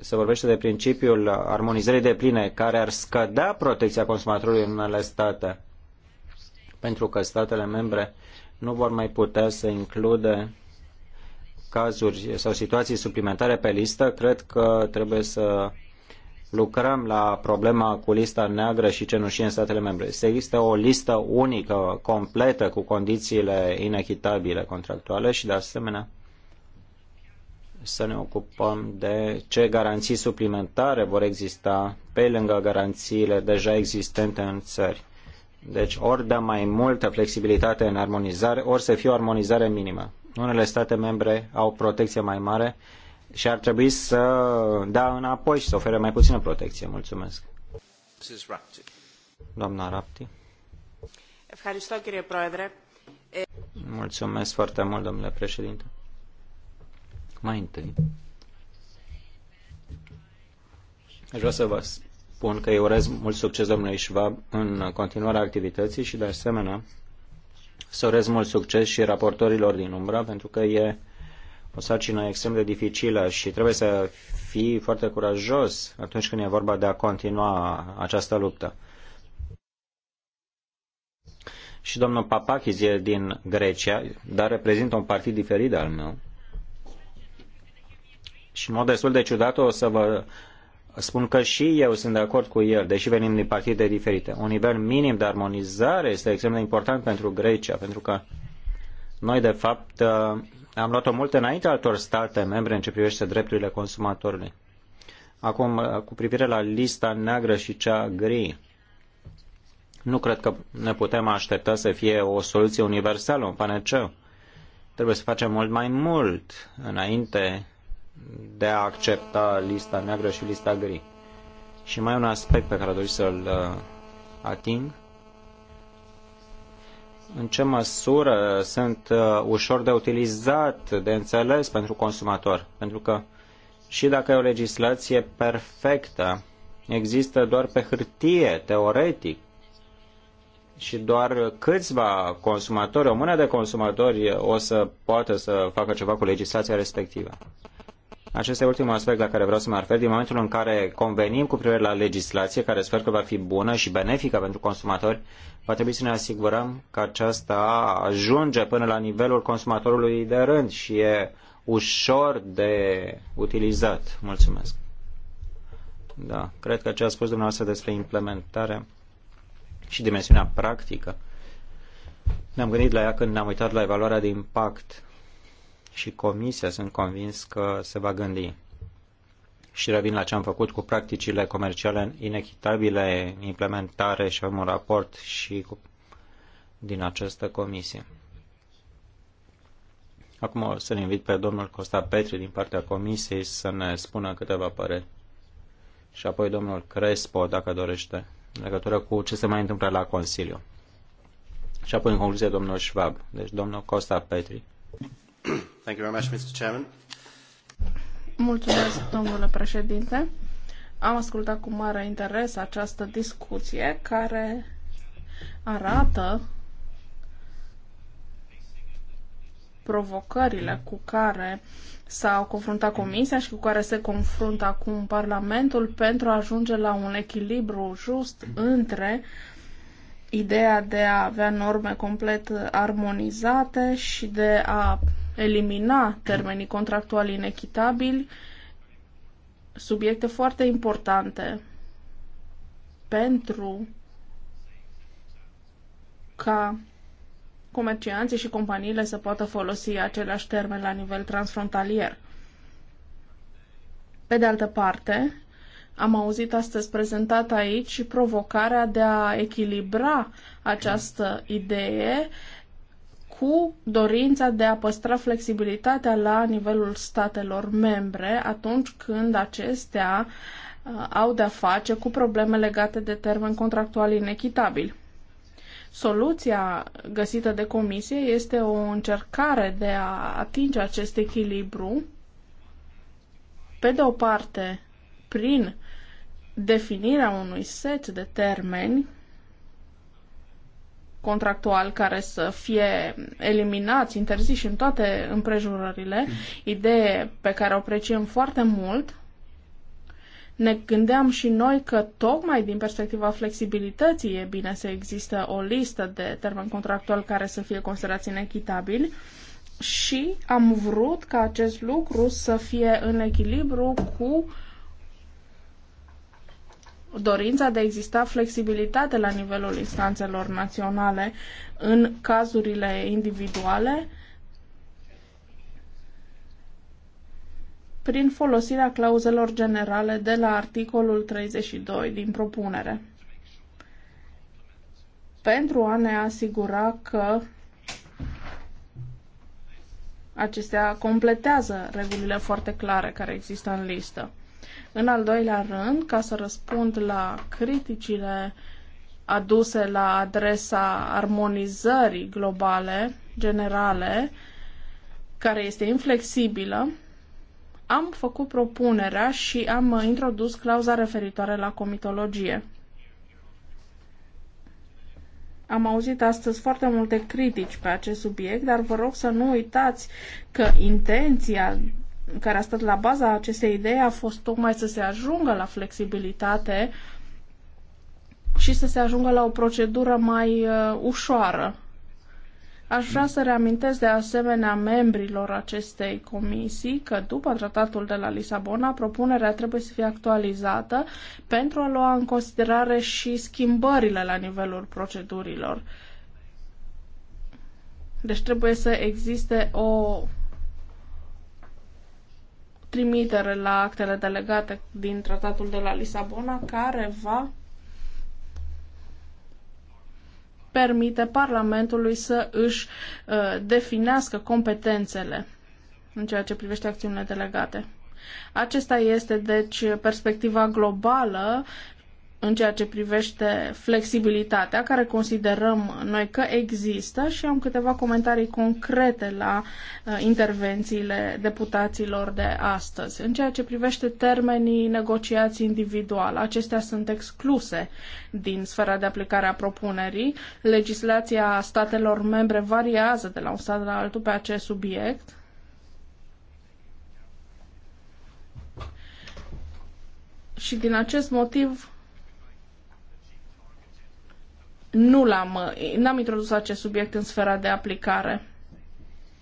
se vorbește de principiul armonizării de pline, care ar scădea protecția consumatorului în unele state, pentru că statele membre nu vor mai putea să include cazuri sau situații suplimentare pe listă, cred că trebuie să lucrăm la problema cu lista neagră și cenușie în statele membre. Să există o listă unică, completă, cu condițiile inechitabile contractuale și, de asemenea, să ne ocupăm de ce garanții suplimentare vor exista pe lângă garanțiile deja existente în țări. Deci ori dă mai multă flexibilitate în armonizare, ori să fie o armonizare minimă. Unele state membre au protecție mai mare și ar trebui să dea înapoi și să ofere mai puțină protecție. Mulțumesc. Doamna Rapti. Mulțumesc foarte mult, domnule președinte. Mai întâi. Aș vrea să vă spun că îi urez mult succes domnului Schwab în continuarea activității și, de asemenea, să urez mult succes și raportorilor din umbra, pentru că e o sarcină extrem de dificilă și trebuie să fii foarte curajos atunci când e vorba de a continua această luptă. Și domnul Papachis e din Grecia, dar reprezintă un partid diferit de al meu. Și în mod destul de ciudat o să vă spun că și eu sunt de acord cu el, deși venim din partide diferite. Un nivel minim de armonizare este extrem de important pentru Grecia, pentru că noi, de fapt, uh, am luat-o mult înainte altor state membre în ce privește drepturile consumatorului. Acum, uh, cu privire la lista neagră și cea gri, nu cred că ne putem aștepta să fie o soluție universală, un panaceu. Trebuie să facem mult mai mult înainte de a accepta lista neagră și lista gri. Și mai un aspect pe care a dori să-l uh, ating în ce măsură sunt uh, ușor de utilizat, de înțeles pentru consumator. Pentru că și dacă e o legislație perfectă, există doar pe hârtie, teoretic, și doar câțiva consumatori, o mână de consumatori o să poată să facă ceva cu legislația respectivă. Acesta este ultimul aspect la care vreau să mă refer. Din momentul în care convenim cu privire la legislație, care sper că va fi bună și benefică pentru consumatori, va trebui să ne asigurăm că aceasta ajunge până la nivelul consumatorului de rând și e ușor de utilizat. Mulțumesc. Da, cred că ce a spus dumneavoastră despre implementare și dimensiunea practică, ne-am gândit la ea când ne-am uitat la evaluarea de impact și comisia sunt convins că se va gândi și revin la ce am făcut cu practicile comerciale inechitabile, implementare și avem un raport și cu, din această comisie. Acum o să-l invit pe domnul Costa Petri din partea comisiei să ne spună câteva păreri. Și apoi domnul Crespo, dacă dorește, în legătură cu ce se mai întâmplă la Consiliu. Și apoi, în concluzie, domnul Schwab. Deci, domnul Costa Petri. Thank you very much, Mr. Chairman. Mulțumesc, domnule președinte. Am ascultat cu mare interes această discuție care arată provocările cu care s-au confruntat Comisia și cu care se confruntă acum Parlamentul pentru a ajunge la un echilibru just între ideea de a avea norme complet armonizate și de a elimina termenii contractuali inechitabili, subiecte foarte importante pentru ca comercianții și companiile să poată folosi aceleași termeni la nivel transfrontalier. Pe de altă parte, am auzit astăzi prezentat aici provocarea de a echilibra această idee cu dorința de a păstra flexibilitatea la nivelul statelor membre atunci când acestea uh, au de-a face cu probleme legate de termen contractual inechitabil. Soluția găsită de comisie este o încercare de a atinge acest echilibru, pe de o parte, prin definirea unui set de termeni contractual care să fie eliminați, interziși în toate împrejurările, idee pe care o apreciem foarte mult, ne gândeam și noi că tocmai din perspectiva flexibilității e bine să există o listă de termeni contractual care să fie considerați inechitabili și am vrut ca acest lucru să fie în echilibru cu dorința de a exista flexibilitate la nivelul instanțelor naționale în cazurile individuale prin folosirea clauzelor generale de la articolul 32 din propunere. Pentru a ne asigura că acestea completează regulile foarte clare care există în listă. În al doilea rând, ca să răspund la criticile aduse la adresa armonizării globale, generale, care este inflexibilă, am făcut propunerea și am introdus clauza referitoare la comitologie. Am auzit astăzi foarte multe critici pe acest subiect, dar vă rog să nu uitați că intenția care a stat la baza acestei idei a fost tocmai să se ajungă la flexibilitate și să se ajungă la o procedură mai uh, ușoară. Aș vrea să reamintesc de asemenea membrilor acestei comisii că după tratatul de la Lisabona propunerea trebuie să fie actualizată pentru a lua în considerare și schimbările la nivelul procedurilor. Deci trebuie să existe o trimitere la actele delegate din tratatul de la Lisabona, care va permite Parlamentului să își uh, definească competențele în ceea ce privește acțiunile delegate. Acesta este, deci, perspectiva globală în ceea ce privește flexibilitatea, care considerăm noi că există și am câteva comentarii concrete la uh, intervențiile deputaților de astăzi. În ceea ce privește termenii negociații individual, acestea sunt excluse din sfera de aplicare a propunerii. Legislația statelor membre variază de la un stat la altul pe acest subiect. Și din acest motiv nu l-am, n-am introdus acest subiect în sfera de aplicare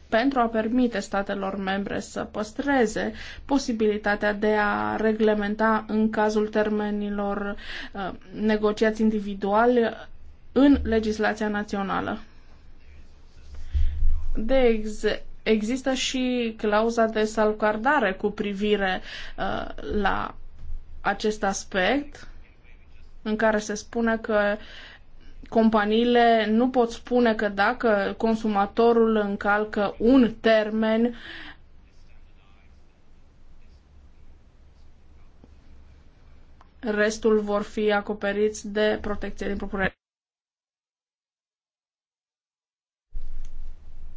pentru a permite statelor membre să păstreze posibilitatea de a reglementa în cazul termenilor uh, negociați individuali în legislația națională. De ex, există și clauza de salvgardare cu privire uh, la acest aspect, în care se spune că uh, companiile nu pot spune că dacă consumatorul încalcă un termen, restul vor fi acoperiți de protecție din procurare.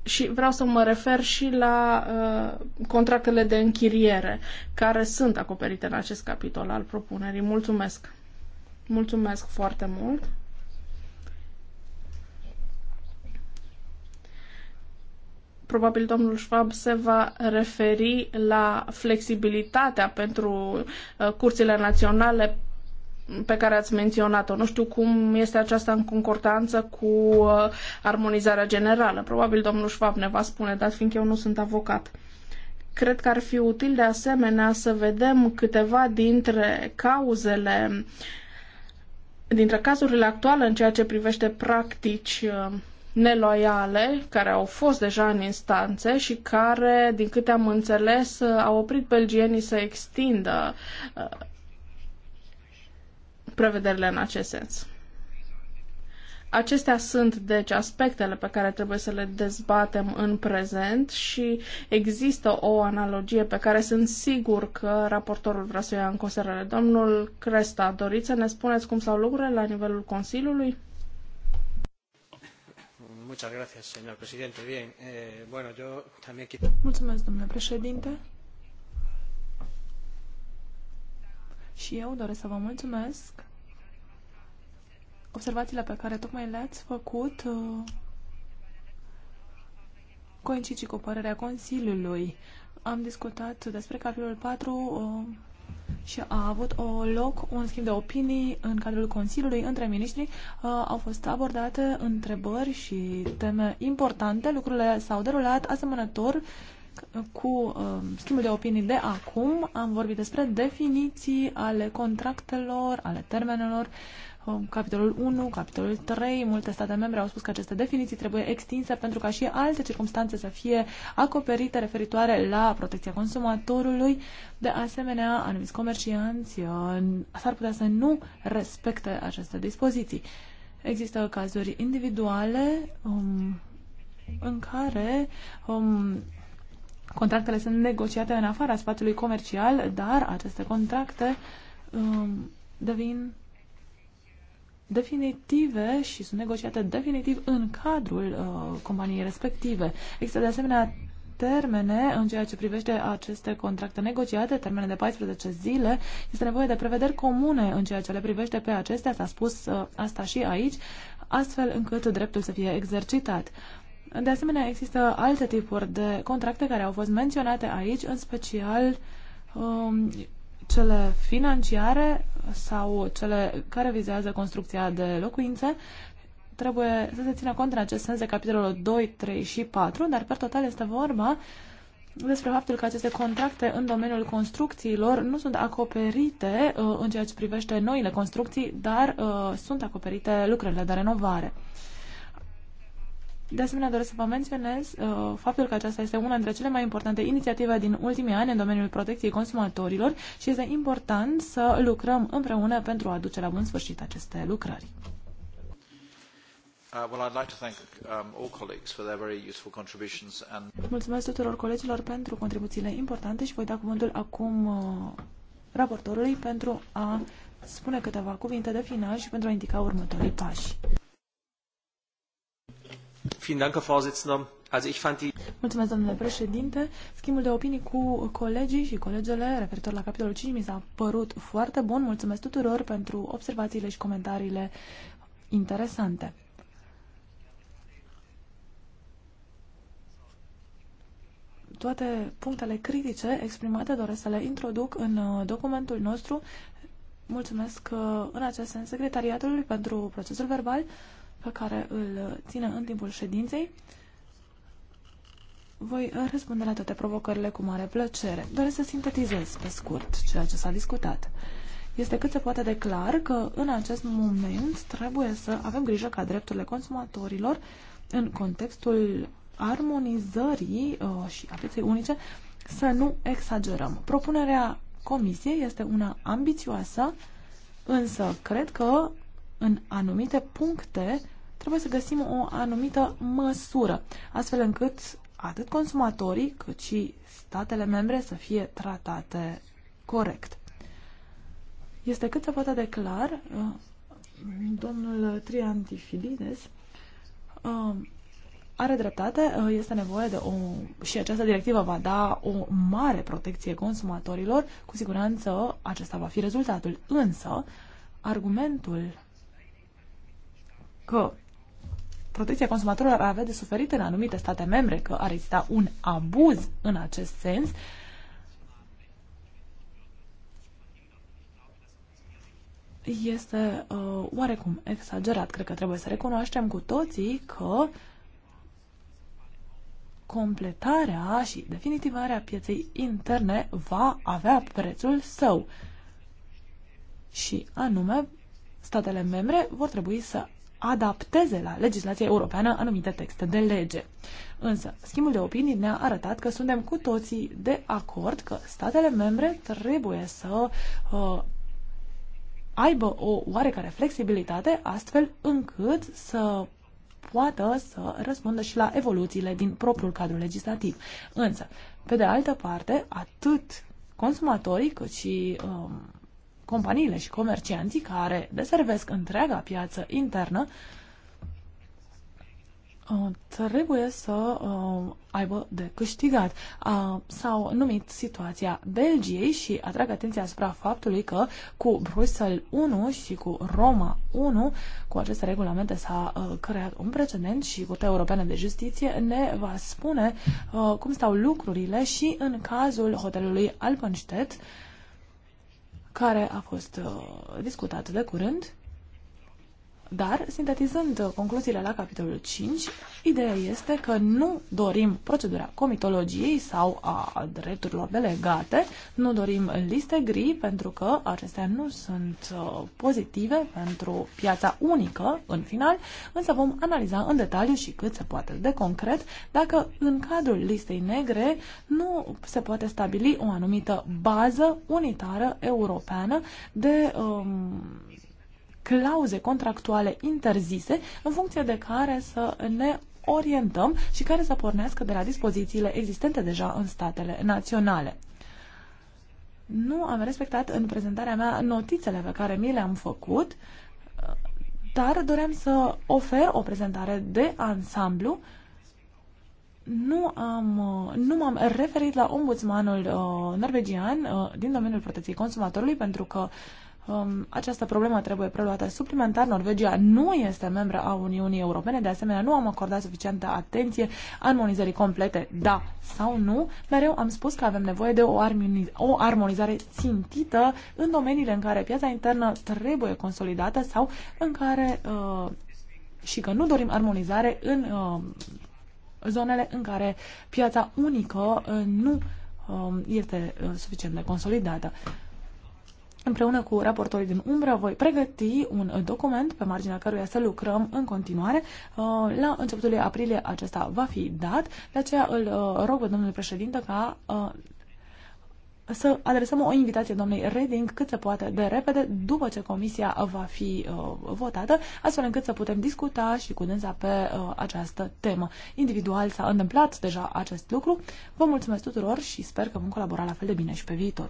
și vreau să mă refer și la uh, contractele de închiriere care sunt acoperite în acest capitol al propunerii. Mulțumesc! Mulțumesc foarte mult! probabil domnul Schwab se va referi la flexibilitatea pentru uh, curțile naționale pe care ați menționat-o. Nu știu cum este aceasta în concordanță cu uh, armonizarea generală. Probabil domnul Schwab ne va spune, dar fiindcă eu nu sunt avocat. Cred că ar fi util de asemenea să vedem câteva dintre cauzele, dintre cazurile actuale în ceea ce privește practici uh, neloiale care au fost deja în instanțe și care, din câte am înțeles, au oprit belgienii să extindă uh, prevederile în acest sens. Acestea sunt, deci, aspectele pe care trebuie să le dezbatem în prezent și există o analogie pe care sunt sigur că raportorul vrea să o ia în considerare. Domnul Cresta, doriți să ne spuneți cum s-au lucrurile la nivelul Consiliului? Mulțumesc, domnule președinte. Și eu doresc să vă mulțumesc. Observațiile pe care tocmai le-ați făcut uh, coincid și cu părerea Consiliului. Am discutat despre capitolul 4 uh, și a avut o loc un schimb de opinii în cadrul Consiliului între miniștri. Uh, au fost abordate întrebări și teme importante. Lucrurile s-au derulat asemănător cu um, schimbul de opinii de acum. Am vorbit despre definiții ale contractelor, ale termenelor, capitolul 1, capitolul 3, multe state membre au spus că aceste definiții trebuie extinse pentru ca și alte circunstanțe să fie acoperite referitoare la protecția consumatorului. De asemenea, anumiți comercianți uh, s-ar putea să nu respecte aceste dispoziții. Există cazuri individuale um, în care um, contractele sunt negociate în afara spațiului comercial, dar aceste contracte um, devin definitive și sunt negociate definitiv în cadrul uh, companiei respective. Există de asemenea termene în ceea ce privește aceste contracte negociate, termene de 14 zile, este nevoie de prevederi comune în ceea ce le privește pe acestea, s-a spus uh, asta și aici, astfel încât dreptul să fie exercitat. De asemenea, există alte tipuri de contracte care au fost menționate aici, în special um, cele financiare, sau cele care vizează construcția de locuințe, trebuie să se țină cont în acest sens de capitolul 2, 3 și 4, dar per total este vorba despre faptul că aceste contracte în domeniul construcțiilor nu sunt acoperite uh, în ceea ce privește noile construcții, dar uh, sunt acoperite lucrările de renovare. De asemenea, doresc să vă menționez uh, faptul că aceasta este una dintre cele mai importante inițiative din ultimii ani în domeniul protecției consumatorilor și este important să lucrăm împreună pentru a aduce la bun sfârșit aceste lucrări. Uh, um, Mulțumesc tuturor colegilor pentru contribuțiile importante și voi da cuvântul acum uh, raportorului pentru a spune câteva cuvinte de final și pentru a indica următorii pași. Mulțumesc, domnule președinte. Schimbul de opinii cu colegii și colegele referitor la capitolul 5 mi s-a părut foarte bun. Mulțumesc tuturor pentru observațiile și comentariile interesante. Toate punctele critice exprimate doresc să le introduc în uh, documentul nostru. Mulțumesc uh, în acest sens secretariatului pentru procesul verbal pe care îl ține în timpul ședinței. Voi răspunde la toate provocările cu mare plăcere. Doresc să sintetizez pe scurt ceea ce s-a discutat. Este cât se poate de clar că în acest moment trebuie să avem grijă ca drepturile consumatorilor în contextul armonizării uh, și a pieței unice să nu exagerăm. Propunerea comisiei este una ambițioasă, însă cred că în anumite puncte trebuie să găsim o anumită măsură, astfel încât atât consumatorii cât și statele membre să fie tratate corect. Este cât se poate de clar, uh, domnul Triantifilides uh, are dreptate, uh, este nevoie de o... și această directivă va da o mare protecție consumatorilor, cu siguranță acesta va fi rezultatul. Însă, argumentul că protecția consumatorilor ar avea de suferit în anumite state membre, că ar exista un abuz în acest sens, este uh, oarecum exagerat. Cred că trebuie să recunoaștem cu toții că completarea și definitivarea pieței interne va avea prețul său. Și anume, statele membre vor trebui să adapteze la legislația europeană anumite texte de lege. Însă, schimbul de opinii ne-a arătat că suntem cu toții de acord că statele membre trebuie să uh, aibă o oarecare flexibilitate astfel încât să poată să răspundă și la evoluțiile din propriul cadru legislativ. Însă, pe de altă parte, atât consumatorii cât și uh, companiile și comercianții care deservesc întreaga piață internă uh, trebuie să uh, aibă de câștigat. Uh, s-au numit situația Belgiei și atrag atenția asupra faptului că cu Bruxelles 1 și cu Roma 1, cu aceste regulamente s-a creat un precedent și Curtea Europeană de Justiție ne va spune cum stau lucrurile și în cazul hotelului Alpenstedt, care a fost uh, discutat de curând dar, sintetizând concluziile la capitolul 5, ideea este că nu dorim procedura comitologiei sau a drepturilor delegate, nu dorim liste gri pentru că acestea nu sunt uh, pozitive pentru piața unică în final, însă vom analiza în detaliu și cât se poate de concret dacă în cadrul listei negre nu se poate stabili o anumită bază unitară europeană de um, clauze contractuale interzise în funcție de care să ne orientăm și care să pornească de la dispozițiile existente deja în statele naționale. Nu am respectat în prezentarea mea notițele pe care mi le-am făcut, dar doream să ofer o prezentare de ansamblu. Nu, am, nu am referit la ombudsmanul uh, norvegian uh, din domeniul protecției consumatorului pentru că uh, Um, această problemă trebuie preluată suplimentar. Norvegia nu este membră a Uniunii Europene, de asemenea nu am acordat suficientă atenție armonizării complete, da sau nu. Mereu am spus că avem nevoie de o, armoniz- o armonizare țintită în domeniile în care piața internă trebuie consolidată sau în care uh, și că nu dorim armonizare în uh, zonele în care piața unică uh, nu um, este uh, suficient de consolidată. Împreună cu raportorii din umbră voi pregăti un document pe marginea căruia să lucrăm în continuare. Uh, la începutul aprilie acesta va fi dat, de aceea îl uh, rog pe domnul președinte ca uh, să adresăm o invitație domnului Reding cât se poate de repede după ce comisia va fi uh, votată, astfel încât să putem discuta și cu dânsa pe uh, această temă. Individual s-a întâmplat deja acest lucru. Vă mulțumesc tuturor și sper că vom colabora la fel de bine și pe viitor.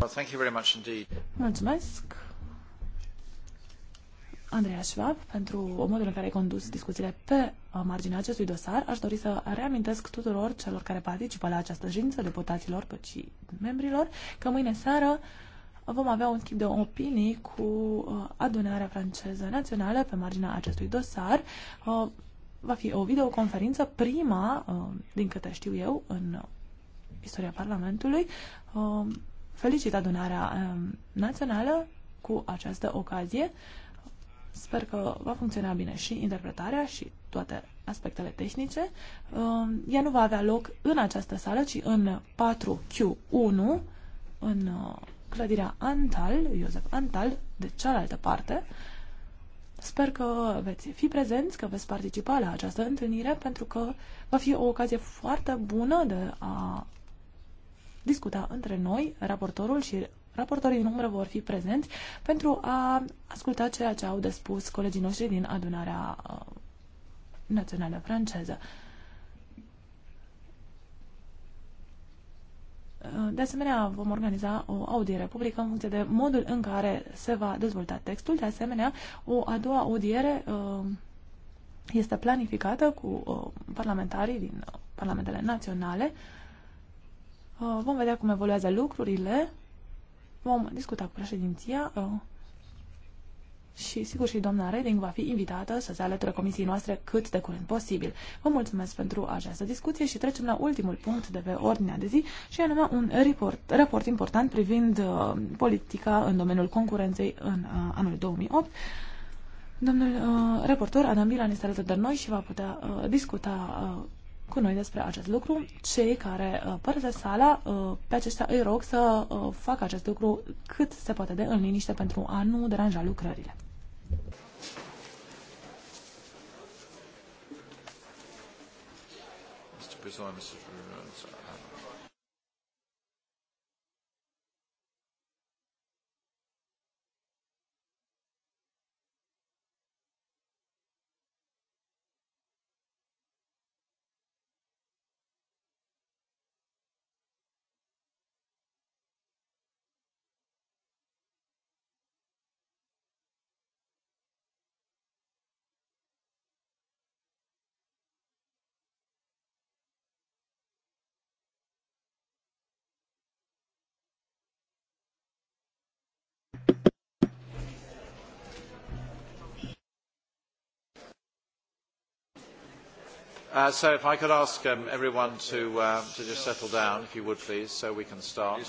Well, thank you very much indeed. Mulțumesc, Andreea Schwab, pentru modul în care ai condus discuțiile pe uh, marginea acestui dosar. Aș dori să reamintesc tuturor celor care participă la această ședință, deputaților, cât și membrilor, că mâine seară vom avea un schimb de opinii cu uh, adunarea franceză națională pe marginea acestui dosar. Uh, va fi o videoconferință, prima, din câte știu eu, în istoria Parlamentului felicit adunarea um, națională cu această ocazie. Sper că va funcționa bine și interpretarea și toate aspectele tehnice. Um, ea nu va avea loc în această sală, ci în 4Q1, în uh, clădirea Antal, Iosef Antal, de cealaltă parte. Sper că veți fi prezenți, că veți participa la această întâlnire, pentru că va fi o ocazie foarte bună de a discuta între noi, raportorul și raportorii din umbră vor fi prezenți pentru a asculta ceea ce au de spus colegii noștri din adunarea uh, națională franceză. Uh, de asemenea, vom organiza o audiere publică în funcție de modul în care se va dezvolta textul. De asemenea, o a doua audiere uh, este planificată cu parlamentarii din parlamentele naționale Uh, vom vedea cum evoluează lucrurile. Vom discuta cu președinția uh, și sigur și doamna Reding va fi invitată să se alăture comisiei noastre cât de curând posibil. Vă mulțumesc pentru această discuție și trecem la ultimul punct de pe ordinea de zi și anume un report, raport important privind uh, politica în domeniul concurenței în uh, anul 2008. Domnul uh, reportor Adam Bilan este alături de noi și va putea uh, discuta uh, cu noi despre acest lucru. Cei care uh, părăsesc sala, uh, pe aceștia îi rog să uh, facă acest lucru cât se poate de în liniște pentru a nu deranja lucrările. Mr. Bizarre, Mr. Uh, so if I could ask um, everyone to, uh, to just settle down, if you would please, so we can start.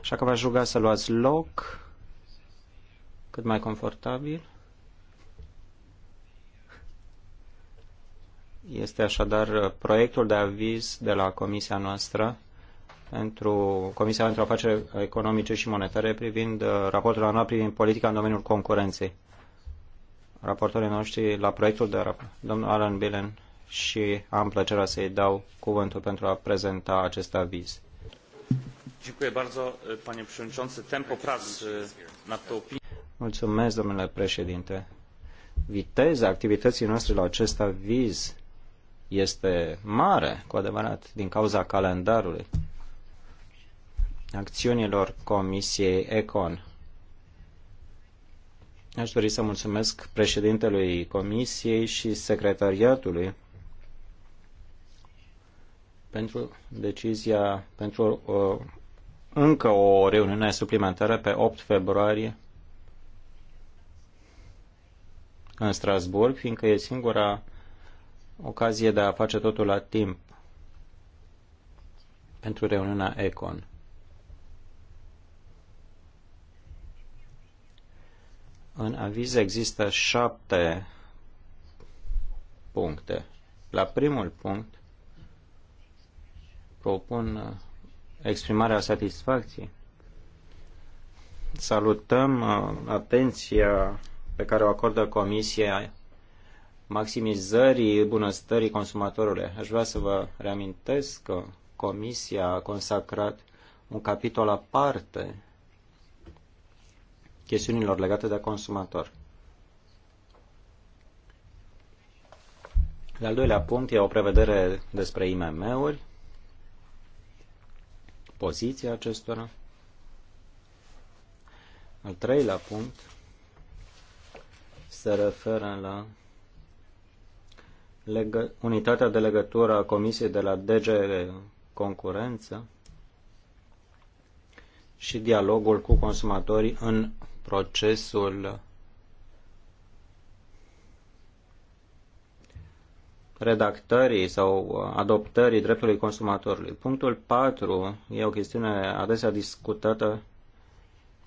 Așa că v-aș ruga să luați loc cât mai confortabil. Este așadar uh, proiectul de aviz de la comisia noastră pentru Comisia pentru Afaceri Economice și Monetare privind uh, raportul anual privind politica în domeniul concurenței. Raportorii noștri la proiectul de raport, domnul Alan Billen, și am plăcerea să-i dau cuvântul pentru a prezenta acest aviz. Mulțumesc, domnule președinte. Viteza activității noastre la acest aviz este mare, cu adevărat, din cauza calendarului acțiunilor Comisiei Econ. Aș dori să mulțumesc președintelui Comisiei și secretariatului pentru decizia pentru uh, încă o reuniune suplimentară pe 8 februarie în Strasburg, fiindcă e singura ocazie de a face totul la timp pentru reuniunea ECON. În aviz există șapte puncte. La primul punct propun uh, exprimarea satisfacției. Salutăm uh, atenția pe care o acordă Comisia maximizării bunăstării consumatorului. Aș vrea să vă reamintesc că Comisia a consacrat un capitol aparte chestiunilor legate de consumator. Al doilea punct e o prevedere despre IMM-uri poziția acestora. Al treilea punct se referă la legă, unitatea de legătură a Comisiei de la DG Concurență și dialogul cu consumatorii în procesul redactării sau adoptării dreptului consumatorului. Punctul 4 e o chestiune adesea discutată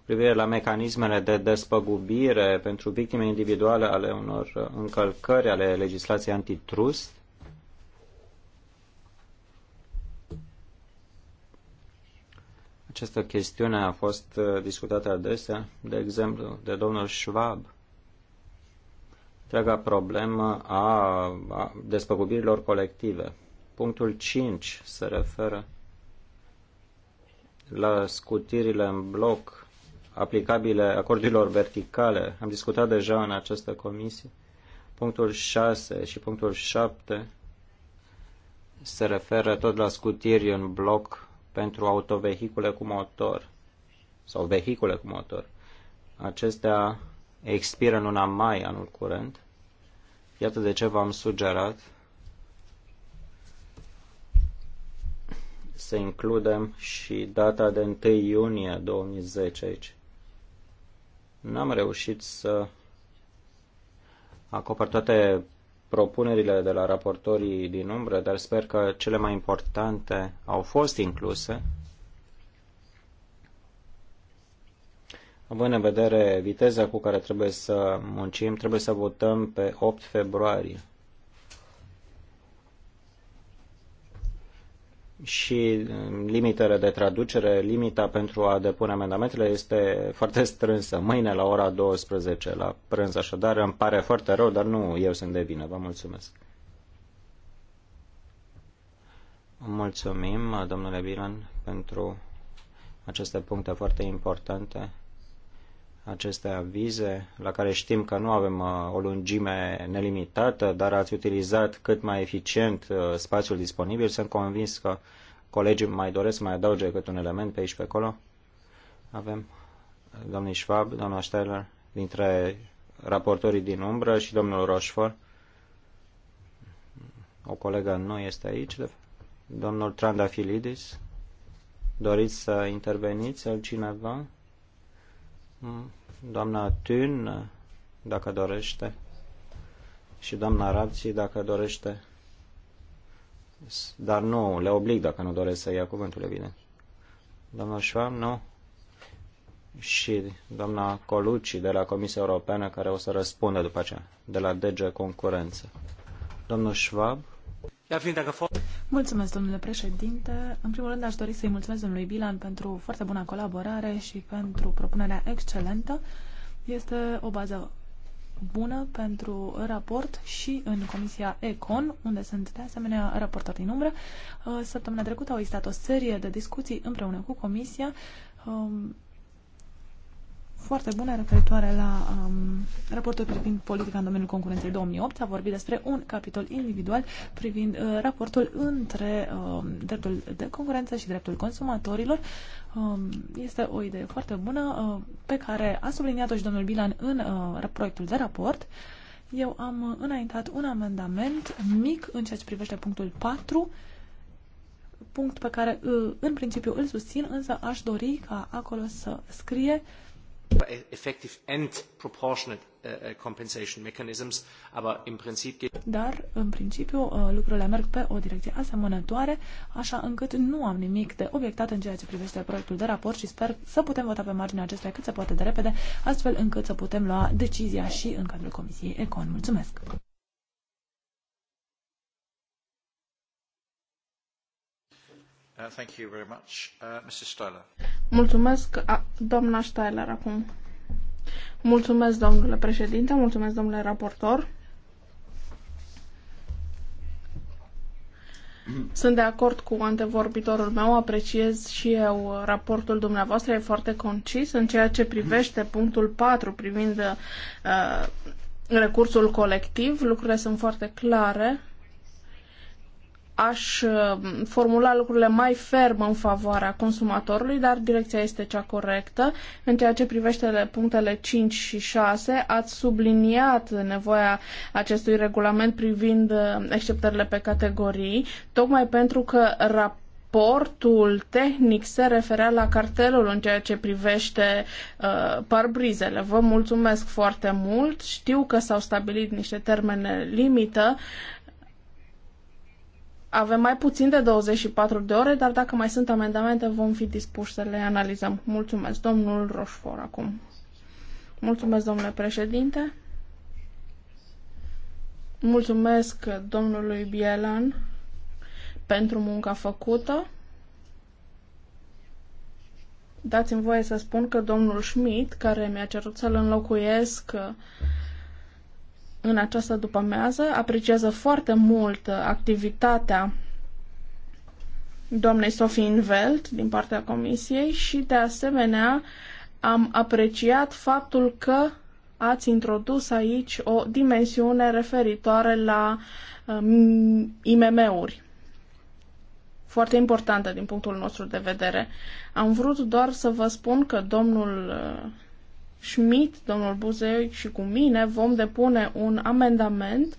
privire la mecanismele de despăgubire pentru victime individuale ale unor încălcări ale legislației antitrust. Această chestiune a fost discutată adesea, de exemplu, de domnul Schwab – întreaga problemă a despăgubirilor colective. Punctul 5 se referă la scutirile în bloc aplicabile acordurilor verticale. Am discutat deja în această comisie. Punctul 6 și punctul 7 se referă tot la scutiri în bloc pentru autovehicule cu motor sau vehicule cu motor. Acestea expiră în luna mai anul curent. Iată de ce v-am sugerat să includem și data de 1 iunie 2010 aici. N-am reușit să acopăr toate propunerile de la raportorii din umbră, dar sper că cele mai importante au fost incluse. Având în vedere viteza cu care trebuie să muncim, trebuie să votăm pe 8 februarie. și mm, limitele de traducere, limita pentru a depune amendamentele este foarte strânsă. Mâine la ora 12 la prânz, așadar îmi pare foarte rău, dar nu eu sunt de vină. Vă mulțumesc. Mulțumim, domnule Bilan, pentru aceste puncte foarte importante aceste avize, la care știm că nu avem uh, o lungime nelimitată, dar ați utilizat cât mai eficient uh, spațiul disponibil. Sunt convins că colegii mai doresc să mai adauge cât un element pe aici pe acolo. Avem uh, domnul Schwab, doamna Steiler, dintre raportorii din umbră și domnul Rochefort. O colegă nu este aici, Domnul Trandafilidis, doriți să interveniți altcineva? Mm doamna Tün, dacă dorește, și doamna Rabții, dacă dorește. Dar nu, le oblig dacă nu doresc să ia cuvântul, evident. Doamna Schwab, nu? Și doamna Colucci de la Comisia Europeană, care o să răspundă după aceea, de la DG Concurență. Domnul Schwab. Mulțumesc, domnule președinte. În primul rând, aș dori să-i mulțumesc domnului Bilan pentru foarte bună colaborare și pentru propunerea excelentă. Este o bază bună pentru raport și în Comisia Econ, unde sunt de asemenea raportor din umbră. Uh, săptămâna trecută au existat o serie de discuții împreună cu Comisia um, foarte bună referitoare la um, raportul privind politica în domeniul concurenței 2008. S-a vorbit despre un capitol individual privind uh, raportul între uh, dreptul de concurență și dreptul consumatorilor. Uh, este o idee foarte bună uh, pe care a subliniat-o și domnul Bilan în uh, proiectul de raport. Eu am înaintat un amendament mic în ceea ce privește punctul 4 punct pe care uh, în principiu îl susțin, însă aș dori ca acolo să scrie uh, dar, în principiu, uh, lucrurile merg pe o direcție asemănătoare, așa încât nu am nimic de obiectat în ceea ce privește proiectul de raport și sper să putem vota pe marginea acestuia cât se poate de repede, astfel încât să putem lua decizia și în cadrul Comisiei Econ. Mulțumesc! Uh, thank you very much. Uh, Mrs. Steiler. Mulțumesc, a, doamna Steiler, acum. Mulțumesc, domnule președinte, mulțumesc, domnule raportor. Sunt de acord cu antevorbitorul meu, apreciez și eu raportul dumneavoastră, e foarte concis în ceea ce privește punctul 4 privind uh, recursul colectiv. Lucrurile sunt foarte clare aș uh, formula lucrurile mai ferm în favoarea consumatorului, dar direcția este cea corectă. În ceea ce privește punctele 5 și 6, ați subliniat nevoia acestui regulament privind uh, exceptările pe categorii, tocmai pentru că raportul portul tehnic se referea la cartelul în ceea ce privește uh, parbrizele. Vă mulțumesc foarte mult. Știu că s-au stabilit niște termene limită. Uh, avem mai puțin de 24 de ore, dar dacă mai sunt amendamente, vom fi dispuși să le analizăm. Mulțumesc, domnul Roșfor, acum. Mulțumesc, domnule președinte. Mulțumesc domnului Bielan pentru munca făcută. Dați-mi voie să spun că domnul Schmidt, care mi-a cerut să-l înlocuiesc în această după-amiază. Apreciază foarte mult activitatea doamnei Sophie Invelt din partea Comisiei și, de asemenea, am apreciat faptul că ați introdus aici o dimensiune referitoare la um, IMM-uri. Foarte importantă din punctul nostru de vedere. Am vrut doar să vă spun că domnul uh, Schmidt, domnul Buzei și cu mine vom depune un amendament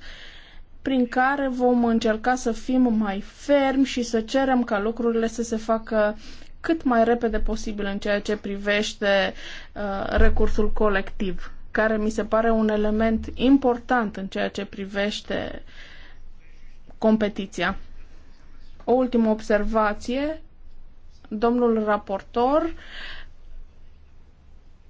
prin care vom încerca să fim mai fermi și să cerem ca lucrurile să se facă cât mai repede posibil în ceea ce privește uh, recursul colectiv, care mi se pare un element important în ceea ce privește competiția. O ultimă observație. Domnul raportor uh,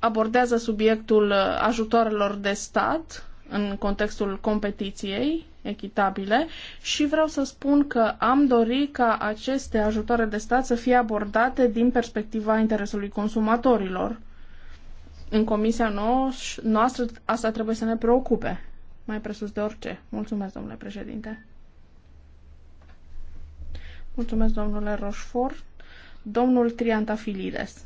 abordează subiectul uh, ajutoarelor de stat în contextul competiției echitabile și vreau să spun că am dorit ca aceste ajutoare de stat să fie abordate din perspectiva interesului consumatorilor. În comisia noastră asta trebuie să ne preocupe, mai presus de orice. Mulțumesc, domnule președinte. Mulțumesc, domnule Roșfort. Domnul Triantafilides.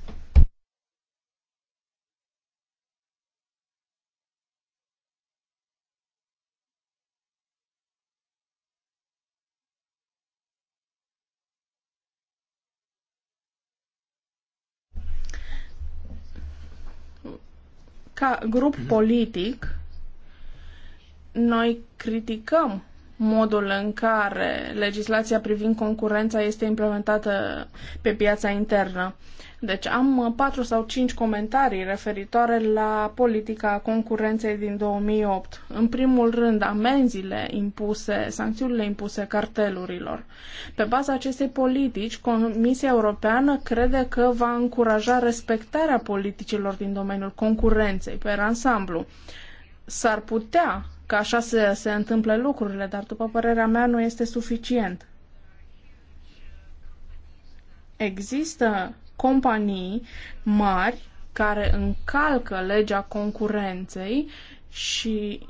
Ca grup mhm. politic, noi criticăm modul în care legislația privind concurența este implementată pe piața internă. Deci am uh, patru sau cinci comentarii referitoare la politica concurenței din 2008. În primul rând, amenziile impuse, sancțiunile impuse cartelurilor. Pe baza acestei politici, Comisia Europeană crede că va încuraja respectarea politicilor din domeniul concurenței pe ansamblu. S-ar putea că așa se, se întâmplă lucrurile, dar după părerea mea nu este suficient. Există companii mari care încalcă legea concurenței și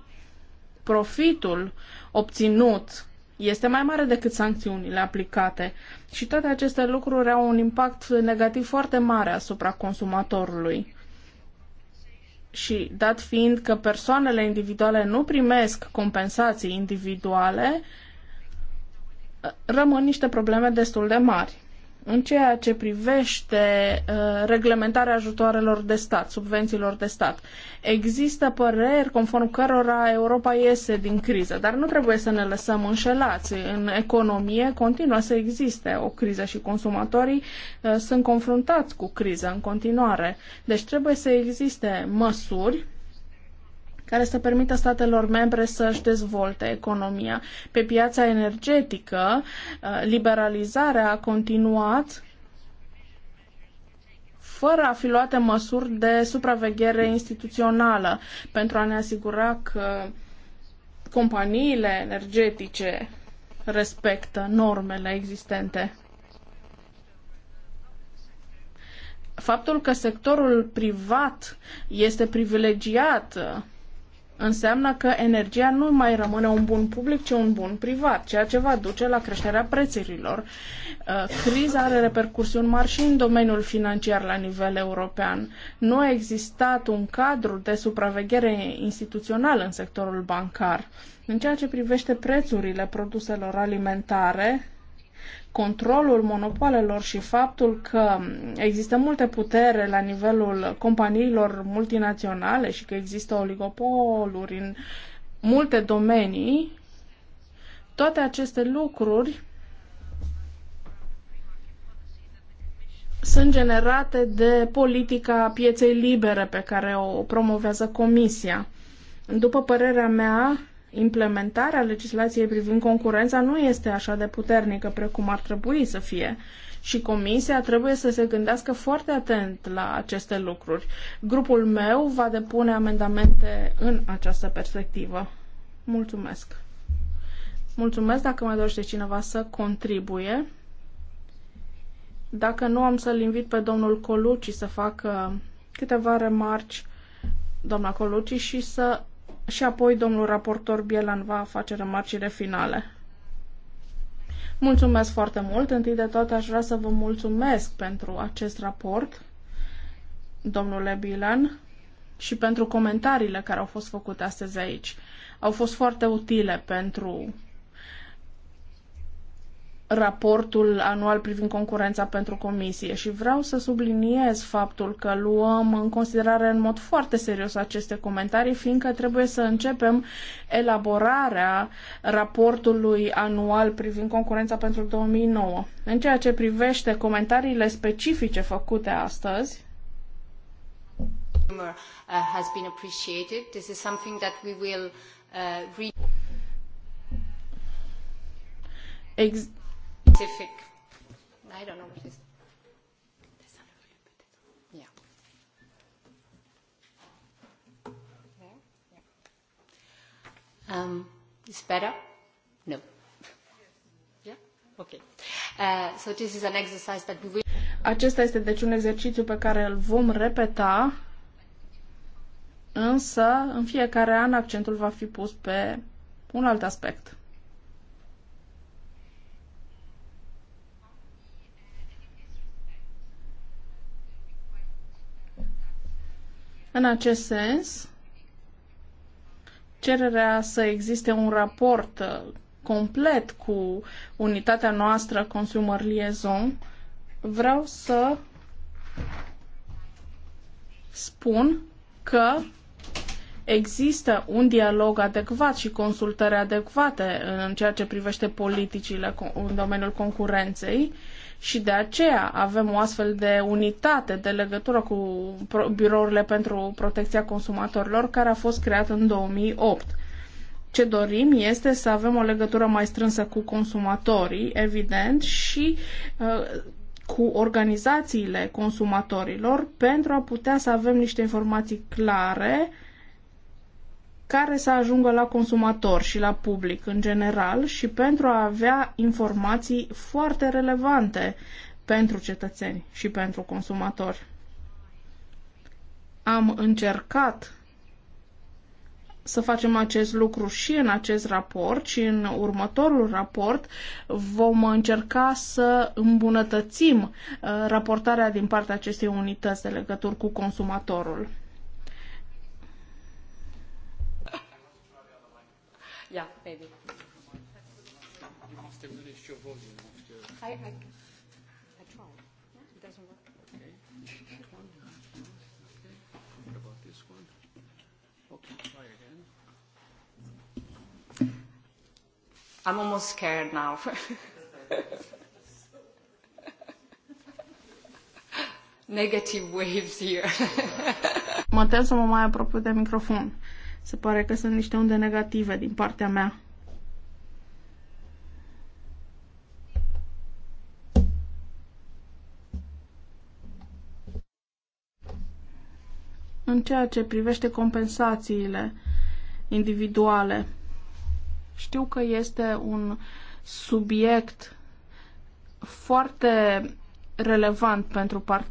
profitul obținut este mai mare decât sancțiunile aplicate și toate aceste lucruri au un impact negativ foarte mare asupra consumatorului și dat fiind că persoanele individuale nu primesc compensații individuale, rămân niște probleme destul de mari. În ceea ce privește uh, reglementarea ajutoarelor de stat, subvențiilor de stat, există păreri conform cărora Europa iese din criză, dar nu trebuie să ne lăsăm înșelați. În economie continuă să existe o criză și consumatorii uh, sunt confruntați cu criza în continuare. Deci trebuie să existe măsuri care să permită statelor membre să-și dezvolte economia. Pe piața energetică, uh, liberalizarea a continuat fără a fi luate măsuri de supraveghere instituțională pentru a ne asigura că companiile energetice respectă normele existente. Faptul că sectorul privat este privilegiat înseamnă că energia nu mai rămâne un bun public, ci un bun privat, ceea ce va duce la creșterea prețurilor. Uh, criza are repercursiuni mari și în domeniul financiar la nivel european. Nu a existat un cadru de supraveghere instituțională în sectorul bancar. În ceea ce privește prețurile produselor alimentare, controlul monopolelor și faptul că există multe putere la nivelul companiilor multinaționale și că există oligopoluri în multe domenii, toate aceste lucruri sunt generate de politica pieței libere pe care o promovează Comisia. După părerea mea, implementarea legislației privind concurența nu este așa de puternică precum ar trebui să fie și comisia trebuie să se gândească foarte atent la aceste lucruri. Grupul meu va depune amendamente în această perspectivă. Mulțumesc! Mulțumesc dacă mai dorește cineva să contribuie. Dacă nu, am să-l invit pe domnul Colucci să facă câteva remarci, doamna Colucci, și să și apoi domnul raportor Bielan va face remarcile finale. Mulțumesc foarte mult. Întâi de toate aș vrea să vă mulțumesc pentru acest raport, domnule Bielan, și pentru comentariile care au fost făcute astăzi aici. Au fost foarte utile pentru raportul anual privind concurența pentru comisie și vreau să subliniez faptul că luăm în considerare în mod foarte serios aceste comentarii, fiindcă trebuie să începem elaborarea raportului anual privind concurența pentru 2009. În ceea ce privește comentariile specifice făcute astăzi, uh, has been appreciated. This is something that we will uh, read. Ex- Scientific. I don't know what um, is. Um, it's better? No. Yeah? Okay. Uh, so this is an exercise that we will... Acesta este deci un exercițiu pe care îl vom repeta, însă în fiecare an accentul va fi pus pe un alt aspect. În acest sens, cererea să existe un raport uh, complet cu unitatea noastră Consumer Liaison, vreau să spun că există un dialog adecvat și consultări adecvate în ceea ce privește politicile în domeniul concurenței și de aceea avem o astfel de unitate de legătură cu birourile pentru protecția consumatorilor care a fost creat în 2008. Ce dorim este să avem o legătură mai strânsă cu consumatorii, evident, și uh, cu organizațiile consumatorilor pentru a putea să avem niște informații clare care să ajungă la consumator și la public în general și pentru a avea informații foarte relevante pentru cetățeni și pentru consumatori. Am încercat să facem acest lucru și în acest raport și în următorul raport vom încerca să îmbunătățim uh, raportarea din partea acestei unități de legături cu consumatorul. Yeah, maybe. You must have your volume. I, I, I tried. It doesn't work. Okay. okay. What about this one? Okay, try again. I'm almost scared now. Negative waves here. mă tem să mă mai apropiu de microfon. Se pare că sunt niște unde negative din partea mea. În ceea ce privește compensațiile individuale, știu că este un subiect foarte relevant pentru par-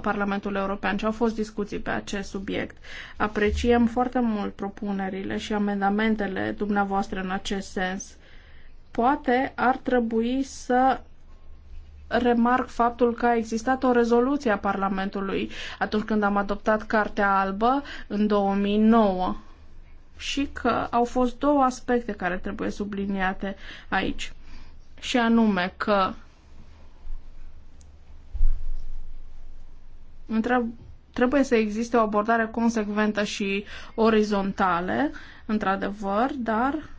Parlamentul European și au fost discuții pe acest subiect. Apreciem foarte mult propunerile și amendamentele dumneavoastră în acest sens. Poate ar trebui să remarc faptul că a existat o rezoluție a Parlamentului atunci când am adoptat Cartea Albă în 2009 și că au fost două aspecte care trebuie subliniate aici. Și anume că trebuie să existe o abordare consecventă și orizontală, într-adevăr, dar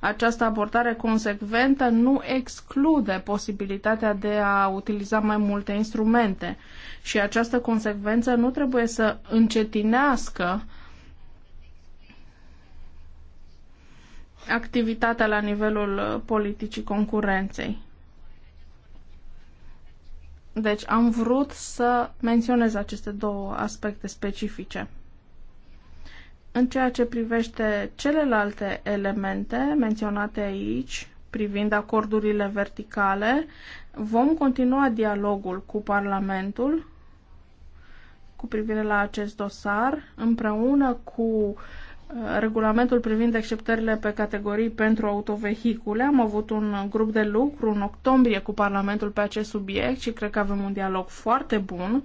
această abordare consecventă nu exclude posibilitatea de a utiliza mai multe instrumente și această consecvență nu trebuie să încetinească activitatea la nivelul politicii concurenței. Deci am vrut să menționez aceste două aspecte specifice. În ceea ce privește celelalte elemente menționate aici, privind acordurile verticale, vom continua dialogul cu Parlamentul cu privire la acest dosar, împreună cu regulamentul privind acceptările pe categorii pentru autovehicule. Am avut un grup de lucru în octombrie cu Parlamentul pe acest subiect și cred că avem un dialog foarte bun.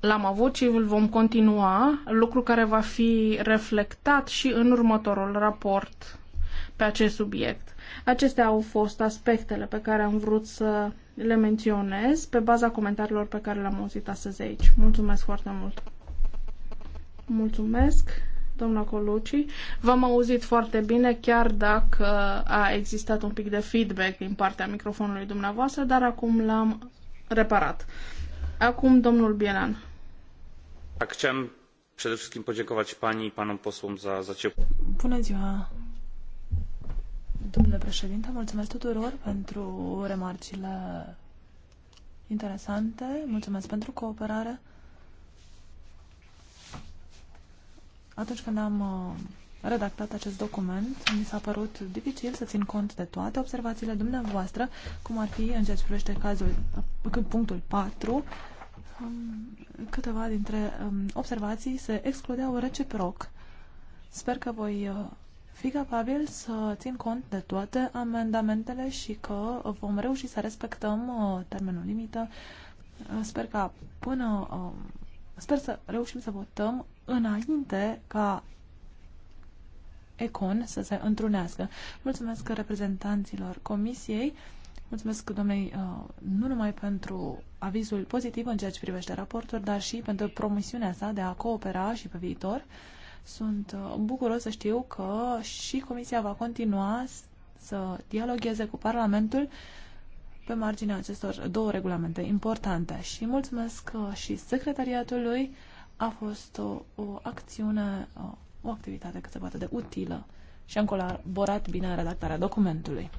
L-am avut și îl vom continua, lucru care va fi reflectat și în următorul raport pe acest subiect. Acestea au fost aspectele pe care am vrut să le menționez pe baza comentariilor pe care le-am auzit astăzi aici. Mulțumesc foarte mult! Mulțumesc! doamna Colucci. V-am auzit foarte bine, chiar dacă a existat un pic de feedback din partea microfonului dumneavoastră, dar acum l-am reparat. Acum domnul Bielan. Chciałem przede wszystkim podziękować pani i panom posłom za, za ciepło. Bună ziua, domnule președinte, mulțumesc tuturor pentru remarcile interesante, mulțumesc pentru cooperare. Atunci când am uh, redactat acest document, mi s-a părut dificil să țin cont de toate observațiile dumneavoastră, cum ar fi în ceea ce privește cazul, uh, punctul 4, um, câteva dintre um, observații se excludeau reciproc. Sper că voi uh, fi capabil să țin cont de toate amendamentele și că vom reuși să respectăm termenul limită. Sper că până Sper să reușim să votăm înainte ca Econ să se întrunească. Mulțumesc reprezentanților Comisiei, mulțumesc domnului uh, nu numai pentru avizul pozitiv în ceea ce privește raportul, dar și pentru promisiunea sa de a coopera și pe viitor. Sunt uh, bucuros să știu că și Comisia va continua să dialogheze cu Parlamentul pe marginea acestor două regulamente importante. Și mulțumesc uh, și secretariatului a fost o, o acțiune, o, o activitate cât se poate de utilă și am colaborat bine în redactarea documentului.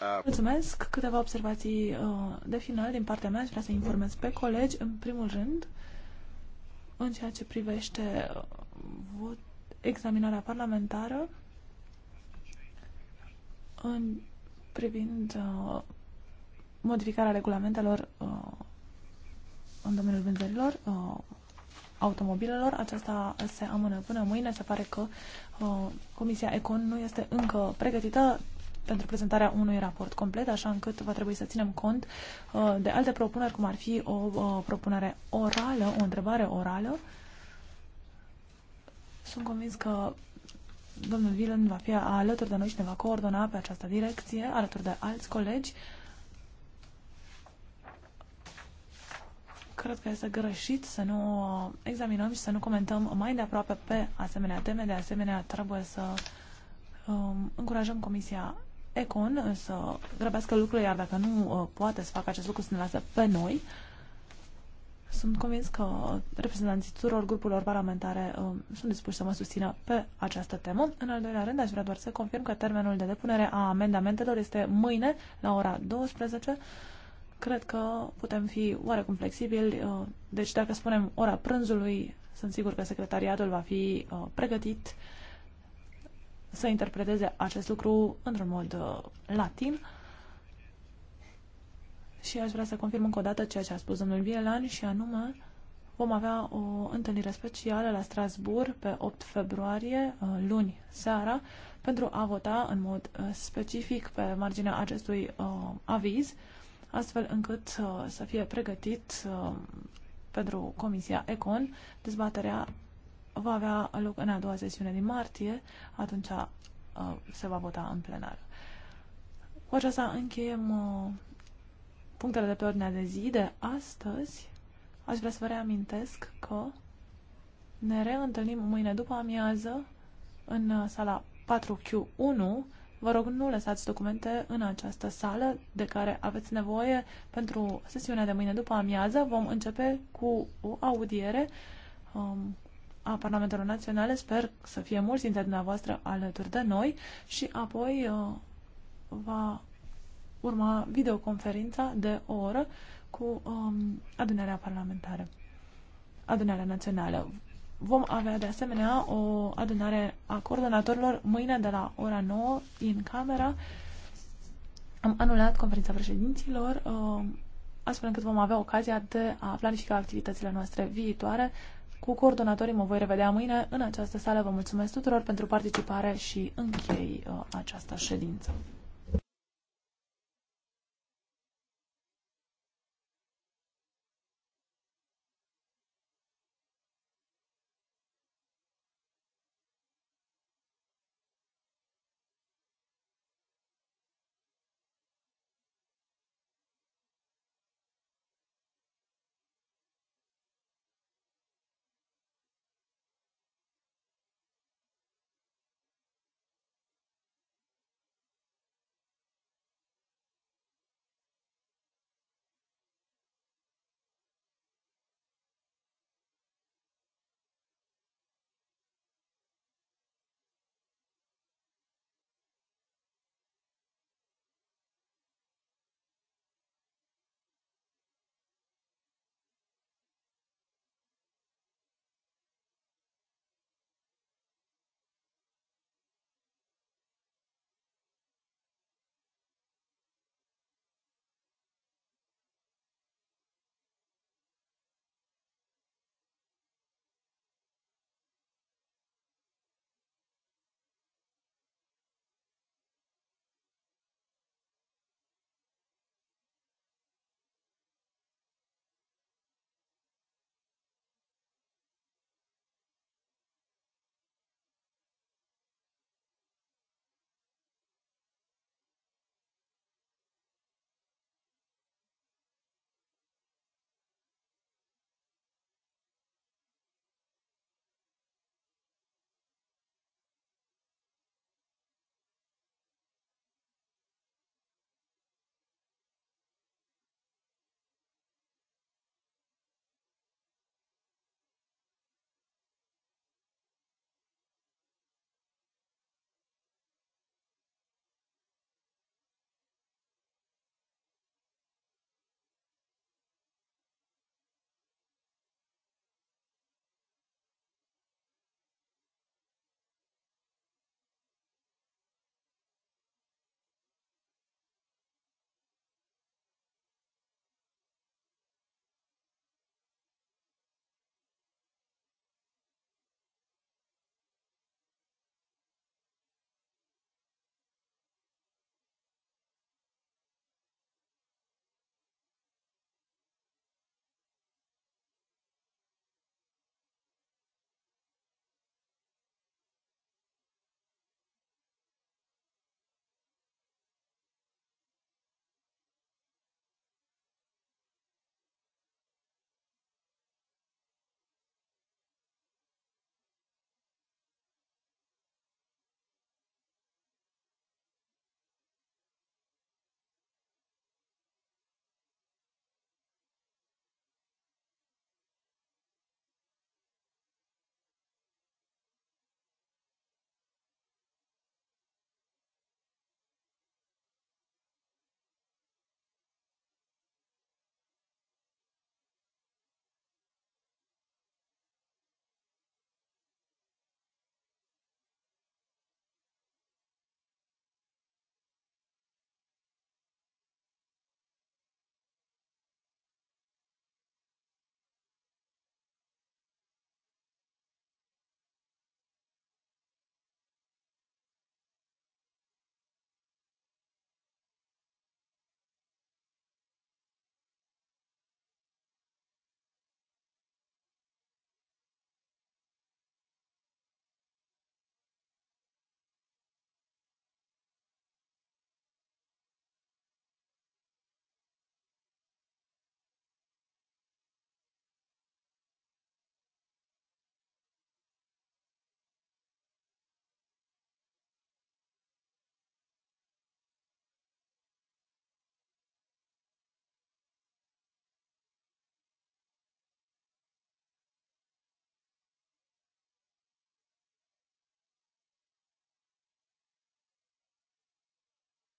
Uh, Mulțumesc! Câteva observații uh, de final din partea mea. Aș vrea să informez pe colegi, în primul rând, în ceea ce privește uh, vot, examinarea parlamentară, în privind uh, modificarea regulamentelor uh, în domeniul vânzărilor, uh, automobilelor. Aceasta se amână până mâine. Se pare că uh, Comisia Econ nu este încă pregătită pentru prezentarea unui raport complet, așa încât va trebui să ținem cont uh, de alte propuneri, cum ar fi o uh, propunere orală, o întrebare orală. Sunt convins că domnul Vilen va fi alături de noi și ne va coordona pe această direcție, alături de alți colegi. Uh, cred că este greșit să nu examinăm și să nu comentăm mai de aproape pe asemenea teme. De asemenea, trebuie să um, încurajăm Comisia Econ să grăbească lucrurile, iar dacă nu uh, poate să facă acest lucru, să ne lase pe noi. Sunt convins că reprezentanții tuturor grupurilor parlamentare um, sunt dispuși să mă susțină pe această temă. În al doilea rând, aș vrea doar să confirm că termenul de depunere a amendamentelor este mâine la ora 12 cred că putem fi oarecum flexibili. Uh, deci dacă spunem ora prânzului, sunt sigur că secretariatul va fi uh, pregătit să interpreteze acest lucru într-un mod uh, latin. Și aș vrea să confirm încă o dată ceea ce a spus domnul Bielan și anume vom avea o întâlnire specială la Strasbourg pe 8 februarie, luni seara, pentru a vota în mod specific pe marginea acestui uh, aviz astfel încât uh, să fie pregătit uh, pentru Comisia Econ. Dezbaterea va avea loc în a doua sesiune din martie, atunci uh, se va vota în plenar. Cu aceasta încheiem punctele de pe ordinea de zi de astăzi. Aș vrea să vă reamintesc că ne reîntâlnim mâine după amiază în sala 4Q1 Vă rog, nu lăsați documente în această sală de care aveți nevoie pentru sesiunea de mâine după amiază. Vom începe cu o audiere um, a Parlamentelor Naționale. Sper să fie mulți dintre dumneavoastră alături de noi și apoi uh, va urma videoconferința de o oră cu um, adunarea parlamentară, adunarea națională. Vom avea de asemenea o adunare a coordonatorilor mâine de la ora 9 în camera. Am anulat conferința președinților uh, astfel încât vom avea ocazia de a planifica activitățile noastre viitoare. Cu coordonatorii mă voi revedea mâine în această sală. Vă mulțumesc tuturor pentru participare și închei uh, această ședință.